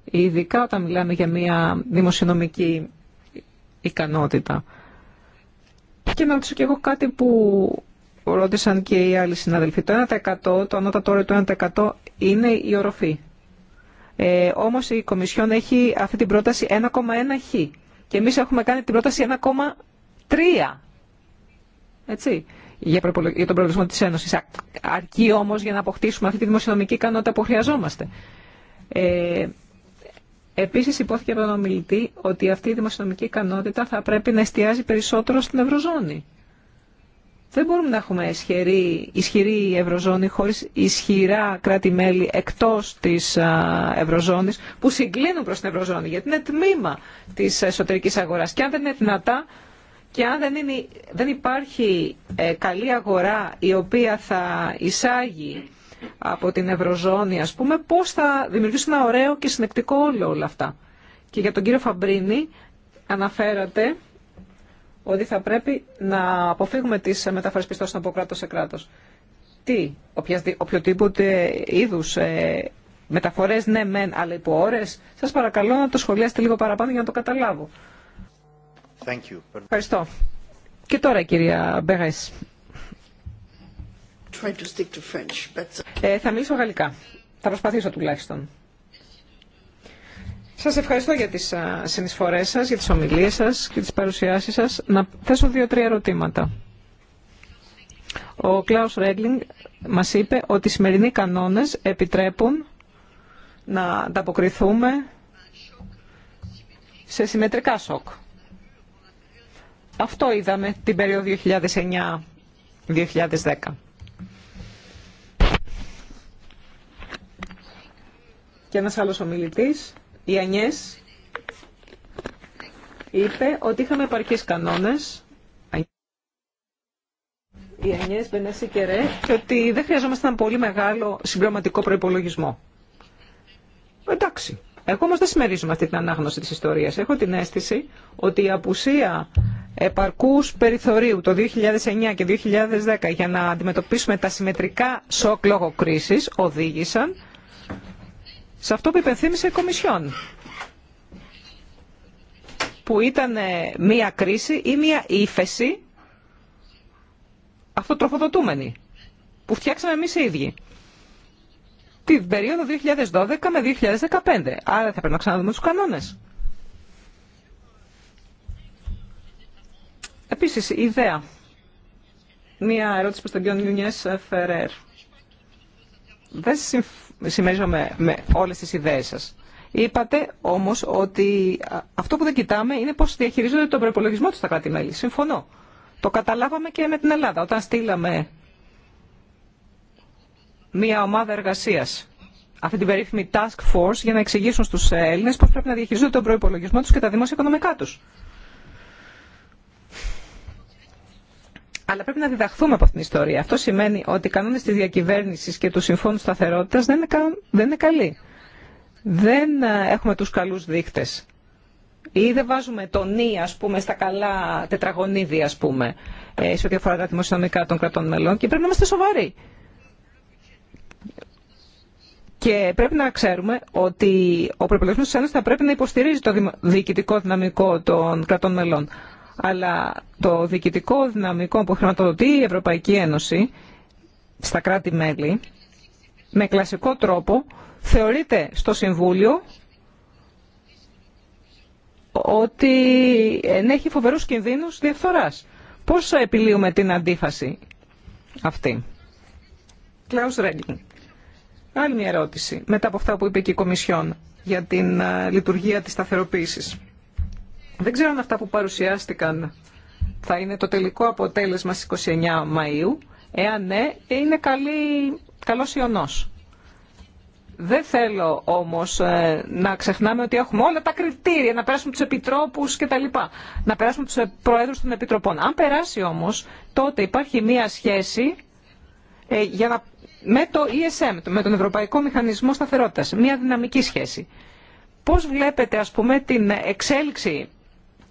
[SPEAKER 1] ειδικά όταν μιλάμε για μια δημοσιονομική ικανότητα. Και να ρωτήσω και εγώ κάτι που ρώτησαν και οι άλλοι συναδελφοί. Το 1%, το ανώτατο όριο του 1% είναι η οροφή. Ε, όμως η Κομισιόν έχει αυτή την πρόταση 1,1 χ. Και εμείς έχουμε κάνει την πρόταση 1,3. Έτσι. Για, για τον προβλησμό της Ένωσης. Αρκεί όμως για να αποκτήσουμε αυτή τη δημοσιονομική ικανότητα που χρειαζόμαστε. Ε, Επίσης υπόθηκε από τον ομιλητή ότι αυτή η δημοσιονομική ικανότητα θα πρέπει να εστιάζει περισσότερο στην Ευρωζώνη. Δεν μπορούμε να έχουμε ισχυρή, ισχυρή Ευρωζώνη χωρίς ισχυρά κράτη-μέλη εκτός της Ευρωζώνης που συγκλίνουν προς την Ευρωζώνη γιατί είναι τμήμα της εσωτερικής αγοράς και αν δεν είναι δυνατά και αν δεν, δεν υπάρχει ε, καλή αγορά η οποία θα εισάγει από την Ευρωζώνη, ας πούμε, πώς θα δημιουργήσει ένα ωραίο και συνεκτικό όλο όλα αυτά. Και για τον κύριο Φαμπρίνη αναφέρατε ότι θα πρέπει να αποφύγουμε τις μεταφορές πιστώσεων από κράτος σε κράτος. Τι, οποιοδήποτε είδους ε, μεταφορές, ναι μεν, αλλά υπό ώρες. Σας παρακαλώ να το σχολιάσετε λίγο παραπάνω για να το καταλάβω. Thank you. Ευχαριστώ. Και τώρα κυρία Uh, ε, θα μιλήσω γαλλικά. Θα προσπαθήσω τουλάχιστον. Σα ευχαριστώ για τι συνεισφορέ σα, για τι ομιλίε σα και τι παρουσιάσει σα Να θέσω δύο-τρία ερωτήματα. Ο Κλάους Ρέγκλινγκ μας είπε ότι οι σημερινοί κανόνε επιτρέπουν να ανταποκριθούμε σε συμμετρικά σοκ. Αυτό είδαμε την περίοδο 2009-2010. Και ένας άλλος ομιλητής, η Ανιές, είπε ότι είχαμε επαρκείς κανόνες, η Ανιές Βενέση και ότι δεν χρειαζόμαστε ένα πολύ μεγάλο συμπληρωματικό προϋπολογισμό. Εντάξει. Εγώ όμως δεν συμμερίζομαι αυτή την ανάγνωση της ιστορίας. Έχω την αίσθηση ότι η απουσία επαρκούς περιθωρίου το 2009 και 2010 για να αντιμετωπίσουμε τα συμμετρικά σοκ λόγω κρίσης οδήγησαν σε αυτό που υπενθύμησε η Κομισιόν που ήταν ε, μία κρίση ή μία ύφεση αυτοτροφοδοτούμενη που φτιάξαμε εμείς οι ίδιοι την περίοδο 2012 με 2015. Άρα θα πρέπει να ξαναδούμε τους κανόνες. Επίσης, η ιδέα. Μία ερώτηση προς τον κ. Νιουνιές Φερέρ. Δεν συμφ συμμερίζομαι με όλες τις ιδέες σας. Είπατε όμως ότι αυτό που δεν κοιτάμε είναι πώς διαχειρίζονται τον προπολογισμό του στα κράτη-μέλη. Συμφωνώ. Το καταλάβαμε και με την Ελλάδα όταν στείλαμε μία ομάδα εργασίας αυτή την περίφημη task force για να εξηγήσουν στους Έλληνες πώς πρέπει να διαχειρίζονται τον προπολογισμό τους και τα δημόσια οικονομικά τους. Αλλά πρέπει να διδαχθούμε από αυτήν την ιστορία. Αυτό σημαίνει ότι οι κανόνε τη διακυβέρνηση και του συμφώνου σταθερότητα δεν, είναι δεν είναι καλοί. Δεν ε, έχουμε του καλού δείχτε. Ή δεν βάζουμε τον νι, ας πούμε, στα καλά τετραγωνίδια, ας πούμε, ε, σε ό,τι αφορά τα δημοσιονομικά των κρατών μελών και πρέπει να είμαστε σοβαροί. Και πρέπει να ξέρουμε ότι ο προπολογισμό τη Ένωση θα πρέπει να υποστηρίζει το διοικητικό δυναμικό των κρατών μελών αλλά το διοικητικό δυναμικό που χρηματοδοτεί η Ευρωπαϊκή Ένωση στα κράτη-μέλη με κλασικό τρόπο θεωρείται στο Συμβούλιο ότι έχει φοβερούς κινδύνους διαφθοράς. Πώς επιλύουμε την αντίφαση αυτή. Κλάους Ρέγκλινγκ. Άλλη μια ερώτηση, μετά από αυτά που είπε και η Κομισιόν για την ε, λειτουργία της σταθεροποίησης. Δεν ξέρω αν αυτά που παρουσιάστηκαν θα είναι το τελικό αποτέλεσμα στις 29 Μαΐου. Εάν ναι, είναι καλή, καλός ιονός. Δεν θέλω όμως ε, να ξεχνάμε ότι έχουμε όλα τα κριτήρια, να περάσουμε τους επιτρόπους και τα λοιπά, να περάσουμε τους προέδρους των επιτροπών. Αν περάσει όμως, τότε υπάρχει μία σχέση ε, για να, με το ESM, με τον Ευρωπαϊκό Μηχανισμό Σταθερότητας, μία δυναμική σχέση. Πώς βλέπετε, ας πούμε, την εξέλιξη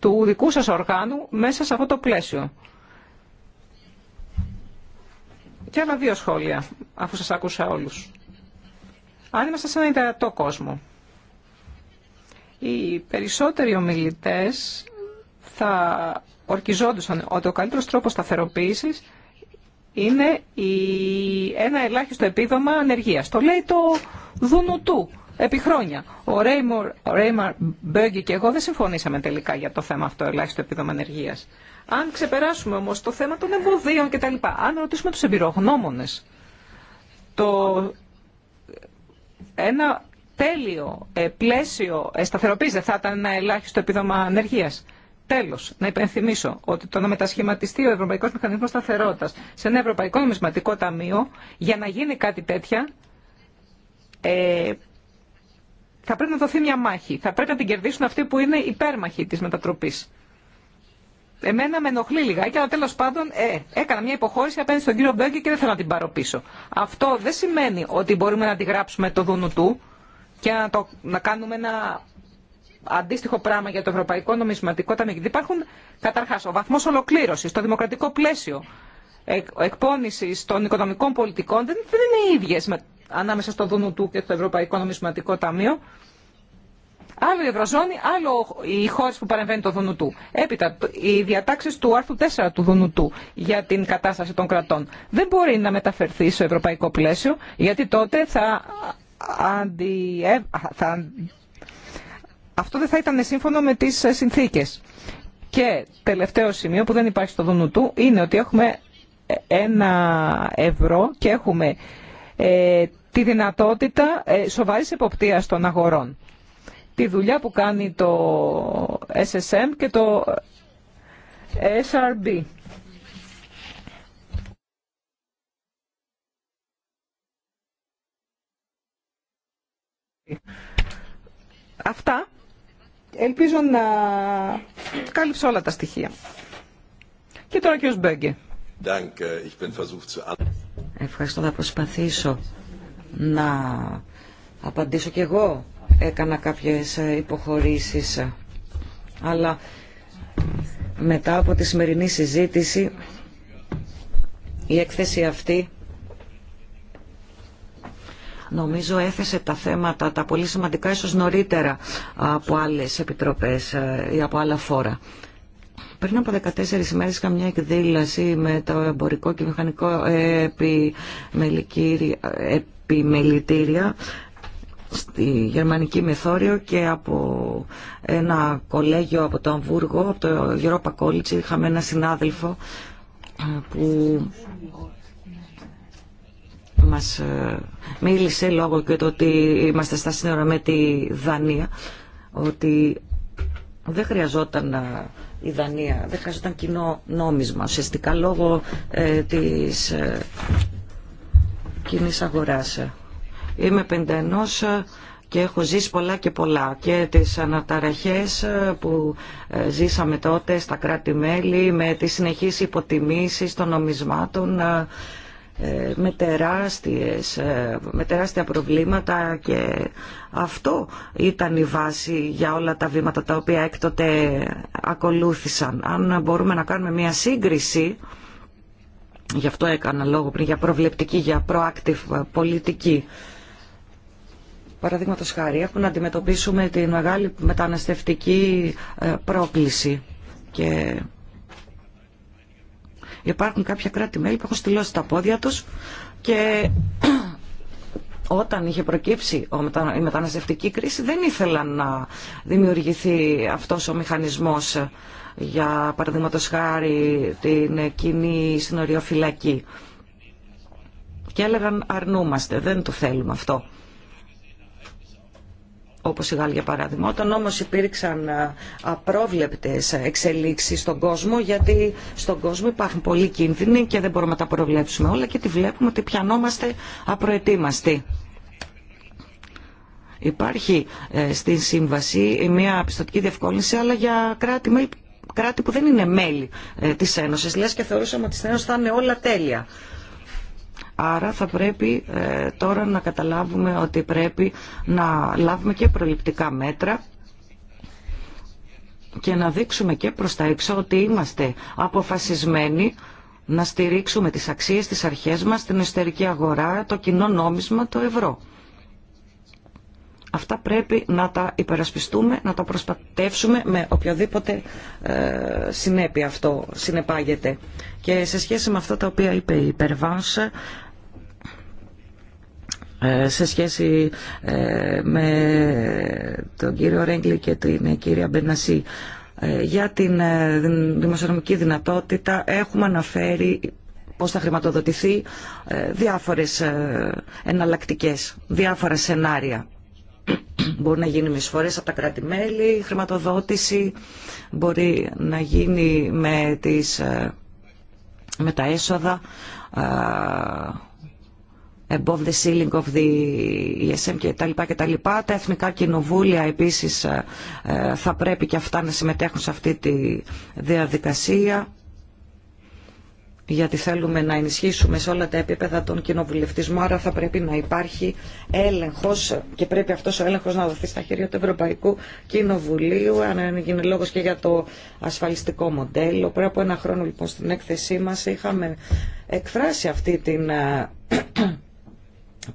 [SPEAKER 1] του δικού σας οργάνου μέσα σε αυτό το πλαίσιο. Και άλλα δύο σχόλια, αφού σας άκουσα όλους. Αν είμαστε σε ένα ιδεατό κόσμο, οι περισσότεροι ομιλητές θα ορκιζόντουσαν ότι ο καλύτερος τρόπος σταθεροποίησης είναι η... ένα ελάχιστο επίδομα ανεργίας. Το λέει το Δουνουτού επί χρόνια. Ο Ρέιμαρ Μπέργκη και εγώ δεν συμφωνήσαμε τελικά για το θέμα αυτό, ελάχιστο επίδομα ανεργία. Αν ξεπεράσουμε όμω το θέμα των εμποδίων κτλ., αν ρωτήσουμε του εμπειρογνώμονε, το ένα τέλειο ε, πλαίσιο σταθεροποίηση δεν θα ήταν ένα ελάχιστο επίδομα ανεργία. Τέλο, να υπενθυμίσω ότι το να μετασχηματιστεί ο Ευρωπαϊκό Μηχανισμό Σταθερότητα σε ένα Ευρωπαϊκό Νομισματικό Ταμείο για να γίνει κάτι τέτοια ε, θα πρέπει να δοθεί μια μάχη. Θα πρέπει να την κερδίσουν αυτοί που είναι υπέρμαχοι τη μετατροπή. Εμένα με ενοχλεί λιγάκι, αλλά τέλο πάντων ε, έκανα μια υποχώρηση απέναντι στον κύριο Μπέγκε και δεν θέλω να την πάρω πίσω. Αυτό δεν σημαίνει ότι μπορούμε να τη γράψουμε το δούνου του και να, να κάνουμε ένα αντίστοιχο πράγμα για το Ευρωπαϊκό Νομισματικό Ταμείο. Γιατί υπάρχουν καταρχά ο βαθμό ολοκλήρωση, το δημοκρατικό πλαίσιο εκπώνηση των οικονομικών πολιτικών δεν, δεν είναι ίδιε ανάμεσα στο Δουνουτού και το Ευρωπαϊκό Νομισματικό Ταμείο. Άλλο η Ευρωζώνη, άλλο οι χώρε που παρεμβαίνει το Δουνουτού. Έπειτα, οι διατάξει του άρθρου 4 του Δουνουτού για την κατάσταση των κρατών δεν μπορεί να μεταφερθεί στο ευρωπαϊκό πλαίσιο, γιατί τότε θα. Αντι... Ε, θα... Αυτό δεν θα ήταν σύμφωνο με τι συνθήκε. Και τελευταίο σημείο που δεν υπάρχει στο Δουνουτού είναι ότι έχουμε ένα ευρώ και έχουμε ε, τη δυνατότητα ε, σοβαρής εποπτείας των αγορών. Τη δουλειά που κάνει το SSM και το SRB. Αυτά ελπίζω να κάλυψω όλα τα στοιχεία. Και τώρα ο κ.
[SPEAKER 2] Ευχαριστώ. Θα προσπαθήσω να απαντήσω κι εγώ. Έκανα κάποιες ε, υποχωρήσεις, ε, αλλά μετά από τη σημερινή συζήτηση η έκθεση αυτή νομίζω έθεσε τα θέματα τα πολύ σημαντικά ίσως νωρίτερα από άλλες επιτροπές ε, ή από άλλα φόρα. Πριν από 14 ημέρες είχα μια εκδήλωση με το εμπορικό και μηχανικό επιμελητήρια στη γερμανική μεθόριο και από ένα κολέγιο από το Αμβούργο, από το Europa College, είχαμε ένα συνάδελφο ε, που μας ε, μίλησε λόγω και το ότι είμαστε στα σύνορα με τη Δανία ότι δεν χρειαζόταν η Δανία. Δεν χρειαζόταν κοινό νόμισμα ουσιαστικά λόγω ε, της ε, κοινή αγοράς. Είμαι 51 ε, και έχω ζήσει πολλά και πολλά και τις αναταραχές ε, που ζήσαμε τότε στα κράτη-μέλη με τις συνεχείς υποτιμήσεις των νομισμάτων ε, με, τεράστιες, ε, με τεράστια προβλήματα και αυτό ήταν η βάση για όλα τα βήματα τα οποία έκτοτε ακολούθησαν. Αν μπορούμε να κάνουμε μια σύγκριση, γι' αυτό έκανα λόγο πριν για προβλεπτική, για proactive πολιτική, παραδείγματος χάρη, έχουμε να αντιμετωπίσουμε τη μεγάλη μεταναστευτική ε, πρόκληση και Υπάρχουν κάποια κράτη-μέλη που έχουν στυλώσει τα πόδια τους και όταν είχε προκύψει η μεταναστευτική κρίση δεν ήθελαν να δημιουργηθεί αυτός ο μηχανισμός για παραδείγματο χάρη την κοινή συνοριοφυλακή. Και έλεγαν αρνούμαστε, δεν το θέλουμε αυτό όπως η Γάλλη για παράδειγμα. Όταν όμως υπήρξαν απρόβλεπτες εξελίξεις στον κόσμο, γιατί στον κόσμο υπάρχουν πολλοί κίνδυνοι και δεν μπορούμε να τα προβλέψουμε όλα και τη βλέπουμε ότι πιανόμαστε απροετοίμαστοι. Υπάρχει ε, στην σύμβαση μια πιστοτική διευκόλυνση, αλλά για κράτη, κράτη που δεν είναι μέλη ε, της Ένωσης. Λες και θεωρούσαμε ότι στην Ένωση θα είναι όλα τέλεια. Άρα θα πρέπει ε, τώρα να καταλάβουμε ότι πρέπει να λάβουμε και προληπτικά μέτρα και να δείξουμε και προς τα έξω ότι είμαστε αποφασισμένοι να στηρίξουμε τις αξίες, της αρχές μας, την εσωτερική αγορά, το κοινό νόμισμα, το ευρώ. Αυτά πρέπει να τα υπερασπιστούμε, να τα προσπατεύσουμε με οποιοδήποτε ε, συνέπεια αυτό συνεπάγεται. Και σε σχέση με αυτά τα οποία είπε η Περβάνσε, σε σχέση ε, με τον κύριο Ρέγκλη και την κυρία Μπενασί, ε, για την ε, δημοσιονομική δυνατότητα έχουμε αναφέρει πώς θα χρηματοδοτηθεί διάφορες εναλλακτικές, διάφορα σενάρια Μπορεί να γίνει με εισφορές από τα κράτη-μέλη, χρηματοδότηση μπορεί να γίνει με, τις, ε, με τα έσοδα, ε, above the ceiling of the ESM και τα λοιπά και τα λοιπά. Τα εθνικά κοινοβούλια επίσης ε, θα πρέπει και αυτά να συμμετέχουν σε αυτή τη διαδικασία γιατί θέλουμε να ενισχύσουμε σε όλα τα επίπεδα τον κοινοβουλευτισμό, άρα θα πρέπει να υπάρχει έλεγχο, και πρέπει αυτός ο έλεγχο να δοθεί στα χέρια του Ευρωπαϊκού Κοινοβουλίου, αν γίνει λόγο και για το ασφαλιστικό μοντέλο. Πριν από ένα χρόνο λοιπόν στην έκθεσή μας είχαμε εκφράσει αυτή την ε,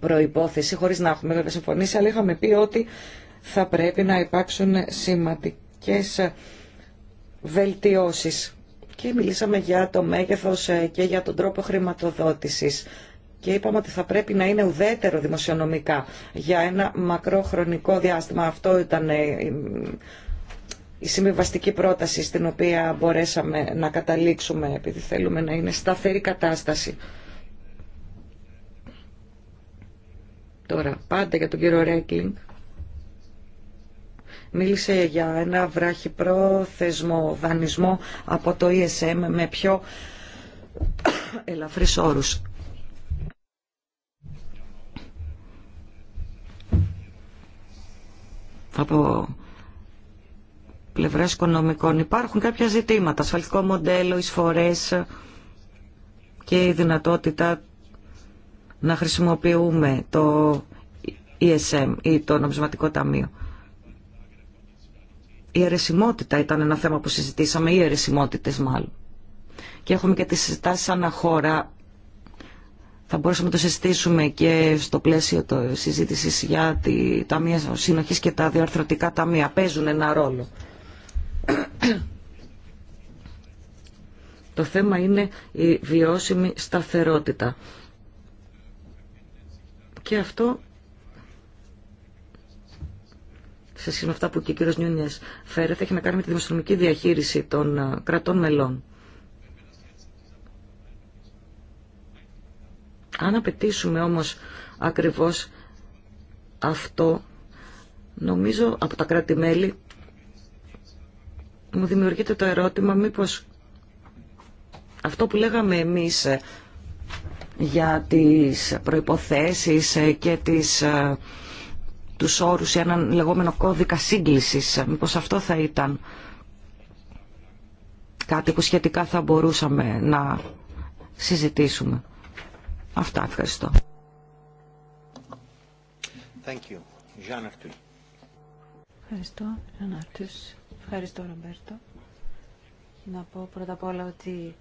[SPEAKER 2] προϋπόθεση, χωρίς να έχουμε βέβαια συμφωνήσει, αλλά είχαμε πει ότι θα πρέπει να υπάρξουν σημαντικές ε, βελτιώσεις και μιλήσαμε για το μέγεθος ε, και για τον τρόπο χρηματοδότησης και είπαμε ότι θα πρέπει να είναι ουδέτερο δημοσιονομικά για ένα μακροχρονικό διάστημα. Αυτό ήταν ε, η συμβιβαστική πρόταση στην οποία μπορέσαμε να καταλήξουμε επειδή θέλουμε να είναι σταθερή κατάσταση. Τώρα, πάντα για τον κύριο Ρέκλινγκ μίλησε για ένα βράχυπρόθεσμο δανεισμό από το ESM με πιο ελαφρύς όρους. Από πλευράς οικονομικών υπάρχουν κάποια ζητήματα, ασφαλιστικό μοντέλο, εισφορές και η δυνατότητα να χρησιμοποιούμε το ESM ή το νομισματικό ταμείο. Η αιρεσιμότητα ήταν ένα θέμα που συζητήσαμε, οι αιρεσιμότητε μάλλον. Και έχουμε και τις συζητάσεις αναχώρα. Θα μπορούσαμε να το συζητήσουμε και στο πλαίσιο το συζήτησης για τα ταμεία συνοχή και τα διαρθρωτικά ταμεία. Παίζουν ένα ρόλο. Το θέμα είναι η βιώσιμη σταθερότητα. Και αυτό σε σχέση με αυτά που και ο κύριος Νιούνιες φέρεται, έχει να κάνει με τη δημοσιονομική διαχείριση των ε, κρατών μελών. Αν απαιτήσουμε όμως ακριβώς αυτό, νομίζω από τα κράτη-μέλη μου δημιουργείται το ερώτημα μήπως αυτό που λέγαμε εμείς ε, για τις προϋποθέσεις ε, και τις τους όρους ή έναν λεγόμενο κώδικα σύγκλησης. Μήπως αυτό θα ήταν κάτι που σχετικά θα μπορούσαμε να συζητήσουμε. Αυτά, ευχαριστώ.
[SPEAKER 3] Thank you. Jean ευχαριστώ, Jean Ευχαριστώ, Ρομπέρτο. Να πω πρώτα απ' όλα ότι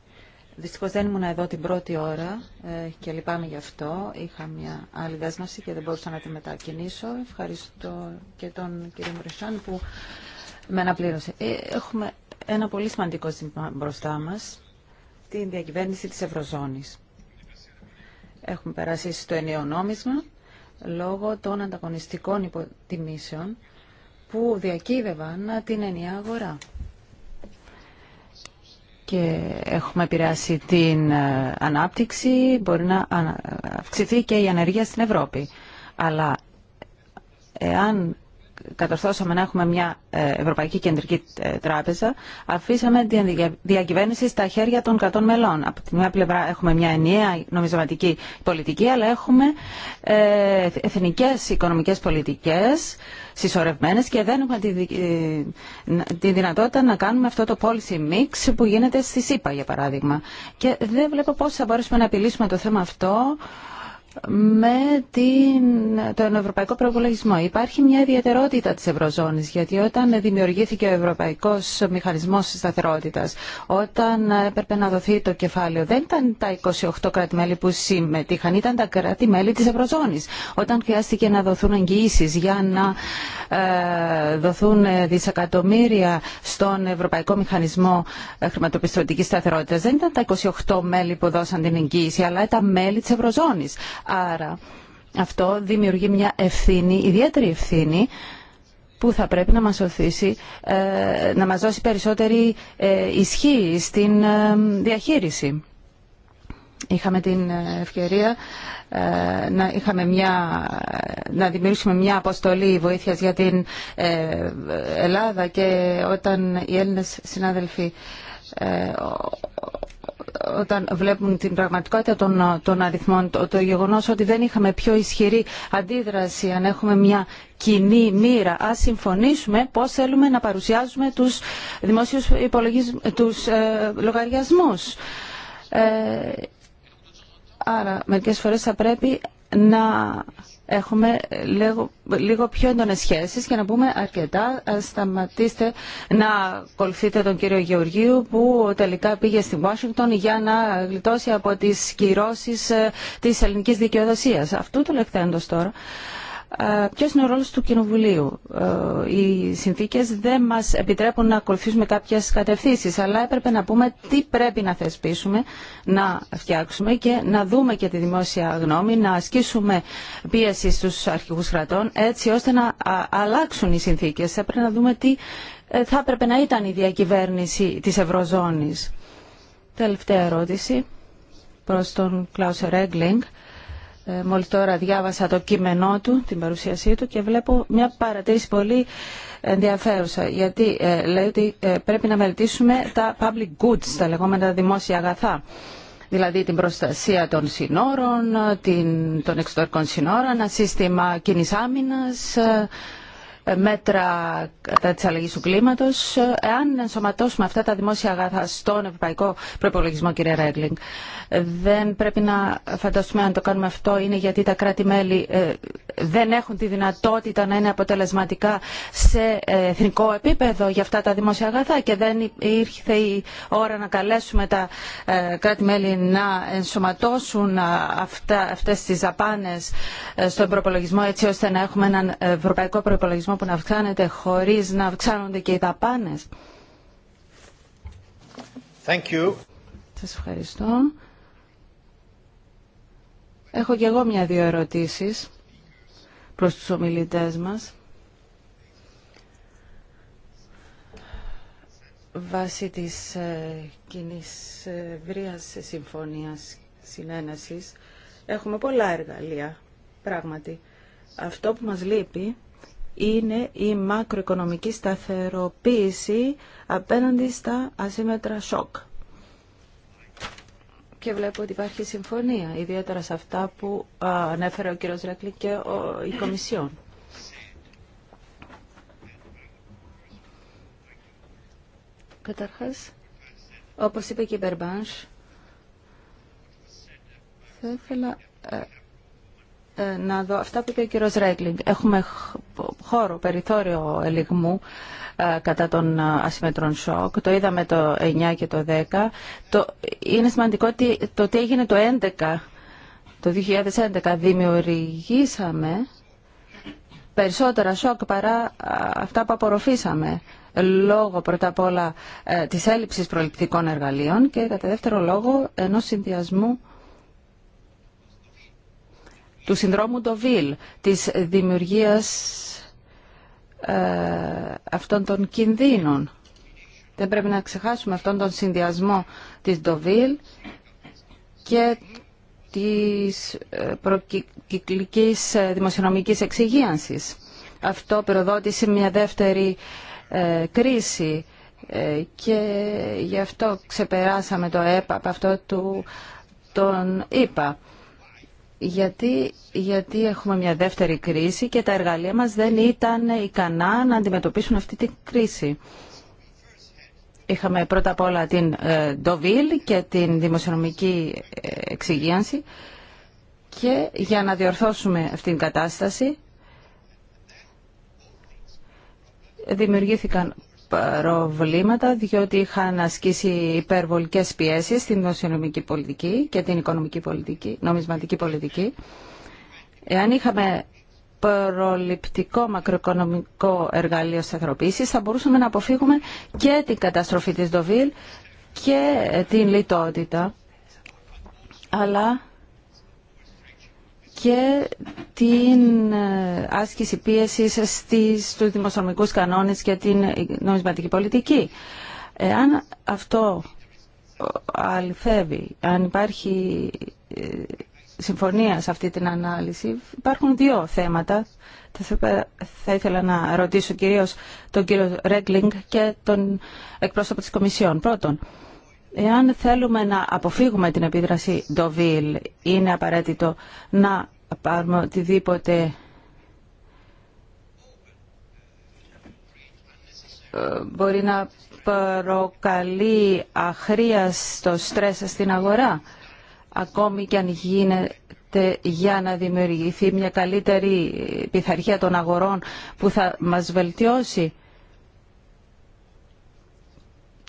[SPEAKER 3] Δυστυχώς δεν ήμουν εδώ την πρώτη ώρα ε, και λυπάμαι γι' αυτό. Είχα μια άλλη δεσμασή και δεν μπορούσα να τη μετακινήσω. Ευχαριστώ και τον κύριο Μουρεσάν που με αναπλήρωσε. Ε, έχουμε ένα πολύ σημαντικό ζήτημα μπροστά μας, την διακυβέρνηση της Ευρωζώνης. Έχουμε περάσει στο ενιαίο νόμισμα λόγω των ανταγωνιστικών υποτιμήσεων που διακύβευαν την ενιαία αγορά και έχουμε επηρεάσει την ε, ανάπτυξη, μπορεί να αυξηθεί και η ανεργία στην Ευρώπη. Αλλά εάν κατορθώσαμε να έχουμε μια ε, Ευρωπαϊκή Κεντρική ε, Τράπεζα, αφήσαμε τη διακυβέρνηση στα χέρια των κρατών μελών. Από τη μια πλευρά έχουμε μια ενιαία νομισματική πολιτική, αλλά έχουμε ε, εθνικές οικονομικές πολιτικές συσσωρευμένες και δεν έχουμε τη, δυνατότητα να κάνουμε αυτό το policy mix που γίνεται στη ΣΥΠΑ, για παράδειγμα. Και δεν βλέπω πώς θα μπορέσουμε να επιλύσουμε το θέμα αυτό με την, τον ευρωπαϊκό προπολογισμό. Υπάρχει μια ιδιαιτερότητα της Ευρωζώνης, γιατί όταν δημιουργήθηκε ο Ευρωπαϊκός Μηχανισμός Σταθερότητας, όταν έπρεπε να δοθεί το κεφάλαιο, δεν ήταν τα 28 κράτη-μέλη που συμμετείχαν, ήταν τα κράτη-μέλη της Ευρωζώνης. Όταν χρειάστηκε να δοθούν εγγυήσεις για να ε, δοθούν δισεκατομμύρια στον Ευρωπαϊκό Μηχανισμό ε, Χρηματοπιστωτικής Σταθερότητας, δεν ήταν τα 28 μέλη που δώσαν την εγγύηση, αλλά τα μέλη της Ευρωζώνης. Άρα αυτό δημιουργεί μια ευθύνη, ιδιαίτερη ευθύνη, που θα πρέπει να μας οθήσει, ε, να μας δώσει περισσότερη ε, ισχύ στην ε, διαχείριση. Είχαμε την ευκαιρία να, είχαμε μια, να δημιουργήσουμε μια αποστολή βοήθειας για την Ελλάδα και όταν οι Έλληνες συνάδελφοι όταν βλέπουν την πραγματικότητα των, αριθμών, το, το γεγονός ότι δεν είχαμε πιο ισχυρή αντίδραση αν έχουμε μια κοινή μοίρα. Α συμφωνήσουμε πώς θέλουμε να παρουσιάζουμε τους δημόσιους υπολογισμούς; τους ε, ε, άρα μερικές φορές θα πρέπει να έχουμε λίγο, λίγο πιο έντονες σχέσεις και να πούμε αρκετά ε, σταματήστε να ακολουθείτε τον κύριο Γεωργίου που τελικά πήγε στη Washington για να γλιτώσει από τις κυρώσει ε, της ελληνικής δικαιοδοσίας. Αυτού του λεχθέντος τώρα. Ε, ποιος είναι ο ρόλος του Κοινοβουλίου. Ε, οι συνθήκες δεν μας επιτρέπουν να ακολουθήσουμε κάποιες κατευθύνσεις, αλλά έπρεπε να πούμε τι πρέπει να θεσπίσουμε, να φτιάξουμε και να δούμε και τη δημόσια γνώμη, να ασκήσουμε πίεση στους αρχηγούς κρατών, έτσι ώστε να αλλάξουν οι συνθήκες. Έπρεπε να δούμε τι ε, θα έπρεπε να ήταν η διακυβέρνηση της Ευρωζώνης. Τελευταία ερώτηση προς τον Κλάουσερ Έγκλινγκ. Ε, μόλις τώρα διάβασα το κείμενό του, την παρουσίασή του και βλέπω μια παρατήρηση πολύ ενδιαφέρουσα γιατί ε, λέει ότι ε, πρέπει να μελετήσουμε τα public goods, τα λεγόμενα δημόσια αγαθά δηλαδή την προστασία των συνόρων, την, των εξωτερικών συνόρων, ένα σύστημα κοινή άμυνας, μέτρα κατά της αλλαγής του κλίματος, εάν ενσωματώσουμε αυτά τα δημόσια αγαθά στον ευρωπαϊκό προπολογισμό, κύριε Ρέγκλινγκ. Δεν πρέπει να φανταστούμε αν το κάνουμε αυτό είναι γιατί τα κράτη-μέλη ε, δεν έχουν τη δυνατότητα να είναι αποτελεσματικά σε ε, εθνικό επίπεδο για αυτά τα δημόσια αγαθά και δεν ήρθε η ώρα να καλέσουμε τα ε, κράτη-μέλη να ενσωματώσουν αυτά, αυτές τις δαπάνες στον προπολογισμό έτσι ώστε να έχουμε έναν ευρωπαϊκό προπολογισμό που να αυξάνεται χωρίς να αυξάνονται και οι δαπάνες. Thank you. Σας ευχαριστώ. Έχω και εγώ μια-δύο ερωτήσεις προς τους ομιλητές μας. Βάσει της ε, κοινή ε, συμφωνίας συνένεσης έχουμε πολλά εργαλεία, πράγματι. Αυτό που μας λείπει είναι η μακροοικονομική σταθεροποίηση απέναντι στα ασύμετρα σοκ. Και βλέπω ότι υπάρχει συμφωνία, ιδιαίτερα σε αυτά που ανέφερε ο κύριος Ρέκλη και η Κομισιόν. Καταρχάς, όπως είπε και η Μπερμπάνς, θα ε, να δω αυτά που είπε ο κύριος Ρέγκλινγκ. Έχουμε χώρο, περιθώριο ελιγμού ε, κατά των ε, ασυμμετρών σοκ. Το είδαμε το 9 και το 10. Το, είναι σημαντικό ότι το τι έγινε το 11, το 2011 δημιουργήσαμε περισσότερα σοκ παρά ε, αυτά που απορροφήσαμε λόγω πρώτα απ' όλα της έλλειψης προληπτικών εργαλείων και κατά δεύτερο λόγο ενός συνδυασμού του συνδρόμου Ντοβίλ, της δημιουργίας ε, αυτών των κινδύνων. Δεν πρέπει να ξεχάσουμε αυτόν τον συνδυασμό της Ντοβίλ και της ε, προκυκλικής ε, δημοσιονομικής εξυγίανσης. Αυτό πυροδότησε μια δεύτερη κρίση και γι' αυτό ξεπεράσαμε το ΕΠΑ από αυτό του, τον είπα γιατί, γιατί έχουμε μια δεύτερη κρίση και τα εργαλεία μας δεν ήταν ικανά να αντιμετωπίσουν αυτή την κρίση. Είχαμε πρώτα απ' όλα την ε, Ντοβίλ και την δημοσιονομική ε, εξυγίανση και για να διορθώσουμε αυτήν την κατάσταση δημιουργήθηκαν προβλήματα διότι είχαν ασκήσει υπερβολικές πιέσεις στην δημοσιονομική πολιτική και την οικονομική πολιτική, νομισματική πολιτική. Εάν είχαμε προληπτικό μακροοικονομικό εργαλείο σταθεροποίησης θα μπορούσαμε να αποφύγουμε και την καταστροφή της Ντοβίλ και την λιτότητα αλλά και την ε, άσκηση πίεσης στις, στους δημοσιονομικούς κανόνες και την νομισματική πολιτική. Εάν αυτό αληθεύει, αν υπάρχει ε, συμφωνία σε αυτή την ανάλυση, υπάρχουν δύο θέματα. Θα ήθελα να ρωτήσω κυρίως τον κύριο Ρέγκλινγκ και τον εκπρόσωπο της Κομισιόν. Πρώτον, Εάν θέλουμε να αποφύγουμε την επίδραση Ντοβίλ, είναι απαραίτητο να πάρουμε οτιδήποτε ε, μπορεί να προκαλεί στο στρες στην αγορά, ακόμη και αν γίνεται για να δημιουργηθεί μια καλύτερη πειθαρχία των αγορών που θα μας βελτιώσει.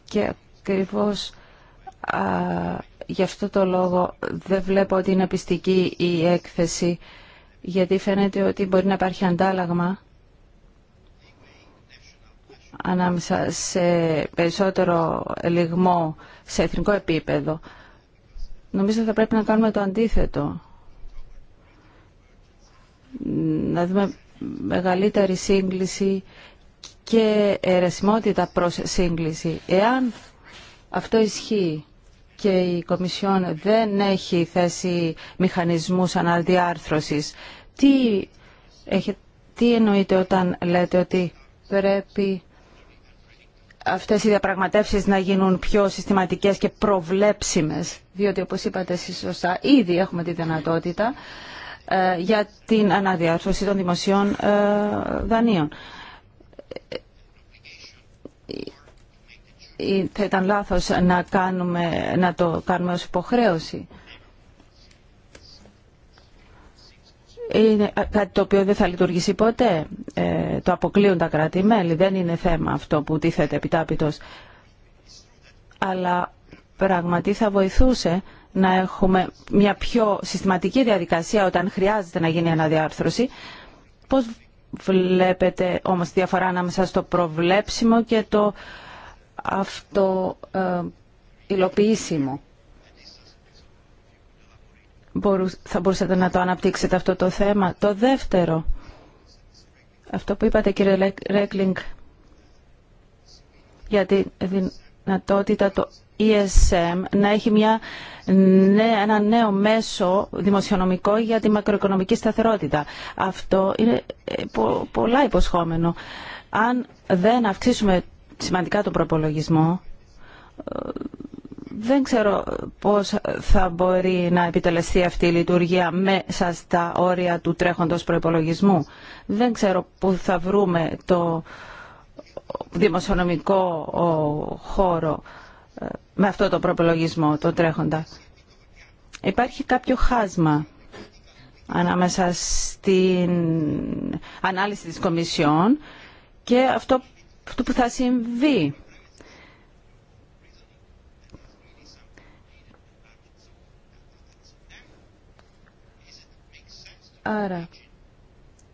[SPEAKER 3] Και ακριβώς γι' αυτό το λόγο δεν βλέπω ότι είναι πιστική η έκθεση, γιατί φαίνεται ότι μπορεί να υπάρχει αντάλλαγμα ανάμεσα σε περισσότερο λιγμό σε εθνικό επίπεδο. Νομίζω θα πρέπει να κάνουμε το αντίθετο. Να δούμε μεγαλύτερη σύγκληση και αιρεσιμότητα προς σύγκληση. Εάν αυτό ισχύει και η Κομισιόν δεν έχει θέσει μηχανισμούς αναδιάρθρωσης. Τι, έχει, τι εννοείτε όταν λέτε ότι πρέπει αυτές οι διαπραγματεύσεις να γίνουν πιο συστηματικές και προβλέψιμες, διότι όπως είπατε εσείς σωστά, ήδη έχουμε τη δυνατότητα ε, για την αναδιάρθρωση των δημοσίων ε, δανείων. Ε, θα ήταν λάθος να, κάνουμε, να το κάνουμε ως υποχρέωση. Είναι κάτι το οποίο δεν θα λειτουργήσει ποτέ. Ε, το αποκλείουν τα κράτη-μέλη. Δεν είναι θέμα αυτό που τίθεται επιτάπητος. Αλλά πραγματικά θα βοηθούσε να έχουμε μια πιο συστηματική διαδικασία όταν χρειάζεται να γίνει αναδιάρθρωση. Πώς βλέπετε όμως τη διαφορά ανάμεσα στο προβλέψιμο και το αυτό ε, υλοποιήσιμο. Θα μπορούσατε να το αναπτύξετε αυτό το θέμα. Το δεύτερο, αυτό που είπατε κύριε Ρέκλινγκ, για τη δυνατότητα το ESM να έχει μια, ένα νέο μέσο δημοσιονομικό για τη μακροοικονομική σταθερότητα. Αυτό είναι ε, πολλά υποσχόμενο. Αν δεν αυξήσουμε σημαντικά τον προπολογισμό, ε, δεν ξέρω πώς θα μπορεί να επιτελεστεί αυτή η λειτουργία μέσα στα όρια του τρέχοντος προϋπολογισμού. Δεν ξέρω πού θα βρούμε το δημοσιονομικό χώρο ε, με αυτό το προπολογισμό, το τρέχοντα. Υπάρχει κάποιο χάσμα ανάμεσα στην ανάλυση της Κομισιόν και αυτό αυτό που θα συμβεί. Άρα,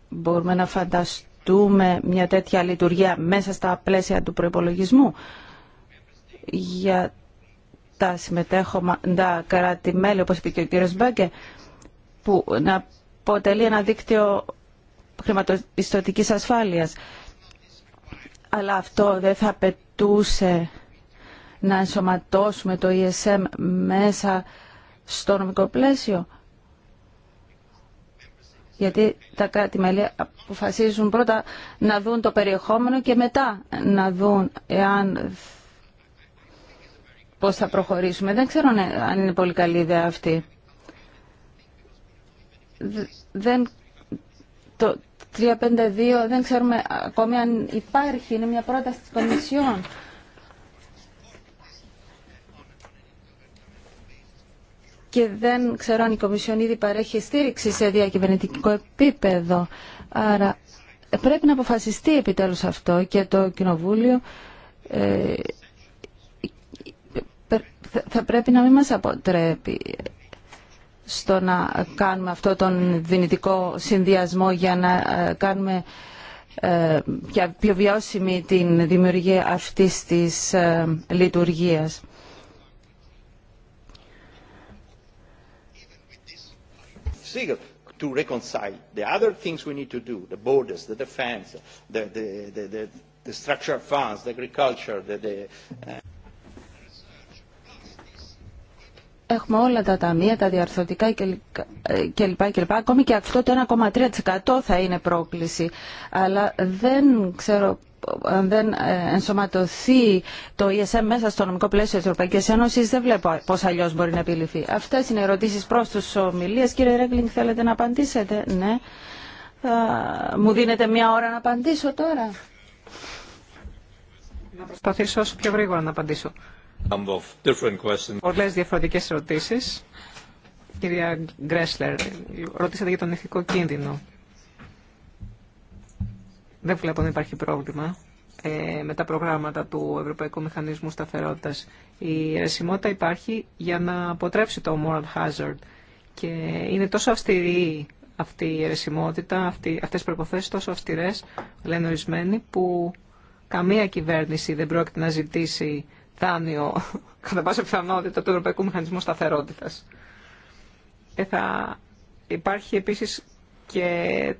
[SPEAKER 3] μπορούμε να φανταστούμε μια τέτοια λειτουργία μέσα στα πλαίσια του προϋπολογισμού για τα συμμετέχοντα κράτη-μέλη, όπως είπε και ο κύριος Μπέγκε, που να αποτελεί ένα δίκτυο χρηματοπιστωτικής ασφάλειας αλλά αυτό δεν θα απαιτούσε να ενσωματώσουμε το ESM μέσα στο νομικό πλαίσιο. Γιατί τα κράτη-μέλη αποφασίζουν πρώτα να δουν το περιεχόμενο και μετά να δουν εάν πώς θα προχωρήσουμε. Δεν ξέρω αν είναι πολύ καλή ιδέα αυτή. Δεν το 352 δεν ξέρουμε ακόμη αν υπάρχει, είναι μια πρόταση της Κομισιόν. και δεν ξέρω αν η Κομισιόν ήδη παρέχει στήριξη σε διακυβερνητικό επίπεδο. Άρα πρέπει να αποφασιστεί επιτέλους αυτό και το Κοινοβούλιο θα πρέπει να μην μας αποτρέπει στο να κάνουμε αυτό τον δυνητικό συνδυασμό για να ε, κάνουμε ε, πιο βιώσιμη την δημιουργία αυτής της ε, λειτουργίας. To reconcile the other things we need to do, the borders, the defense, the the, the, of funds, the agriculture, the uh, Έχουμε όλα τα ταμεία, τα διαρθρωτικά κλπ. και Ακόμη και αυτό το 1,3% θα είναι πρόκληση. Αλλά δεν ξέρω αν δεν ε, ενσωματωθεί το ESM μέσα στο νομικό πλαίσιο της Ευρωπαϊκής Ένωσης, δεν βλέπω πώς αλλιώς μπορεί να επιληφθεί. Αυτές είναι ερωτήσεις προς τους ομιλίες. Κύριε Ρέγκλινγκ, θέλετε να απαντήσετε. Ναι. μου δίνετε μια ώρα να απαντήσω τώρα.
[SPEAKER 1] Να προσπαθήσω όσο πιο γρήγορα να απαντήσω. Πολλές διαφορετικές ερωτήσεις. Κυρία Γκρέσλερ, ρωτήσατε για τον ηθικό κίνδυνο. Δεν βλέπω να υπάρχει πρόβλημα ε, με τα προγράμματα του Ευρωπαϊκού Μηχανισμού Σταθερότητας. Η αιρεσιμότητα υπάρχει για να αποτρέψει το moral hazard και είναι τόσο αυστηρή αυτή η αιρεσιμότητα, αυτή, αυτές οι προποθέσεις τόσο αυστηρές, λένε ορισμένοι, που καμία κυβέρνηση δεν πρόκειται να ζητήσει δάνειο κατά πάσα πιθανότητα του Ευρωπαϊκού Μηχανισμού Σταθερότητας. Ε, θα υπάρχει επίσης και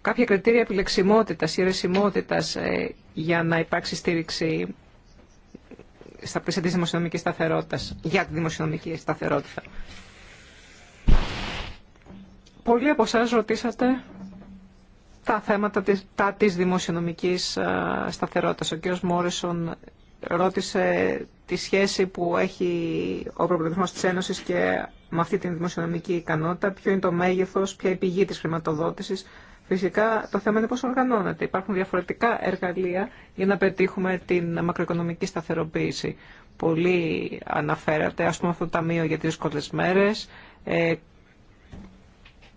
[SPEAKER 1] κάποια κριτήρια επιλεξιμότητας ή ρεσιμότητας ε, για να υπάρξει στήριξη στα πλαίσια της δημοσιονομικής σταθερότητας, για τη δημοσιονομική σταθερότητα. Πολλοί από εσά ρωτήσατε τα θέματα της, τα της δημοσιονομικής ε, σταθερότητας. Ο κ. Μόρισον ρώτησε τη σχέση που έχει ο προπολογισμός της Ένωσης και με αυτή την δημοσιονομική ικανότητα, ποιο είναι το μέγεθος, ποια η πηγή της χρηματοδότησης. Φυσικά το θέμα είναι πώς οργανώνεται. Υπάρχουν διαφορετικά εργαλεία για να πετύχουμε την μακροοικονομική σταθεροποίηση. Πολύ αναφέρατε, ας πούμε αυτό το Ταμείο για τις δύσκολες μέρες, ε,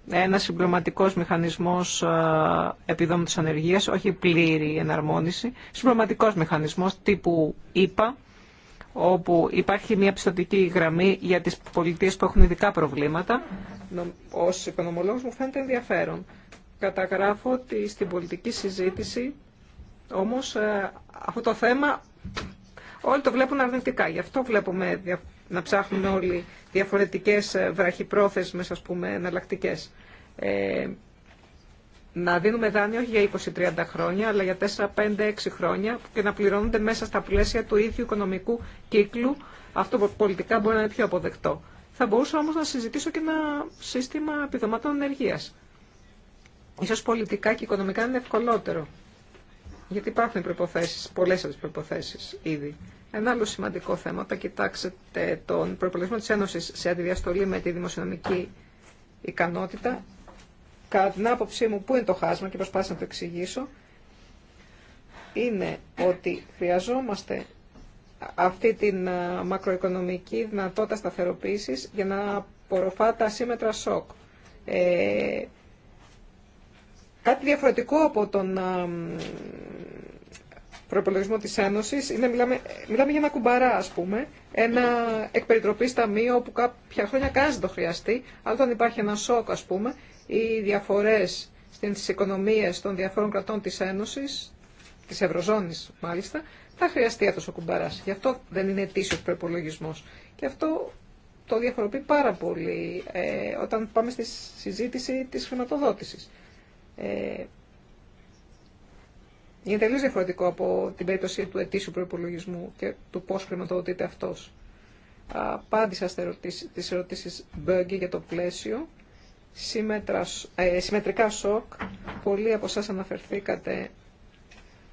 [SPEAKER 1] ένα συμπληρωματικό μηχανισμό ε, επιδόμου ανεργία, όχι πλήρη εναρμόνιση, συμπληρωματικό μηχανισμό τύπου ΙΠΑ, όπου υπάρχει μια πιστοτική γραμμή για τις πολιτείε που έχουν ειδικά προβλήματα, ω οικονομολόγο μου φαίνεται ενδιαφέρον. Καταγράφω ότι στην πολιτική συζήτηση όμως ε, αυτό το θέμα όλοι το βλέπουν αρνητικά. Γι' αυτό βλέπουμε να ψάχνουμε όλοι διαφορετικές ε, βραχυπρόθεσμες, ας πούμε, εναλλακτικέ. Ε, να δίνουμε δάνειο όχι για 20-30 χρόνια, αλλά για 4-5-6 χρόνια και να πληρώνονται μέσα στα πλαίσια του ίδιου οικονομικού κύκλου. Αυτό πολιτικά μπορεί να είναι πιο αποδεκτό. Θα μπορούσα όμως να συζητήσω και ένα σύστημα επιδομάτων ενεργείας. Ίσως πολιτικά και οικονομικά είναι ευκολότερο. Γιατί υπάρχουν οι προϋποθέσεις, πολλές από τις προϋποθέσεις ήδη. Ένα άλλο σημαντικό θέμα, όταν κοιτάξετε τον προπολογισμό της Ένωσης σε αντιδιαστολή με τη δημοσιονομική ικανότητα, κατά την άποψή μου, πού είναι το χάσμα και προσπάθησα να το εξηγήσω, είναι ότι χρειαζόμαστε αυτή την μακροοικονομική δυνατότητα σταθεροποίησης για να απορροφά τα σύμμετρα σοκ. Ε, κάτι διαφορετικό από τον προπολογισμό της Ένωσης, είναι, μιλάμε, μιλάμε για ένα κουμπαρά, ας πούμε, ένα εκπεριτροπής ταμείο που κάποια χρόνια κανένας δεν το χρειαστεί, αλλά όταν υπάρχει ένα σοκ, ας πούμε, ή διαφορές στις οικονομίες των διαφόρων κρατών της Ένωσης, της Ευρωζώνης μάλιστα, θα χρειαστεί αυτός ο κουμπαράς. Γι' αυτό δεν είναι αιτήσιος προπολογισμό. Και αυτό το διαφοροποιεί πάρα πολύ ε, όταν πάμε στη συζήτηση της χρηματοδότησης. Ε, είναι τελείω διαφορετικό από την περίπτωση του ετήσιου προπολογισμού και του πώ χρηματοδοτείται αυτό. Απάντησα στι ερωτήσει Μπέγκε για το πλαίσιο. Ε, συμμετρικά σοκ. Πολλοί από εσά αναφερθήκατε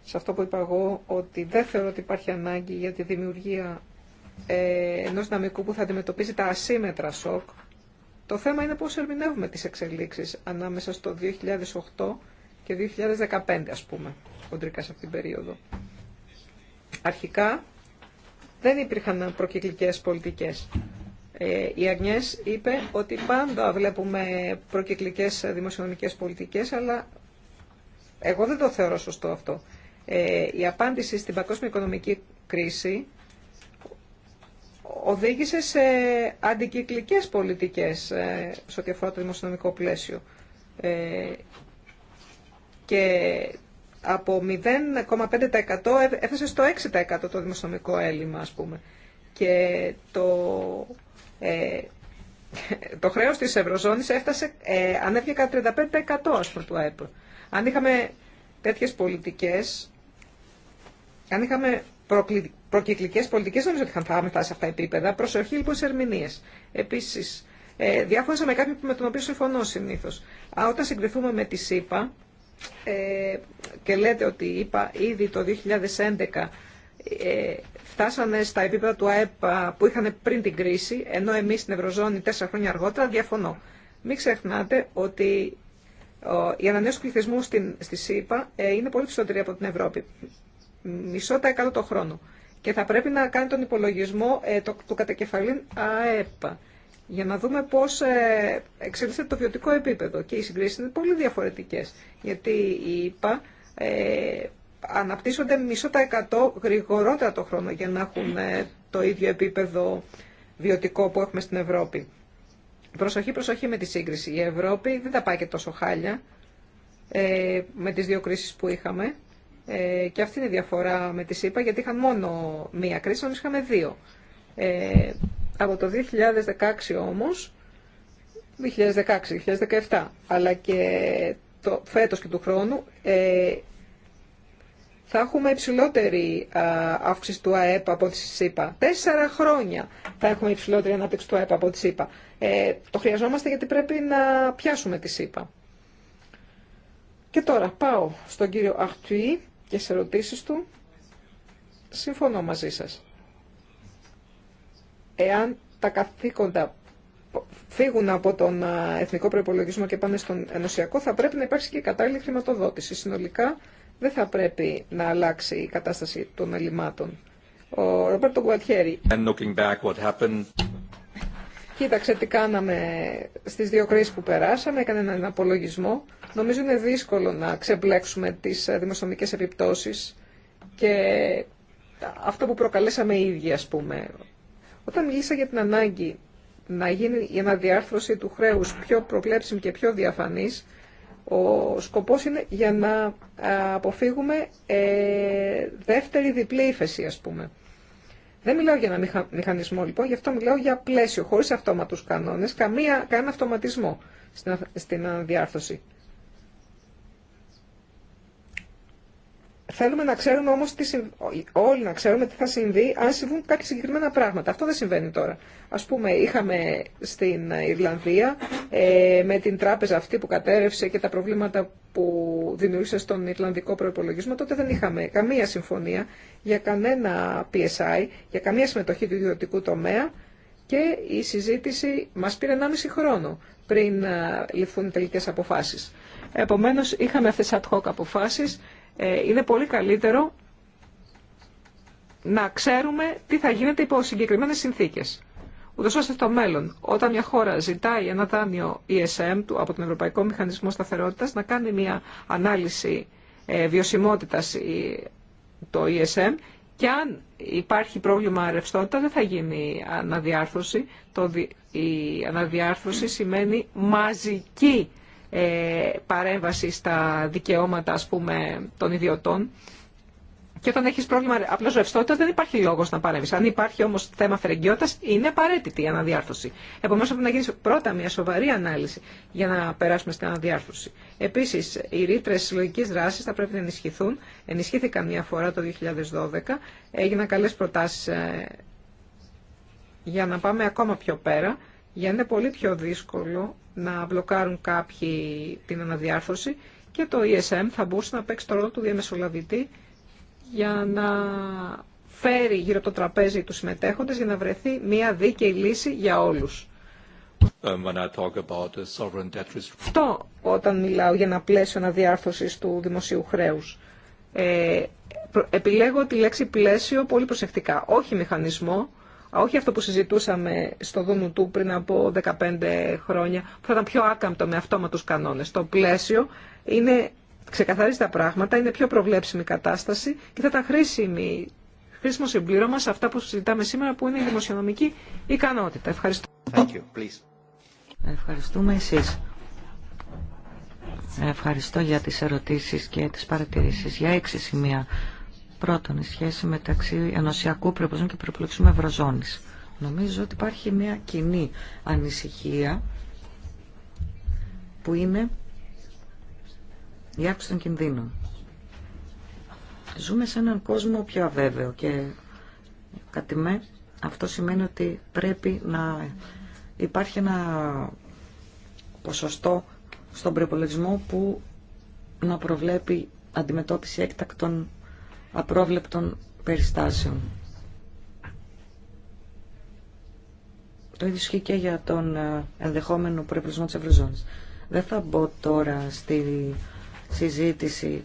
[SPEAKER 1] σε αυτό που είπα εγώ, ότι δεν θεωρώ ότι υπάρχει ανάγκη για τη δημιουργία ε, ενός δυναμικού που θα αντιμετωπίζει τα ασύμετρα σοκ. Το θέμα είναι πώς ερμηνεύουμε τις εξελίξεις ανάμεσα στο 2008 και 2015, ας πούμε χοντρικά σε αυτήν την περίοδο. Αρχικά δεν υπήρχαν προκυκλικές πολιτικές. Ε, η Αγνιές είπε ότι πάντα βλέπουμε προκυκλικές δημοσιονομικές πολιτικές, αλλά εγώ δεν το θεωρώ σωστό αυτό. Ε, η απάντηση στην παγκόσμια οικονομική κρίση οδήγησε σε αντικυκλικές πολιτικές ε, σε ό,τι αφορά το δημοσιονομικό πλαίσιο. και από 0,5% ε, έφτασε στο 6% το δημοσιονομικό έλλειμμα, ας πούμε. Και το, ε, το χρέος της Ευρωζώνης έφτασε, ε, ανέβηκε κατά 35% ας πούμε του ΑΕΠ. Αν είχαμε τέτοιες πολιτικές, αν είχαμε προκυκλικές πολιτικές, νομίζω ότι θα είχαμε φτάσει σε αυτά τα επίπεδα. Προσοχή λοιπόν στις ερμηνείες. Επίσης, ε, διάφωνησα με κάποιον με τον οποίο συμφωνώ συνήθως. Α, όταν συγκριθούμε με τη ΣΥΠΑ, ε, και λέτε ότι είπα ήδη το 2011 ε, φτάσανε στα επίπεδα του ΑΕΠ που είχαν πριν την κρίση, ενώ εμείς στην Ευρωζώνη τέσσερα χρόνια αργότερα, διαφωνώ. Μην ξεχνάτε ότι η ανανέωση πληθυσμού στην, στη ΣΥΠΑ ε, είναι πολύ ψηλότερη από την Ευρώπη. Μισό τα εκατό το χρόνο. Και θα πρέπει να κάνει τον υπολογισμό ε, του κατακεφαλήν ΑΕΠΑ για να δούμε πώς ε, εξελίσσεται το βιωτικό επίπεδο. Και οι συγκρίσεις είναι πολύ διαφορετικές, γιατί οι ΙΠΑ ε, αναπτύσσονται μισό τα εκατό γρηγορότερα το χρόνο για να έχουν ε, το ίδιο επίπεδο βιωτικό που έχουμε στην Ευρώπη. Προσοχή, προσοχή με τη σύγκριση. Η Ευρώπη δεν τα πάει και τόσο χάλια ε, με τις δύο κρίσεις που είχαμε. και αυτή είναι η διαφορά με τη ΣΥΠΑ, γιατί είχαν μόνο μία κρίση, όμως είχαμε δύο. Ε, από το 2016 όμως, 2016-2017, αλλά και το φέτος και του χρόνου, ε, θα έχουμε υψηλότερη αύξηση του ΑΕΠ από τη ΣΥΠΑ. Τέσσερα χρόνια θα έχουμε υψηλότερη ανάπτυξη του ΑΕΠ από τη ΣΥΠΑ. Ε, το χρειαζόμαστε γιατί πρέπει να πιάσουμε τη ΣΥΠΑ. Και τώρα πάω στον κύριο Αχτουή και σε ερωτήσεις του. Συμφωνώ μαζί σας εάν τα καθήκοντα φύγουν από τον εθνικό προπολογισμό και πάνε στον ενωσιακό, θα πρέπει να υπάρξει και κατάλληλη χρηματοδότηση. Συνολικά δεν θα πρέπει να αλλάξει η κατάσταση των ελλημάτων. Ο Ρομπέρτο Γουατιέρη. Κοίταξε τι κάναμε στις δύο κρίσεις που περάσαμε, έκανε έναν απολογισμό. Νομίζω είναι δύσκολο να ξεμπλέξουμε τις δημοσιονομικές επιπτώσεις και αυτό που προκαλέσαμε οι ίδιοι, ας πούμε, όταν μίλησα για την ανάγκη να γίνει η αναδιάρθρωση του χρέους πιο προκλέψιμη και πιο διαφανής, ο σκοπός είναι για να αποφύγουμε ε, δεύτερη διπλή ύφεση, ας πούμε. Δεν μιλάω για ένα μηχανισμό λοιπόν, γι' αυτό μιλάω για πλαίσιο, χωρίς αυτόματους κανόνες, καμία, κανένα αυτοματισμό στην, στην αναδιάρθρωση. Θέλουμε να ξέρουμε όμως, τι όλοι να ξέρουμε τι θα συμβεί αν συμβούν κάποια συγκεκριμένα πράγματα. Αυτό δεν συμβαίνει τώρα. Ας πούμε, είχαμε στην Ιρλανδία ε, με την τράπεζα αυτή που κατέρευσε και τα προβλήματα που δημιούργησε στον Ιρλανδικό προϋπολογισμό, τότε δεν είχαμε καμία συμφωνία για κανένα PSI, για καμία συμμετοχή του ιδιωτικού τομέα και η συζήτηση μας πήρε 1,5 χρόνο πριν ε, ληφθούν οι τελικές αποφάσεις. Επομένως, είχαμε αυτές τις ad hoc αποφάσεις ε, είναι πολύ καλύτερο να ξέρουμε τι θα γίνεται υπό συγκεκριμένες συνθήκες. Ούτως ώστε το μέλλον, όταν μια χώρα ζητάει ένα δάνειο ESM του από τον Ευρωπαϊκό Μηχανισμό Σταθερότητας να κάνει μια ανάλυση ε, βιωσιμότητας το ESM και αν υπάρχει πρόβλημα ρευστότητα δεν θα γίνει αναδιάρθρωση. Το, η αναδιάρθρωση σημαίνει μαζική ε, παρέμβαση στα δικαιώματα ας πούμε, των ιδιωτών. Και όταν έχει πρόβλημα απλώ ρευστότητα, δεν υπάρχει λόγο να παρέμβει. Αν υπάρχει όμω θέμα φερεγκιότητα, είναι απαραίτητη η αναδιάρθρωση. Επομένω, πρέπει να γίνει πρώτα μια σοβαρή ανάλυση για να περάσουμε στην αναδιάρθρωση. Επίση, οι ρήτρε συλλογική δράση θα πρέπει να ενισχυθούν. Ενισχύθηκαν μια φορά το 2012. Έγιναν καλέ προτάσει ε, για να πάμε ακόμα πιο πέρα για είναι πολύ πιο δύσκολο να μπλοκάρουν κάποιοι την αναδιάρθρωση και το ESM θα μπορούσε να παίξει το ρόλο του διαμεσολαβητή για να φέρει γύρω από το τραπέζι τους συμμετέχοντες για να βρεθεί μια δίκαιη λύση για όλους. Ε, Αυτό όταν μιλάω για ένα πλαίσιο αναδιάρθρωση του δημοσίου χρέους. Ε, επιλέγω τη λέξη πλαίσιο πολύ προσεκτικά, όχι μηχανισμό, όχι αυτό που συζητούσαμε στο Δούνου του πριν από 15 χρόνια, που θα ήταν πιο άκαμπτο με αυτόματους κανόνες. Το πλαίσιο είναι, ξεκαθαρίζει τα πράγματα, είναι πιο προβλέψιμη κατάσταση και θα ήταν χρήσιμη, χρήσιμο συμπλήρωμα σε αυτά που συζητάμε σήμερα που είναι η δημοσιονομική ικανότητα. Ευχαριστώ. Thank you. Ευχαριστούμε εσείς.
[SPEAKER 2] Ευχαριστώ για τις ερωτήσεις και τις παρατηρήσεις. Για έξι σημεία Πρώτον, η σχέση μεταξύ ενωσιακού προπολογισμού και προπολογισμού ευρωζώνης. Νομίζω ότι υπάρχει μια κοινή ανησυχία που είναι η άκουση των κινδύνων. Ζούμε σε έναν κόσμο πιο αβέβαιο και κατ' αυτό σημαίνει ότι πρέπει να υπάρχει ένα ποσοστό στον προπολογισμό που να προβλέπει αντιμετώπιση έκτακτων απρόβλεπτων περιστάσεων. Το ίδιο ισχύει και για τον ε, ενδεχόμενο προεπλισμό της Ευρωζώνης. Δεν θα μπω τώρα στη συζήτηση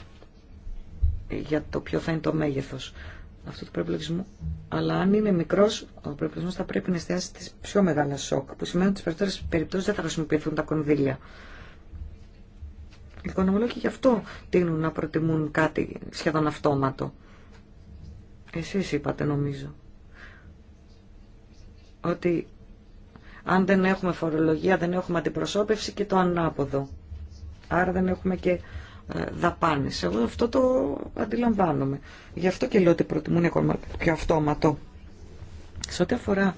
[SPEAKER 2] για το ποιο θα είναι το μέγεθος αυτού του προεπλογισμού. Αλλά αν είναι μικρός, ο προεπλογισμό θα πρέπει να εστιάσει τις πιο μεγάλες σοκ, που σημαίνει ότι στις περισσότερε περιπτώσει δεν θα χρησιμοποιηθούν τα κονδύλια οικονομολόγοι γι' αυτό τείνουν να προτιμούν κάτι σχεδόν αυτόματο. Εσείς είπατε νομίζω. Ότι αν δεν έχουμε φορολογία δεν έχουμε αντιπροσώπευση και το ανάποδο. Άρα δεν έχουμε και ε, δαπάνες. Εγώ αυτό το αντιλαμβάνομαι. Γι' αυτό και λέω ότι προτιμούν πιο αυτόματο. Σε ό,τι αφορά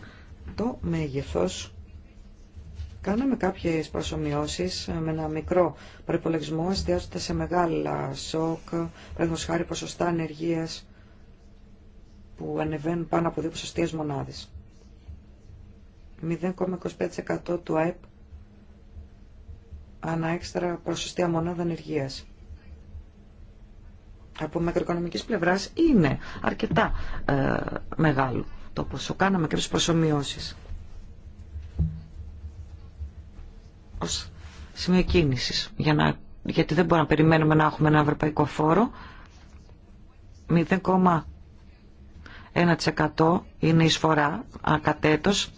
[SPEAKER 2] το μέγεθος, Κάναμε κάποιες προσωμιώσεις με ένα μικρό προπολογισμό, εστιάζοντας σε μεγάλα σοκ, παραδείγματος χάρη ποσοστά ανεργίας που ανεβαίνουν πάνω από δύο ποσοστίες μονάδες. 0,25% του ΑΕΠ ανά έξτρα ποσοστία μονάδα ανεργίας. Από μακροοικονομικής πλευράς είναι αρκετά ε, μεγάλο το ποσό. Κάναμε κάποιες προσωμιώσεις. ως σημείο κίνησης, για να, γιατί δεν μπορούμε να περιμένουμε να έχουμε ένα ευρωπαϊκό φόρο. 0,1% είναι η εισφορά ακατέτος.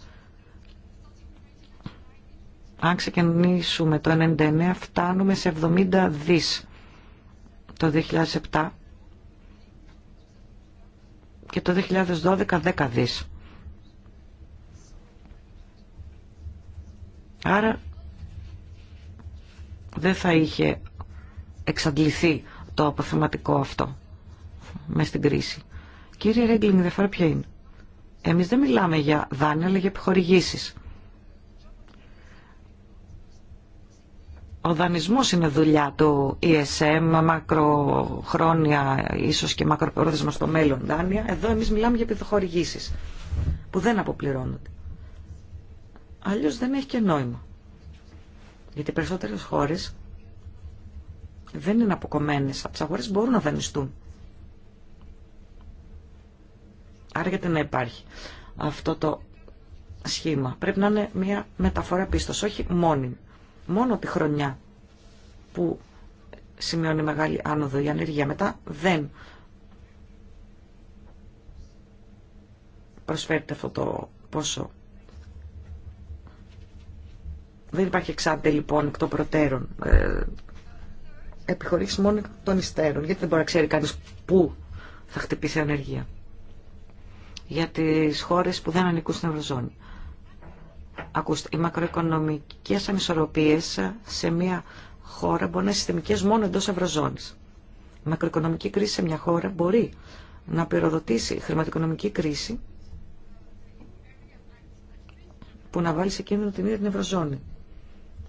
[SPEAKER 2] Αν ξεκινήσουμε το 99 φτάνουμε σε 70 δις το 2007 και το 2012 10 δις. Άρα δεν θα είχε εξαντληθεί το αποθεματικό αυτό με στην κρίση. Κύριε Ρέγκλινγκ, δεν φορά ποια είναι. Εμείς δεν μιλάμε για δάνεια, αλλά για επιχορηγήσεις. Ο δανεισμός είναι δουλειά του ESM, μακροχρόνια, ίσως και μακροπρόθεσμα στο μέλλον δάνεια. Εδώ εμείς μιλάμε για επιχορηγήσεις, που δεν αποπληρώνονται. Αλλιώς δεν έχει και νόημα. Γιατί περισσότερε χώρε δεν είναι αποκομμένε από τι αγορέ, μπορούν να δανειστούν. Άρα γιατί να υπάρχει αυτό το σχήμα. Πρέπει να είναι μια μεταφορά πίστος, όχι μόνη. Μόνο τη χρονιά που σημειώνει μεγάλη άνοδο η ανεργία. Μετά δεν προσφέρεται αυτό το πόσο δεν υπάρχει εξάντε λοιπόν εκ των προτέρων ε, μόνο εκ των υστέρων, γιατί δεν μπορεί να ξέρει κανεί πού θα χτυπήσει η ανεργία. Για τι χώρε που δεν ανήκουν στην Ευρωζώνη. Ακούστε, οι μακροοικονομικέ ανισορροπίες σε μια χώρα μπορεί να είναι συστημικές μόνο εντό Ευρωζώνης. Η μακροοικονομική κρίση σε μια χώρα μπορεί να πυροδοτήσει χρηματοοικονομική κρίση που να βάλει σε κίνδυνο την ίδια την Ευρωζώνη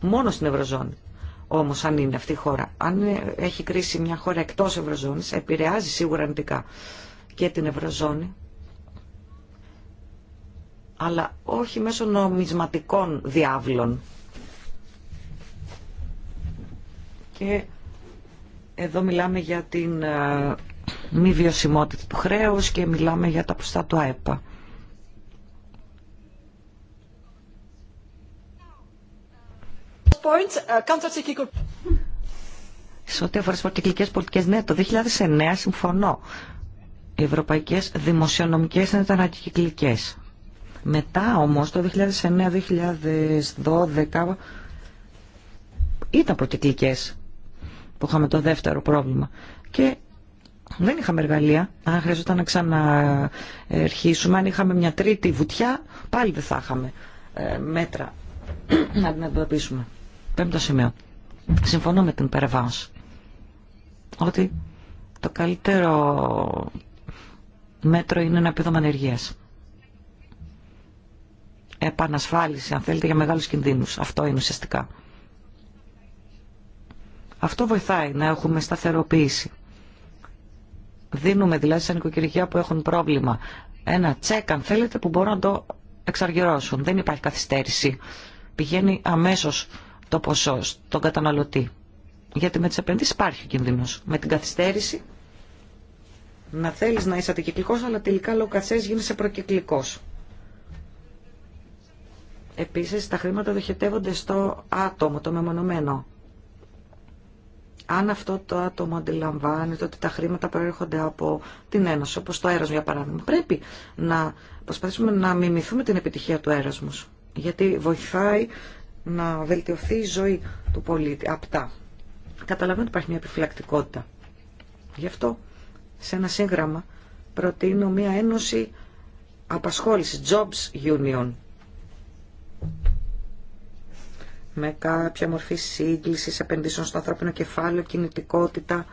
[SPEAKER 2] μόνο στην Ευρωζώνη. Όμω, αν είναι αυτή η χώρα, αν έχει κρίση μια χώρα εκτό Ευρωζώνη, επηρεάζει σίγουρα αρνητικά και την Ευρωζώνη, αλλά όχι μέσω νομισματικών διάβλων. Και εδώ μιλάμε για την ε, μη βιωσιμότητα του χρέους και μιλάμε για τα ποστά του ΑΕΠΑ.
[SPEAKER 1] Uh,
[SPEAKER 2] Σε ό,τι αφορά τι προκυκλικέ πολιτικέ, ναι, το 2009 συμφωνώ. Οι ευρωπαϊκέ δημοσιονομικέ ήταν αντικυκλικέ. Μετά όμω, το 2009-2012, ήταν προκυκλικέ που είχαμε το δεύτερο πρόβλημα. Και δεν είχαμε εργαλεία. Αν χρειαζόταν να ξαναερχίσουμε, αν είχαμε μια τρίτη βουτιά, πάλι δεν θα είχαμε ε, μέτρα να την αντιμετωπίσουμε. Πέμπτο σημείο. Συμφωνώ με την Περβάνς ότι το καλύτερο μέτρο είναι ένα επίδομα ανεργία. Επανασφάλιση, αν θέλετε, για μεγάλους κινδύνους. Αυτό είναι ουσιαστικά. Αυτό βοηθάει να έχουμε σταθεροποίηση. Δίνουμε δηλαδή σαν οικοκυριά που έχουν πρόβλημα ένα τσέκ, αν θέλετε, που μπορούν να το εξαργυρώσουν. Δεν υπάρχει καθυστέρηση. Πηγαίνει αμέσως το ποσό τον καταναλωτή. Γιατί με τι επενδύσει υπάρχει ο κίνδυνος. Με την καθυστέρηση να θέλει να είσαι αντικυκλικό, αλλά τελικά λόγω καθυστέρησης γίνεσαι προκυκλικό. Επίση τα χρήματα δοχετεύονται στο άτομο, το μεμονωμένο. Αν αυτό το άτομο αντιλαμβάνεται ότι τα χρήματα προέρχονται από την Ένωση, όπω το Έρασμο για παράδειγμα, πρέπει να προσπαθήσουμε να μιμηθούμε την επιτυχία του έρασμού. Γιατί βοηθάει να βελτιωθεί η ζωή του πολίτη. Απτά. Καταλαβαίνω ότι υπάρχει μια επιφυλακτικότητα. Γι' αυτό σε ένα σύγγραμμα προτείνω μια ένωση απασχόληση, Jobs Union. Με κάποια μορφή σύγκλησης, επενδύσεων στο ανθρώπινο κεφάλαιο, κινητικότητα,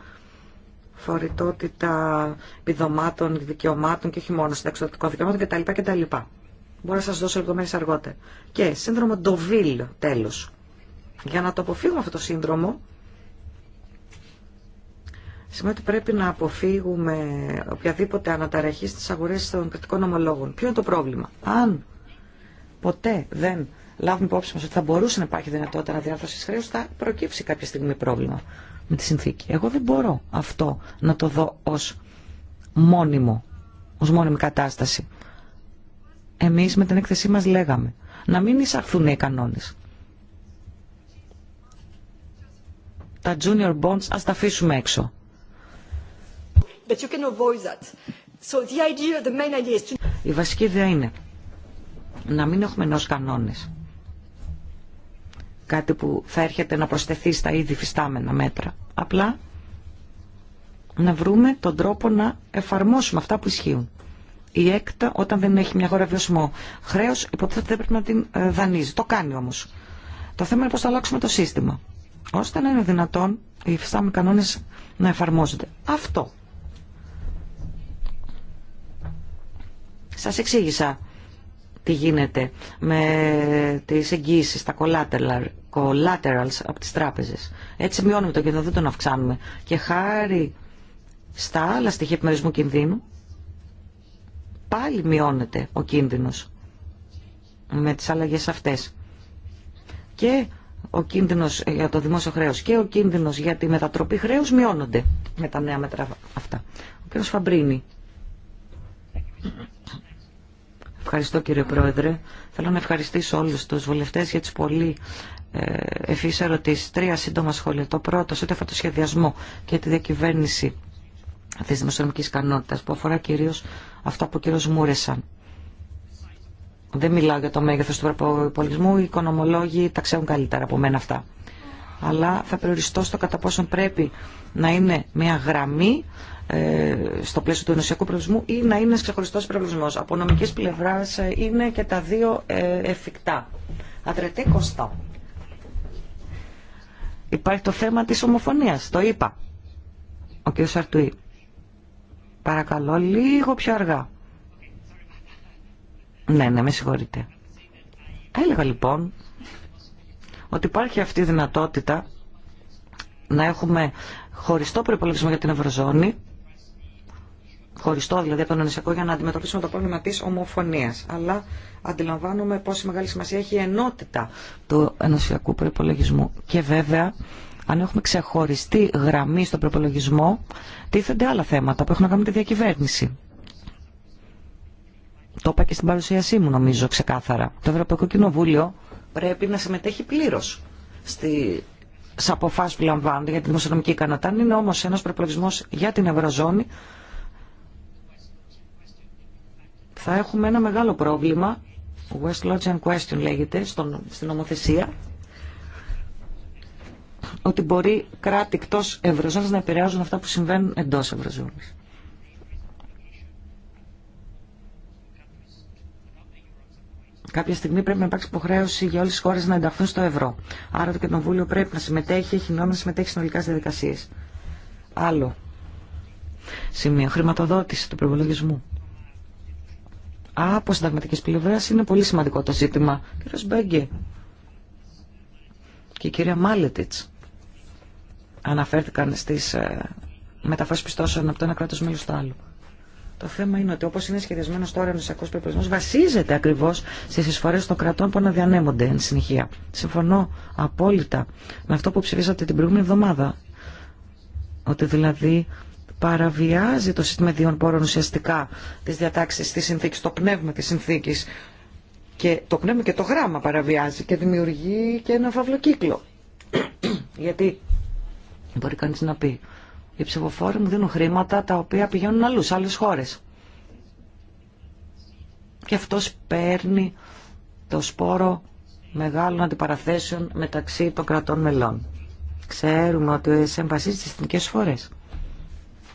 [SPEAKER 2] φορητότητα επιδομάτων, δικαιωμάτων και όχι μόνο συνταξιδοτικών δικαιωμάτων κτλ. κτλ. Μπορώ να σα δώσω λεπτομέρειες αργότερα. Και σύνδρομο Ντοβίλ τέλο. Για να το αποφύγουμε αυτό το σύνδρομο, σημαίνει ότι πρέπει να αποφύγουμε οποιαδήποτε αναταραχή στι αγορέ των κρατικών ομολόγων. Ποιο είναι το πρόβλημα. Αν ποτέ δεν λάβουμε υπόψη μα ότι θα μπορούσε να υπάρχει δυνατότητα αναδιάρθρωσης χρέου, θα προκύψει κάποια στιγμή πρόβλημα με τη συνθήκη. Εγώ δεν μπορώ αυτό να το δω ω μόνιμο, μόνιμη κατάσταση. Εμείς με την έκθεσή μας λέγαμε να μην εισαχθούν οι κανόνες. Τα junior bonds ας τα αφήσουμε έξω. Η βασική ιδέα είναι να μην έχουμε ενός κανόνες. Κάτι που θα έρχεται να προσθεθεί στα ήδη φυστάμενα μέτρα. Απλά να βρούμε τον τρόπο να εφαρμόσουμε αυτά που ισχύουν η ΕΚΤΑ όταν δεν έχει μια χώρα βιωσιμό χρέο, υποτίθεται δεν πρέπει να την ε, δανείζει. Το κάνει όμω. Το θέμα είναι πώ θα αλλάξουμε το σύστημα, ώστε να είναι δυνατόν οι υφιστάμενοι κανόνε να εφαρμόζονται. Αυτό. Σας εξήγησα τι γίνεται με τις εγγύσει, τα collateral, collaterals από τις τράπεζες. Έτσι μειώνουμε το κίνδυνο, δεν τον αυξάνουμε. Και χάρη στα άλλα στοιχεία επιμερισμού κινδύνου, πάλι μειώνεται ο κίνδυνος με τις αλλαγές αυτές. Και ο κίνδυνος για το δημόσιο χρέος και ο κίνδυνος για τη μετατροπή χρέους μειώνονται με τα νέα μέτρα αυτά. Ο κ. Φαμπρίνη. Ευχαριστώ κύριε Πρόεδρε. Θέλω να ευχαριστήσω όλους τους βουλευτές για τις πολύ ε, ευφύς ερωτήσεις. Τρία σύντομα σχόλια. Το πρώτο, σε το σχεδιασμό και τη διακυβέρνηση της δημοσιονομικής ικανότητας που αφορά κυρίως αυτά που ο κύριο Μούρεσαν. Δεν μιλάω για το μέγεθος του προπολογισμού, οι οικονομολόγοι τα ξέρουν καλύτερα από μένα αυτά. Αλλά θα περιοριστώ στο κατά πόσον πρέπει να είναι μια γραμμή ε, στο πλαίσιο του ενωσιακού προβλησμού ή να είναι ένα ξεχωριστό προβλησμό. Από νομική πλευρά ε, είναι και τα δύο ε, εφικτά. Αντρετή κοστό. Υπάρχει το θέμα της ομοφωνίας, το είπα ο κ. Σαρτουή. Παρακαλώ, λίγο πιο αργά. Ναι, ναι, με συγχωρείτε. Έλεγα λοιπόν ότι υπάρχει αυτή η δυνατότητα να έχουμε χωριστό προπολογισμό για την Ευρωζώνη, χωριστό δηλαδή από τον Ενωσιακό για να αντιμετωπίσουμε το πρόβλημα της ομοφωνίας. Αλλά αντιλαμβάνομαι πόση μεγάλη σημασία έχει η ενότητα του ενωσιακού προπολογισμού. Και βέβαια αν έχουμε ξεχωριστή γραμμή στον προπολογισμό, τίθενται άλλα θέματα που έχουν να κάνουν τη διακυβέρνηση. Το είπα και στην παρουσίασή μου, νομίζω, ξεκάθαρα. Το Ευρωπαϊκό Κοινοβούλιο πρέπει να συμμετέχει πλήρω στι αποφάσει που λαμβάνονται για τη δημοσιονομική ικανότητα. Αν είναι όμω ένα προπολογισμό για την Ευρωζώνη, θα έχουμε ένα μεγάλο πρόβλημα. West Lodge and Question λέγεται στον, στην νομοθεσία ότι μπορεί κράτη εκτό Ευρωζώνης να επηρεάζουν αυτά που συμβαίνουν εντός Ευρωζώνης. Κάποια στιγμή πρέπει να υπάρξει υποχρέωση για όλε τι χώρε να ενταχθούν στο ευρώ. Άρα το Κοινοβούλιο πρέπει να συμμετέχει, έχει νόημα να συμμετέχει συνολικά στι διαδικασίε. Άλλο σημείο. Χρηματοδότηση του προπολογισμού. Από συνταγματική πλευρά είναι πολύ σημαντικό το ζήτημα. Κύριο Μπέγκε και η κυρία Μάλετιτς αναφέρθηκαν στις ε, μεταφράσεις πιστώσεων από το ένα κράτος μέλος στο άλλο. Το θέμα είναι ότι όπω είναι σχεδιασμένο τώρα ο νησιακός περιορισμό βασίζεται ακριβώ στι εισφορέ των κρατών που αναδιανέμονται εν συνεχεία. Συμφωνώ απόλυτα με αυτό που ψηφίσατε την προηγούμενη εβδομάδα. Ότι δηλαδή παραβιάζει το σύστημα ιδιών πόρων ουσιαστικά τι διατάξει τη συνθήκη, το πνεύμα τη συνθήκη. Και το πνεύμα και το γράμμα παραβιάζει και δημιουργεί και ένα φαύλο κύκλο. Γιατί Μπορεί κανείς να πει, οι ψηφοφόροι μου δίνουν χρήματα τα οποία πηγαίνουν αλλού, σε άλλες χώρες. Και αυτός παίρνει το σπόρο μεγάλων αντιπαραθέσεων μεταξύ των κρατών μελών. Ξέρουμε ότι ο ΕΣΕΜ βασίζεται στις εθνικές φορές.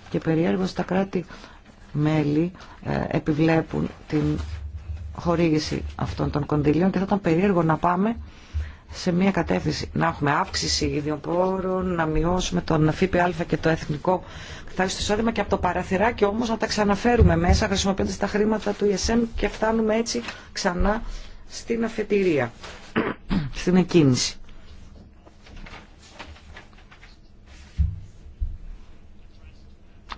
[SPEAKER 2] Και περίεργως τα κράτη-μέλη ε, επιβλέπουν την χορήγηση αυτών των κονδυλίων και θα ήταν περίεργο να πάμε σε μια κατεύθυνση να έχουμε αύξηση ιδιοπόρων, να μειώσουμε τον ΦΠΑ και το εθνικό στο εισόδημα και από το παραθυράκι όμως να τα ξαναφέρουμε μέσα χρησιμοποιώντας τα χρήματα του ESM και φτάνουμε έτσι ξανά στην αφετηρία, στην εκκίνηση.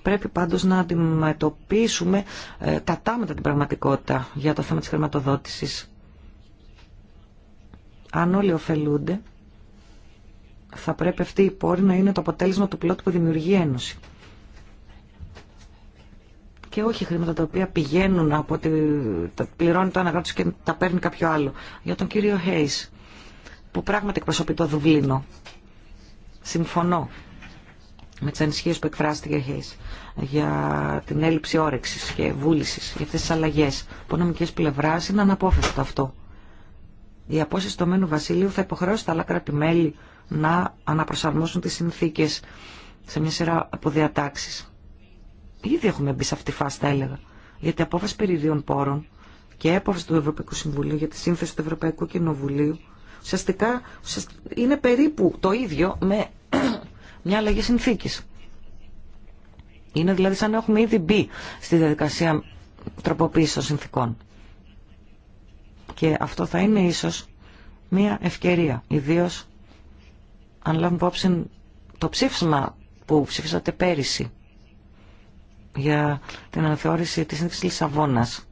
[SPEAKER 2] Πρέπει πάντως να αντιμετωπίσουμε ε, κατάμετα την πραγματικότητα για το θέμα της χρηματοδότησης αν όλοι ωφελούνται, θα πρέπει αυτή η πόρη να είναι το αποτέλεσμα του πλότου που δημιουργεί η Ένωση. Και όχι χρήματα τα οποία πηγαίνουν από τη... πληρώνει το ένα και τα παίρνει κάποιο άλλο. Για τον κύριο Χέις, που πράγματι εκπροσωπεί το Δουβλίνο. Συμφωνώ με τις ανησυχίες που εκφράστηκε Χέις για την έλλειψη όρεξης και βούλησης για αυτές τις αλλαγές. Από πλευράς είναι αναπόφευκτο αυτό η απόσταση του μένου Βασιλείου θα υποχρεώσει τα άλλα κράτη-μέλη να αναπροσαρμόσουν τι συνθήκε σε μια σειρά από διατάξει. Ήδη έχουμε μπει σε αυτή τη φάση, θα έλεγα. Γιατί η απόφαση περιδίων πόρων και η απόφαση του Ευρωπαϊκού Συμβουλίου για τη σύνθεση του Ευρωπαϊκού Κοινοβουλίου ουσιαστικά είναι περίπου το ίδιο με μια αλλαγή συνθήκη. Είναι δηλαδή σαν να έχουμε ήδη μπει στη διαδικασία τροποποίηση των συνθήκων. Και αυτό θα είναι ίσως μια ευκαιρία, ιδίως αν λάβουμε υπόψη το ψήφισμα που ψήφισατε πέρυσι για την αναθεώρηση της σύνδεξης Λισαβόνας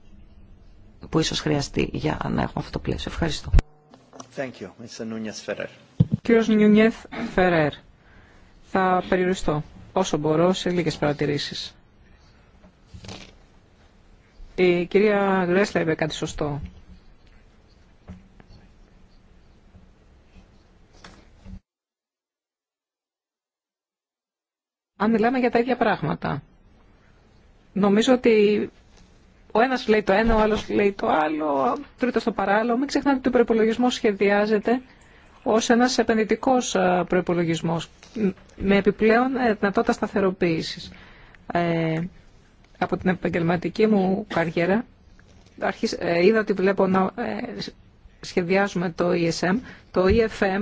[SPEAKER 2] που ίσως χρειαστεί για
[SPEAKER 1] να έχουμε αυτό το πλαίσιο. Ευχαριστώ.
[SPEAKER 3] Thank
[SPEAKER 1] Κύριος Νιουνιέθ Φερέρ, θα περιοριστώ όσο μπορώ σε λίγες παρατηρήσεις. Η κυρία Γκρέσλα είπε κάτι σωστό αν μιλάμε για τα ίδια πράγματα. Νομίζω ότι ο ένα λέει το ένα, ο άλλο λέει το άλλο, ο τρίτο το παράλληλο. Μην ξεχνάτε ότι ο προπολογισμό σχεδιάζεται ω ένα επενδυτικό ε, προπολογισμό με επιπλέον ε, δυνατότητα σταθεροποίηση. Ε, από την επαγγελματική μου καριέρα ε, είδα ότι βλέπω να σχεδιάζουμε το ESM, το EFM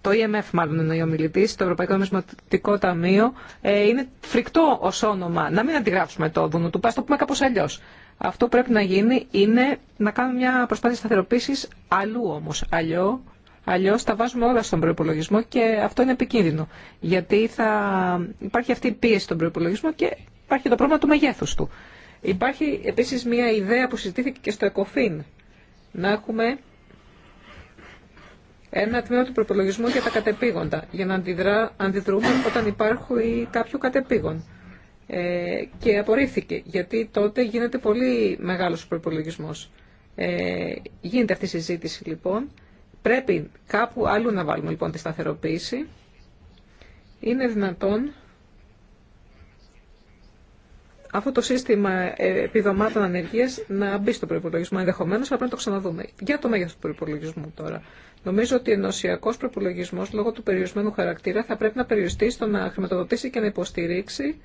[SPEAKER 1] το EMF μάλλον είναι ο ομιλητή, το Ευρωπαϊκό Νομισματικό Ταμείο, ε, είναι φρικτό ω όνομα. Να μην αντιγράψουμε το δούνο του, Πάμε το πούμε κάπω αλλιώ. Αυτό που πρέπει να γίνει είναι να κάνουμε μια προσπάθεια σταθεροποίηση αλλού όμω. Αλλιώ αλλιώς τα βάζουμε όλα στον προπολογισμό και αυτό είναι επικίνδυνο. Γιατί θα υπάρχει αυτή η πίεση στον προπολογισμό και υπάρχει το πρόβλημα του μεγέθου του. Υπάρχει επίση μια ιδέα που συζητήθηκε και στο ΕΚΟΦΗΝ. Να έχουμε ένα τμήμα του προπολογισμού για τα κατεπήγοντα, για να αντιδρά, αντιδρούμε όταν υπάρχει κάποιο κατεπήγον. Ε, και απορρίφθηκε, γιατί τότε γίνεται πολύ μεγάλος ο προπολογισμός. Ε, γίνεται αυτή η συζήτηση λοιπόν. Πρέπει κάπου αλλού να βάλουμε λοιπόν τη σταθεροποίηση. Είναι δυνατόν αυτό το σύστημα ε, επιδομάτων ανεργία να μπει στο προπολογισμό. Ενδεχομένω, αλλά πρέπει να το ξαναδούμε. Για το μέγεθο του προπολογισμού τώρα. Νομίζω ότι ο ενωσιακό προπολογισμό, λόγω του περιορισμένου χαρακτήρα, θα πρέπει να περιοριστεί στο να χρηματοδοτήσει και να υποστηρίξει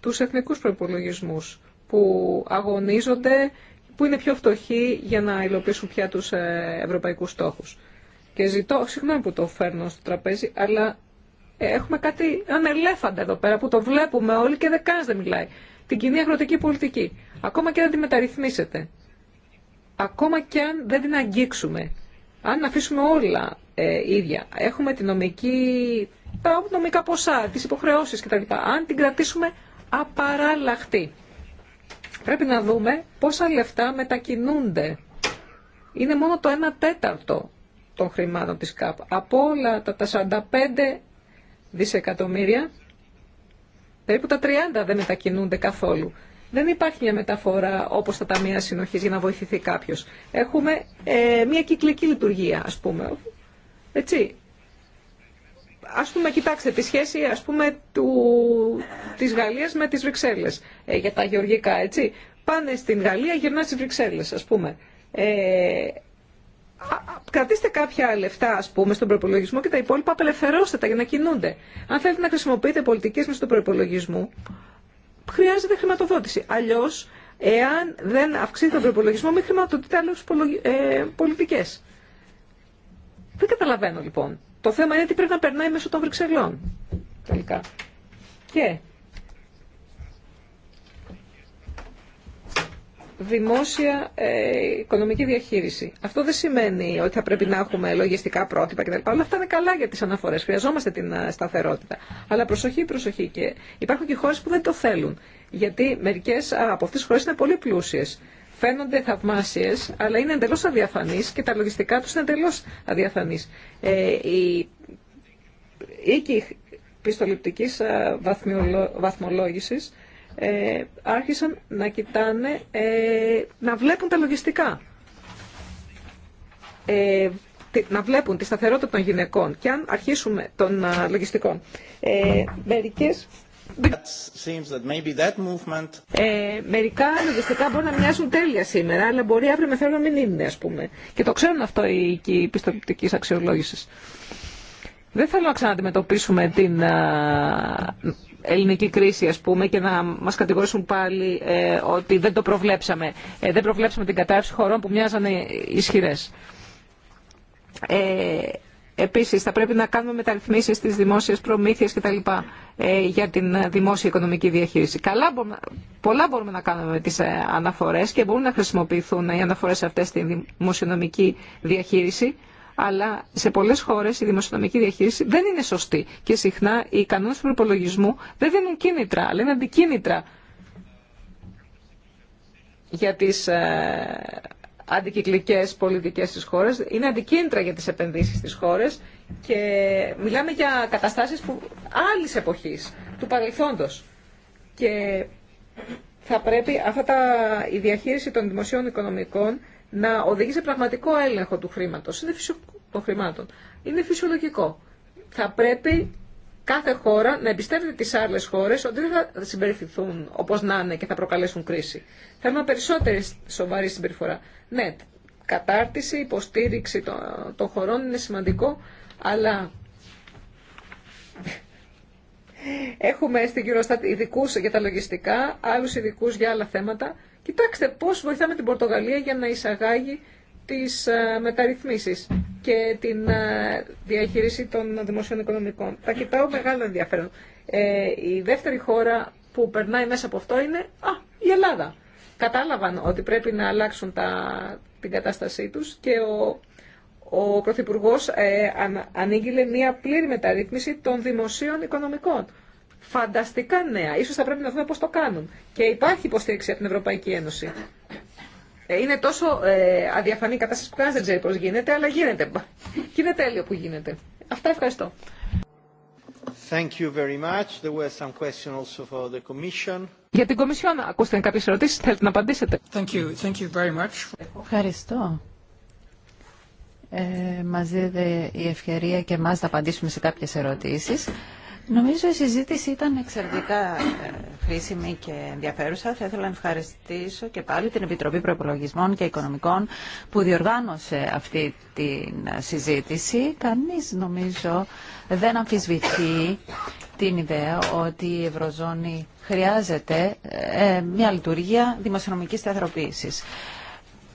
[SPEAKER 1] του εθνικού προπολογισμού που αγωνίζονται, που είναι πιο φτωχοί για να υλοποιήσουν πια του ε, ευρωπαϊκού στόχου. Και ζητώ, συγγνώμη που το φέρνω στο τραπέζι, αλλά έχουμε κάτι, έναν ελέφαντα εδώ πέρα που το βλέπουμε όλοι και δεν κανείς δεν μιλάει. Την κοινή αγροτική πολιτική. Ακόμα και αν τη μεταρρυθμίσετε. Ακόμα και αν δεν την αγγίξουμε. Αν αφήσουμε όλα ε, ίδια. Έχουμε τη νομική, τα νομικά ποσά, τις υποχρεώσεις κτλ. Αν την κρατήσουμε απαράλλαχτη. Πρέπει να δούμε πόσα λεφτά μετακινούνται. Είναι μόνο το 1 τέταρτο των χρημάτων της ΚΑΠ. Από όλα τα 45 δισεκατομμύρια, περίπου τα 30 δεν μετακινούνται καθόλου. Δεν υπάρχει μια μεταφορά όπω τα ταμεία συνοχή για να βοηθηθεί κάποιο. Έχουμε ε, μια κυκλική λειτουργία, α πούμε. Έτσι. Α πούμε, κοιτάξτε τη σχέση ας πούμε, του, της Γαλλίας με τις Βρυξέλλες ε, για τα γεωργικά, έτσι. Πάνε στην Γαλλία, γυρνά στις Βρυξέλλες, ας πούμε. Ε, κρατήστε κάποια λεφτά, α πούμε, στον προπολογισμό και τα υπόλοιπα απελευθερώστε τα για να κινούνται. Αν θέλετε να χρησιμοποιείτε πολιτικέ μέσα στον προπολογισμό, χρειάζεται χρηματοδότηση. Αλλιώ, εάν δεν αυξήσει τον προπολογισμό, μην χρηματοδοτείτε άλλε πολιτικέ. Δεν καταλαβαίνω λοιπόν. Το θέμα είναι τι πρέπει να περνάει μέσω των Βρυξελών. Τελικά. Και δημόσια ε, οικονομική διαχείριση. Αυτό δεν σημαίνει ότι θα πρέπει να έχουμε λογιστικά πρότυπα κτλ. Όλα αυτά είναι καλά για τι αναφορέ. Χρειαζόμαστε την ε, σταθερότητα. Αλλά προσοχή, προσοχή. Και υπάρχουν και χώρε που δεν το θέλουν. Γιατί μερικέ από αυτέ τι χώρε είναι πολύ πλούσιε. Φαίνονται θαυμάσιε, αλλά είναι εντελώ αδιαφανεί και τα λογιστικά του είναι εντελώ αδιαφανεί. Ε, η οίκη πιστοληπτική βαθμολόγηση ε, άρχισαν να κοιτάνε, ε, να βλέπουν τα λογιστικά. Ε, να βλέπουν τη σταθερότητα των γυναικών και αν αρχίσουμε των α, λογιστικών. Ε, μερικές... That
[SPEAKER 3] maybe that movement...
[SPEAKER 1] ε, μερικά λογιστικά μπορεί να μοιάζουν τέλεια σήμερα, αλλά μπορεί αύριο μεθαύριο να μην είναι, ας πούμε. Και το ξέρουν αυτό οι, οίκοι Πιστοποιητικής αξιολόγησης Δεν θέλω να ξαναντιμετωπίσουμε την, ελληνική κρίση α πούμε και να μας κατηγορήσουν πάλι ε, ότι δεν το προβλέψαμε. Ε, δεν προβλέψαμε την κατάρρευση χωρών που μοιάζαν ισχυρές. Ε, Επίσης, θα πρέπει να κάνουμε μεταρρυθμίσει στις δημόσιες προμήθειες κτλ. Ε, για την δημόσια οικονομική διαχείριση. πολλά μπορούμε να κάνουμε με τις ε, αναφορές και μπορούν να χρησιμοποιηθούν οι αναφορέ αυτέ στη δημοσιονομική διαχείριση αλλά σε πολλές χώρες η δημοσιονομική διαχείριση δεν είναι σωστή και συχνά οι κανόνε του προπολογισμού δεν δίνουν κίνητρα, αλλά είναι αντικίνητρα για τις ε, αντικυκλικές πολιτικές τη χώρες, είναι αντικίνητρα για τις επενδύσεις τη χώρες και μιλάμε για καταστάσεις άλλη εποχή εποχής, του παρελθόντος. Και θα πρέπει αυτά τα, η διαχείριση των δημοσίων οικονομικών να οδηγεί σε πραγματικό έλεγχο του χρήματο είναι φυσιο... Είναι φυσιολογικό. Θα πρέπει κάθε χώρα να εμπιστεύεται τις άλλε χώρε ότι δεν θα συμπεριφερθούν όπως να είναι και θα προκαλέσουν κρίση. Θέλουμε περισσότερη σοβαρή συμπεριφορά. Ναι, κατάρτιση, υποστήριξη των χωρών είναι σημαντικό, αλλά Έχουμε στην κυριοστάτη ειδικού για τα λογιστικά, άλλους ειδικού για άλλα θέματα Κοιτάξτε πώς βοηθάμε την Πορτογαλία για να εισαγάγει τις ε, μεταρρυθμίσεις και την ε, διαχείριση των δημοσίων οικονομικών. Τα κοιτάω μεγάλο ενδιαφέρον. Ε, η δεύτερη χώρα που περνάει μέσα από αυτό είναι α, η Ελλάδα. Κατάλαβαν ότι πρέπει να αλλάξουν τα, την κατάστασή τους και ο, ο Πρωθυπουργό ε, ανήγγειλε μια πλήρη μεταρρύθμιση των δημοσίων οικονομικών φανταστικά νέα. Ίσως θα πρέπει να δούμε πώς το κάνουν. Και υπάρχει υποστήριξη από την Ευρωπαϊκή Ένωση. Ε, είναι τόσο ε, αδιαφανή η κατάσταση που κανένα δεν ξέρει πώ γίνεται, αλλά γίνεται. Και είναι τέλειο που γίνεται. Αυτά ευχαριστώ.
[SPEAKER 3] Thank you very much. There were some questions also for the
[SPEAKER 1] Commission. Για την Κομισιόν, ακούστε κάποιε ερωτήσει, θέλετε να απαντήσετε. Thank you. Thank you very much.
[SPEAKER 3] Ευχαριστώ. Ε, μας δίδεται η ευκαιρία και εμάς να απαντήσουμε σε κάποιες ερωτήσεις. Νομίζω η συζήτηση ήταν εξαιρετικά ε, χρήσιμη και ενδιαφέρουσα. Θα ήθελα να ευχαριστήσω και πάλι την Επιτροπή Προπολογισμών και Οικονομικών που διοργάνωσε αυτή τη ε, συζήτηση. Κανείς νομίζω δεν αμφισβητεί την ιδέα ότι η Ευρωζώνη χρειάζεται ε, μια λειτουργία δημοσιονομικής σταθεροποίησης.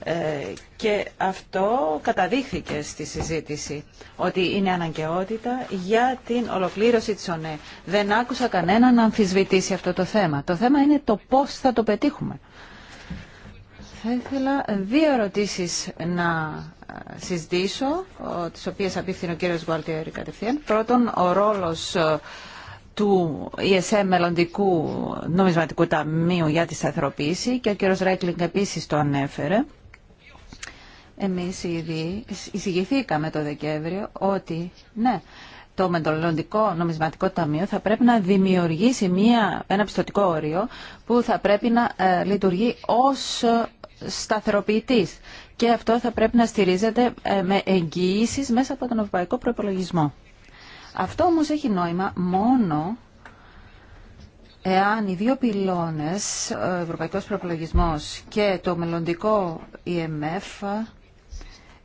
[SPEAKER 3] Ε, και αυτό καταδείχθηκε στη συζήτηση ότι είναι αναγκαιότητα για την ολοκλήρωση της ΟΝΕ. Δεν άκουσα κανέναν να αμφισβητήσει αυτό το θέμα. Το θέμα είναι το πώς θα το πετύχουμε. Θα ήθελα δύο ερωτήσεις να ε, συζητήσω, τις οποίες απίφθηνε ο κύριος Γουαλτιέρη κατευθείαν. Πρώτον, ο ρόλος ε, του ESM μελλοντικού νομισματικού ταμείου για τη σταθεροποίηση και ο κύριος Ρέκλινγκ επίσης το ανέφερε. Εμείς ήδη εισηγηθήκαμε το Δεκέμβριο ότι ναι, το Μεντολοντικό Νομισματικό Ταμείο θα πρέπει να δημιουργήσει μια, ένα πιστοτικό όριο που θα πρέπει να ε, λειτουργεί ως ε, σταθεροποιητής. Και αυτό θα πρέπει να στηρίζεται ε, με εγγυήσεις μέσα από τον Ευρωπαϊκό Προπολογισμό. Αυτό όμως έχει νόημα μόνο εάν οι δύο πυλώνες, ο Ευρωπαϊκός Προπολογισμός και το μελλοντικό IMF,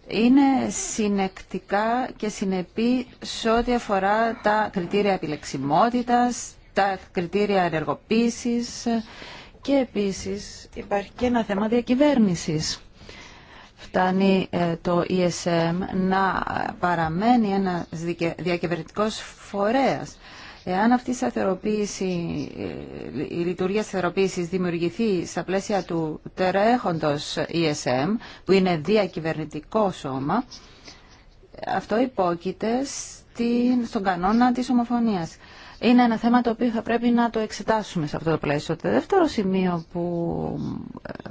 [SPEAKER 3] είναι συνεκτικά και συνεπή σε ό,τι αφορά τα κριτήρια επιλεξιμότητας, τα κριτήρια ενεργοποίησης και επίσης υπάρχει και ένα θέμα διακυβέρνησης. Φτάνει ε, το ESM να παραμένει ένας διακυβερνητικός φορέας Εάν αυτή η θεραπεία, η λειτουργία θεραπείας δημιουργηθεί στα πλαίσια του τερέχοντος ESM, που είναι διακυβερνητικό σώμα, αυτό υπόκειται στην, στον κανόνα της ομοφωνίας. Είναι ένα θέμα το οποίο θα πρέπει να το εξετάσουμε σε αυτό το πλαίσιο. Το δεύτερο σημείο που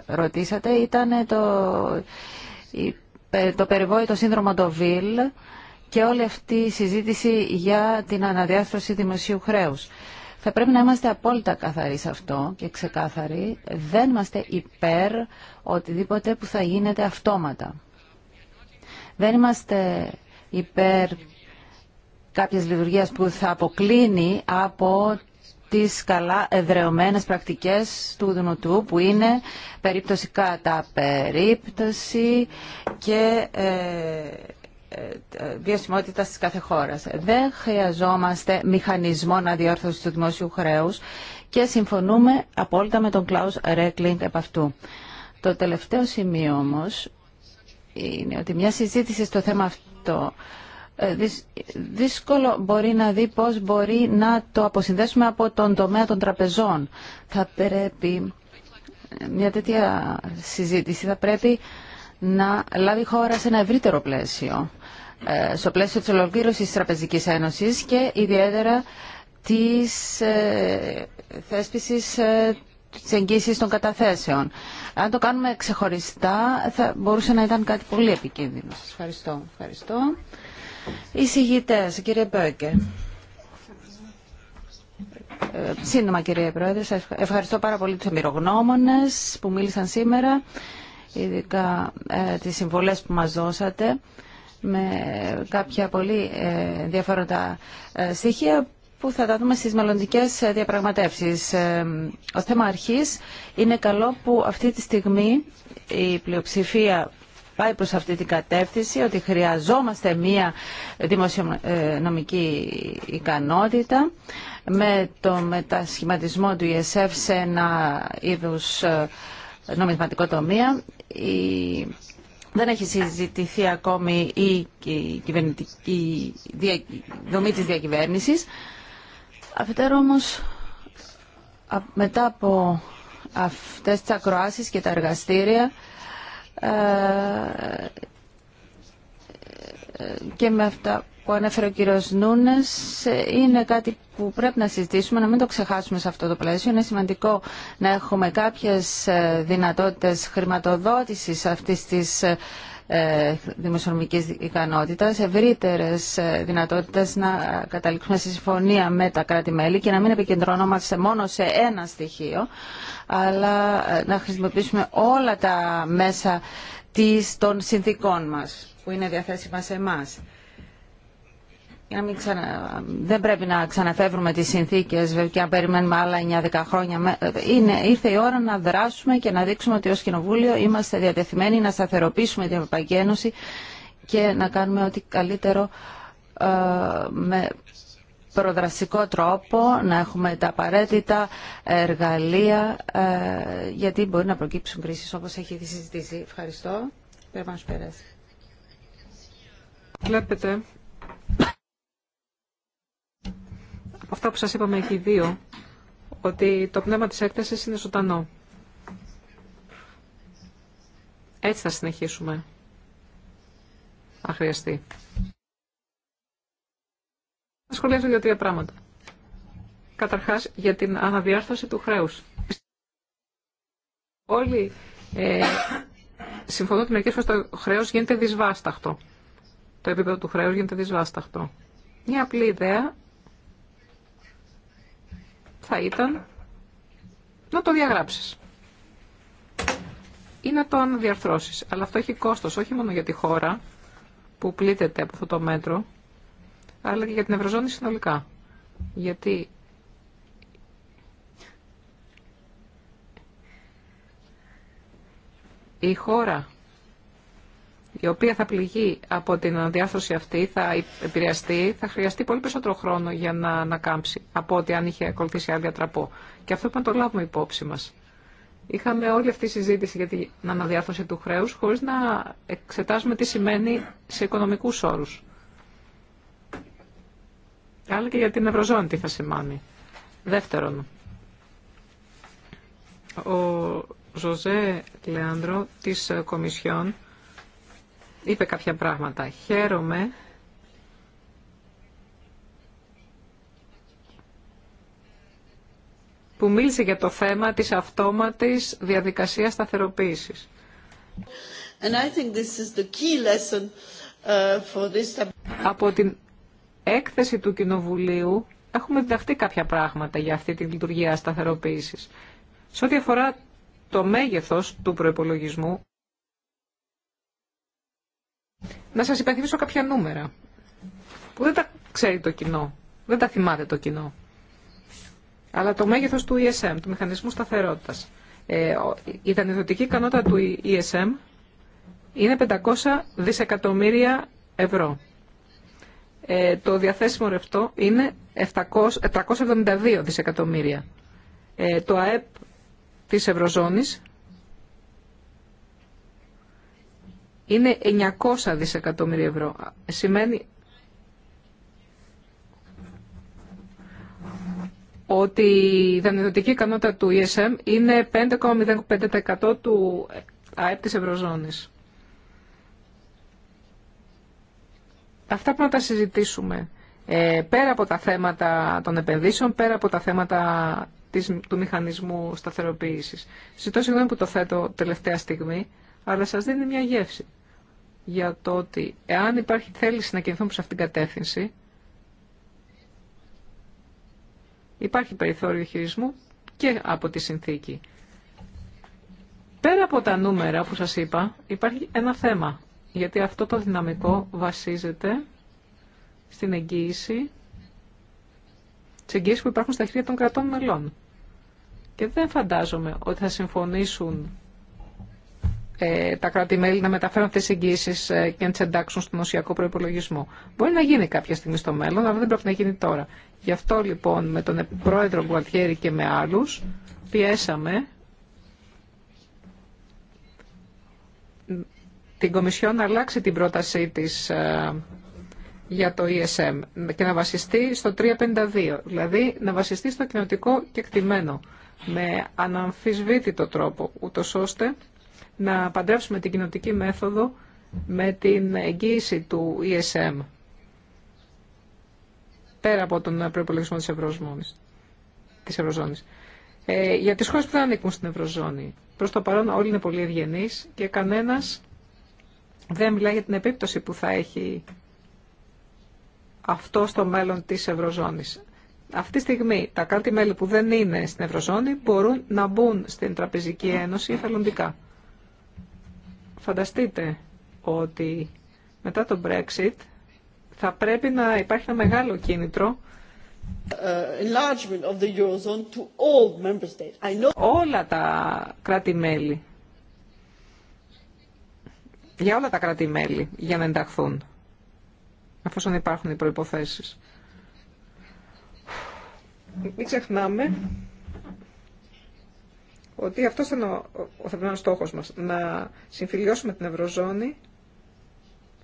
[SPEAKER 3] ε, ρωτήσατε ήταν το, το περιβόητο σύνδρομο Ντοβίλ, και όλη αυτή η συζήτηση για την αναδιάρθρωση δημοσίου χρέους. Θα πρέπει να είμαστε απόλυτα καθαροί σε αυτό και ξεκάθαροι. Δεν είμαστε υπέρ οτιδήποτε που θα γίνεται αυτόματα. Δεν είμαστε υπέρ κάποιες λειτουργίας που θα αποκλίνει από τις καλά εδρεωμένες πρακτικές του Δουνουτού που είναι περίπτωση κατά περίπτωση και ε, ε, βιωσιμότητας της κάθε χώρας. Δεν χρειαζόμαστε μηχανισμό να διόρθωση του δημόσιου χρέους και συμφωνούμε απόλυτα με τον Κλάους Ρέκλινγκ επ' αυτού. Το τελευταίο σημείο όμως είναι ότι μια συζήτηση στο θέμα αυτό ε, δύσκολο μπορεί να δει πώς μπορεί να το αποσυνδέσουμε από τον τομέα των τραπεζών. Θα πρέπει ε, μια τέτοια συζήτηση θα πρέπει να λάβει χώρα σε ένα ευρύτερο πλαίσιο, ε, στο πλαίσιο της ολοκλήρωσης της Τραπεζικής Ένωσης και ιδιαίτερα της ε, θέσπισης ε, της εγγύησης των καταθέσεων. Αν το κάνουμε ξεχωριστά θα μπορούσε να ήταν κάτι πολύ επικίνδυνο. Σας ευχαριστώ. ευχαριστώ. Εισηγητές, κύριε Μπέκερ. Σύντομα κύριε Πρόεδρε, ευχαριστώ πάρα πολύ τους εμπειρογνώμονες που μίλησαν σήμερα ειδικά ε, τις συμβολές που μας δώσατε με κάποια πολύ ε, ενδιαφέροντα ε, στοιχεία που θα τα δούμε στις μελλοντικές ε, διαπραγματεύσεις. ο θέμα αρχής είναι καλό που αυτή τη στιγμή η πλειοψηφία πάει προς αυτή την κατεύθυνση ότι χρειαζόμαστε μία δημοσιονομική ικανότητα με το μετασχηματισμό του ESF σε ένα είδους νομισματικό τομέα. Η... Δεν έχει συζητηθεί ακόμη η, κυβερνητική δια... δομή της διακυβέρνησης. Αφετέρου όμω, μετά από αυτές τις ακροάσεις και τα εργαστήρια, ε, και με αυτά που ανέφερε ο κύριο Νούνες είναι κάτι που πρέπει να συζητήσουμε, να μην το ξεχάσουμε σε αυτό το πλαίσιο. Είναι σημαντικό να έχουμε κάποιες ε, δυνατότητες χρηματοδότησης αυτής της ε, δημοσιονομικής ικανότητας, ευρύτερε ε, δυνατότητες να καταλήξουμε σε συμφωνία με τα κράτη-μέλη και να μην επικεντρωνόμαστε μόνο σε ένα στοιχείο, αλλά να χρησιμοποιήσουμε όλα τα μέσα των συνθήκών μας που είναι διαθέσιμα σε εμά. ξανα... Δεν πρέπει να ξαναφεύρουμε τις συνθήκες και να περιμένουμε άλλα 9-10 χρόνια. Είναι, ήρθε η ώρα να δράσουμε και να δείξουμε ότι ως Κοινοβούλιο είμαστε διατεθειμένοι να σταθεροποιήσουμε την Ευρωπαϊκή Ένωση και να κάνουμε ό,τι καλύτερο ε, με προδραστικό τρόπο, να έχουμε τα απαραίτητα εργαλεία, ε, γιατί μπορεί να προκύψουν κρίσεις όπως έχει συζητήσει. Ευχαριστώ.
[SPEAKER 1] Πρέπει περάσει. Βλέπετε, από αυτά που σας είπαμε εκεί δύο, ότι το πνεύμα της έκθεσης είναι ζωντανό. Έτσι θα συνεχίσουμε, αν χρειαστεί. Θα σχολιασω για δύο-τρία πράγματα. Καταρχάς, για την αναδιάρθρωση του χρέους. Όλοι ε, συμφωνώ ότι μερικές φορές το χρέος γίνεται δυσβάσταχτο το επίπεδο του χρέους γίνεται δυσβάσταχτο. Μια απλή ιδέα θα ήταν να το διαγράψεις ή να το διαρθρώσεις. Αλλά αυτό έχει κόστος όχι μόνο για τη χώρα που πλήττεται από αυτό το μέτρο, αλλά και για την Ευρωζώνη συνολικά. Γιατί η χώρα η οποία θα πληγεί από την αναδιάρθρωση αυτή, θα επηρεαστεί, θα χρειαστεί πολύ περισσότερο χρόνο για να ανακάμψει από ότι αν είχε ακολουθήσει άλλη ατραπό. Και αυτό πρέπει να το λάβουμε υπόψη μα. Είχαμε όλη αυτή τη συζήτηση για την αναδιάρθρωση του χρέους χωρίς να εξετάσουμε τι σημαίνει σε οικονομικούς όρου. Αλλά και για την Ευρωζώνη τι θα σημάνει. Δεύτερον, ο Ζωζέ Λεάνδρο της Κομισιόν είπε κάποια πράγματα. Χαίρομαι που μίλησε για το θέμα της αυτόματης διαδικασίας σταθεροποίησης. Από την έκθεση του Κοινοβουλίου έχουμε διδαχθεί κάποια πράγματα για αυτή τη λειτουργία σταθεροποίησης. Σε ό,τι αφορά το μέγεθος του προϋπολογισμού, να σας υπενθυμίσω κάποια νούμερα που δεν τα ξέρει το κοινό, δεν τα θυμάται το κοινό. Αλλά το μέγεθος του ESM, του Μηχανισμού Σταθερότητας, ε, η δανειοδοτική ικανότητα του ESM είναι 500 δισεκατομμύρια ευρώ. Ε, το διαθέσιμο ρευτό είναι 772 δισεκατομμύρια. Ε, το ΑΕΠ της Ευρωζώνης είναι 900 δισεκατομμύρια ευρώ. Σημαίνει ότι η δανειοδοτική ικανότητα του ESM είναι 5,05% του ΑΕΠ της Ευρωζώνης. Αυτά πρέπει να τα συζητήσουμε. Ε, πέρα από τα θέματα των επενδύσεων, πέρα από τα θέματα του μηχανισμού σταθεροποίησης. Ζητώ συγγνώμη που το θέτω τελευταία στιγμή, αλλά σας δίνει μια γεύση για το ότι εάν υπάρχει θέληση να κινηθούμε σε αυτήν την κατεύθυνση, υπάρχει περιθώριο χειρισμού και από τη συνθήκη. Πέρα από τα νούμερα που σας είπα, υπάρχει ένα θέμα, γιατί αυτό το δυναμικό βασίζεται στην εγγύηση, τις εγγύησεις που υπάρχουν στα χέρια των κρατών μελών. Και δεν φαντάζομαι ότι θα συμφωνήσουν ε, τα κράτη-μέλη να μεταφέρουν αυτέ τι εγγύσει ε, και να τι εντάξουν στον οσιακό προπολογισμό. Μπορεί να γίνει κάποια στιγμή στο μέλλον, αλλά δεν πρέπει να γίνει τώρα. Γι' αυτό λοιπόν με τον πρόεδρο Γκουαλτιέρη και με άλλου πιέσαμε την Κομισιόν να αλλάξει την πρότασή της ε, για το ESM και να βασιστεί στο 352, δηλαδή να βασιστεί στο κοινοτικό κεκτημένο με αναμφισβήτητο τρόπο, ούτως ώστε να παντρεύσουμε την κοινοτική μέθοδο με την εγγύηση του ESM πέρα από τον προπολογισμό της Ευρωζώνης. Της Ε, για τις χώρες που δεν ανήκουν στην Ευρωζώνη. Προς το παρόν όλοι είναι πολύ ευγενείς και κανένας δεν μιλάει για την επίπτωση που θα έχει αυτό στο μέλλον της Ευρωζώνης. Αυτή τη στιγμή τα κράτη-μέλη που δεν είναι στην Ευρωζώνη μπορούν να μπουν στην Τραπεζική Ένωση εθελοντικά. Φανταστείτε ότι μετά το Brexit θα πρέπει να υπάρχει ένα μεγάλο κίνητρο ε, of όλα τα κράτη-μέλη για όλα τα κράτη-μέλη για να ενταχθούν εφόσον υπάρχουν οι προϋποθέσεις. Μην ξεχνάμε ότι αυτό ήταν ο, ο στόχος μας, να συμφιλιώσουμε την Ευρωζώνη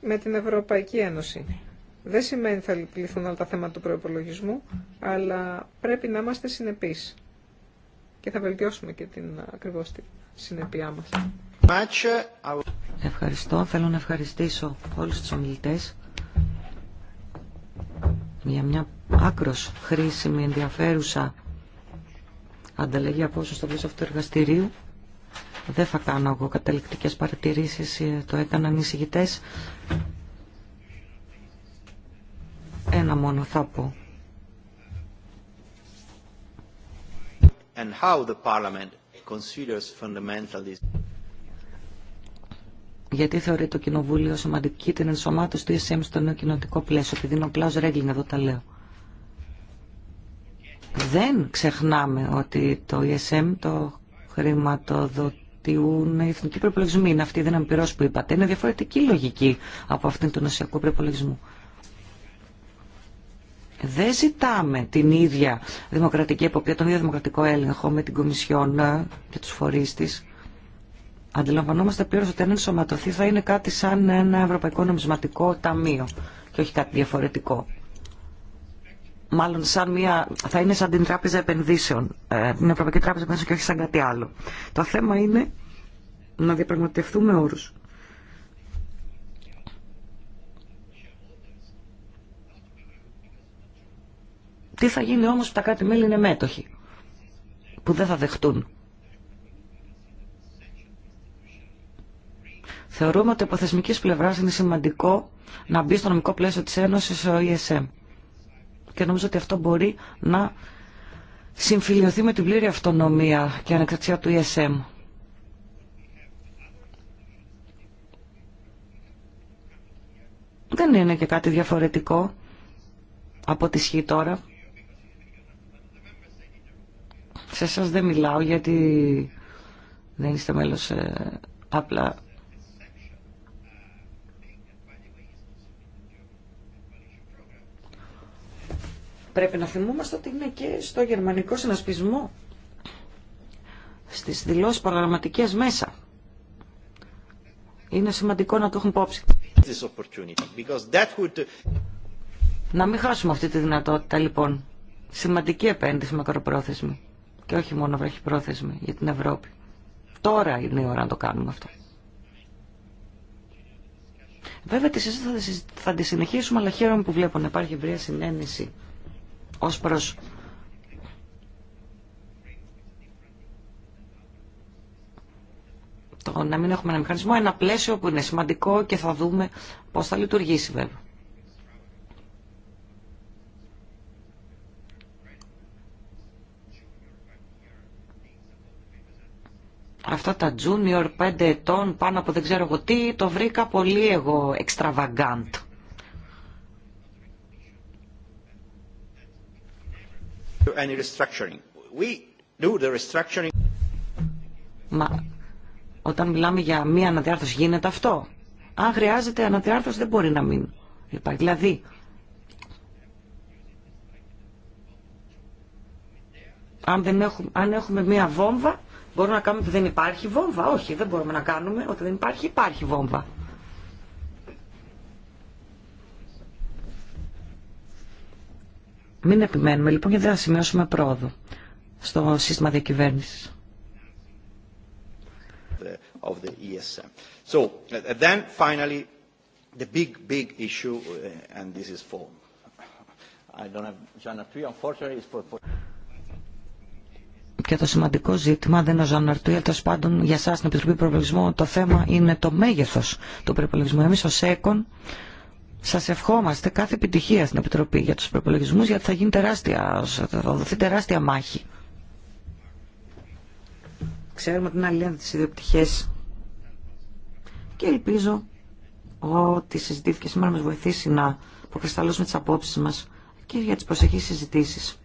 [SPEAKER 1] με την Ευρωπαϊκή Ένωση. Δεν σημαίνει θα λυθούν όλα τα θέματα του προπολογισμού, αλλά πρέπει να είμαστε συνεπείς. Και θα βελτιώσουμε και την ακριβώς τη συνεπειά μας.
[SPEAKER 3] Ευχαριστώ.
[SPEAKER 2] Θέλω να ευχαριστήσω όλους τους ομιλητές για μια άκρος χρήσιμη ενδιαφέρουσα ανταλλαγή όσο στο αυτό αυτού του εργαστηρίου. Δεν θα κάνω εγώ καταληκτικές παρατηρήσεις, ε, το έκαναν οι συγητές. Ένα μόνο θα πω. Γιατί θεωρεί το Κοινοβούλιο σημαντική την ενσωμάτωση του ESM στο νέο κοινοτικό πλαίσιο. Επειδή είναι ο Κλάους Ρέγκλινγκ, εδώ τα λέω. Δεν ξεχνάμε ότι το ESM το χρηματοδοτούν οι εθνικοί προπολογισμοί. Είναι αυτή η δύναμη πυρό που είπατε. Είναι διαφορετική λογική από αυτήν του νοσιακού προπολογισμού. Δεν ζητάμε την ίδια δημοκρατική εποπτεία, τον ίδιο δημοκρατικό έλεγχο με την Κομισιόν ε, και του φορεί τη. Αντιλαμβανόμαστε πλήρω ότι αν ενσωματωθεί θα είναι κάτι σαν ένα ευρωπαϊκό νομισματικό ταμείο και όχι κάτι διαφορετικό μάλλον σαν μια, θα είναι σαν την Τράπεζα Επενδύσεων, ε, την Ευρωπαϊκή Τράπεζα Επενδύσεων και όχι σαν κάτι άλλο. Το θέμα είναι να διαπραγματευτούμε όρους. Τι θα γίνει όμως που τα κάτι μέλη είναι μέτοχοι, που δεν θα δεχτούν. Θεωρούμε ότι από θεσμικής πλευράς είναι σημαντικό να μπει στο νομικό πλαίσιο της Ένωσης ο ESM και νομίζω ότι αυτό μπορεί να συμφιλειωθεί με την πλήρη αυτονομία και ανεξαρτησία του ESM. Δεν είναι και κάτι διαφορετικό από τη σχή τώρα. Σε σας δεν μιλάω γιατί δεν είστε μέλος ε, απλά Πρέπει να θυμόμαστε ότι είναι και στο γερμανικό συνασπισμό, στις δηλώσεις προγραμματικές μέσα. Είναι σημαντικό να το έχουν υπόψη.
[SPEAKER 3] Would...
[SPEAKER 2] Να μην χάσουμε αυτή τη δυνατότητα λοιπόν. Σημαντική επένδυση μακροπρόθεσμη και όχι μόνο βραχυπρόθεσμη για την Ευρώπη. Τώρα είναι η ώρα να το κάνουμε αυτό. Βέβαια τη συζήτηση θα τη συνεχίσουμε, αλλά χαίρομαι που βλέπω να υπάρχει ευρεία συνένεση ως προς το να μην έχουμε ένα μηχανισμό, ένα πλαίσιο που είναι σημαντικό και θα δούμε πώς θα λειτουργήσει βέβαια. Αυτά τα junior 5 ετών πάνω από δεν ξέρω εγώ τι, το βρήκα πολύ εγώ extravagant. Μα όταν μιλάμε για μία αναδιάρθρωση γίνεται αυτό. Αν χρειάζεται αναδιάρθρωση δεν μπορεί να μην υπάρχει. Δηλαδή, αν, δεν έχουμε, αν έχουμε μία βόμβα, μπορούμε να κάνουμε ότι δεν υπάρχει βόμβα. Όχι, δεν μπορούμε να κάνουμε ότι δεν υπάρχει, υπάρχει βόμβα. Μην επιμένουμε λοιπόν γιατί δεν θα σημειώσουμε πρόοδο στο σύστημα διακυβέρνηση.
[SPEAKER 3] E uh, uh,
[SPEAKER 2] Και το σημαντικό ζήτημα δεν είναι ο Ζαν Αρτουή, αλλά πάντων για εσά στην Επιτροπή Προπολογισμού το θέμα είναι το μέγεθο του προπολογισμού. Εμεί ω ΕΚΟΝ σας ευχόμαστε κάθε επιτυχία στην Επιτροπή για τους προπολογισμού γιατί θα γίνει τεράστια, θα δοθεί τεράστια μάχη. Ξέρουμε την άλλη τις δύο και ελπίζω ότι συζητήθηκε σήμερα να μας βοηθήσει να αποκρισταλώσουμε τις απόψεις μας και για τις προσεχείς συζητήσεις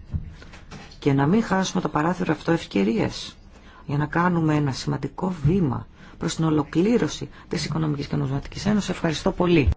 [SPEAKER 2] και να μην χάσουμε το παράθυρο αυτό ευκαιρίε για να κάνουμε ένα σημαντικό βήμα προς την ολοκλήρωση της Οικονομικής και Νομισματικής Ένωσης. Ευχαριστώ πολύ.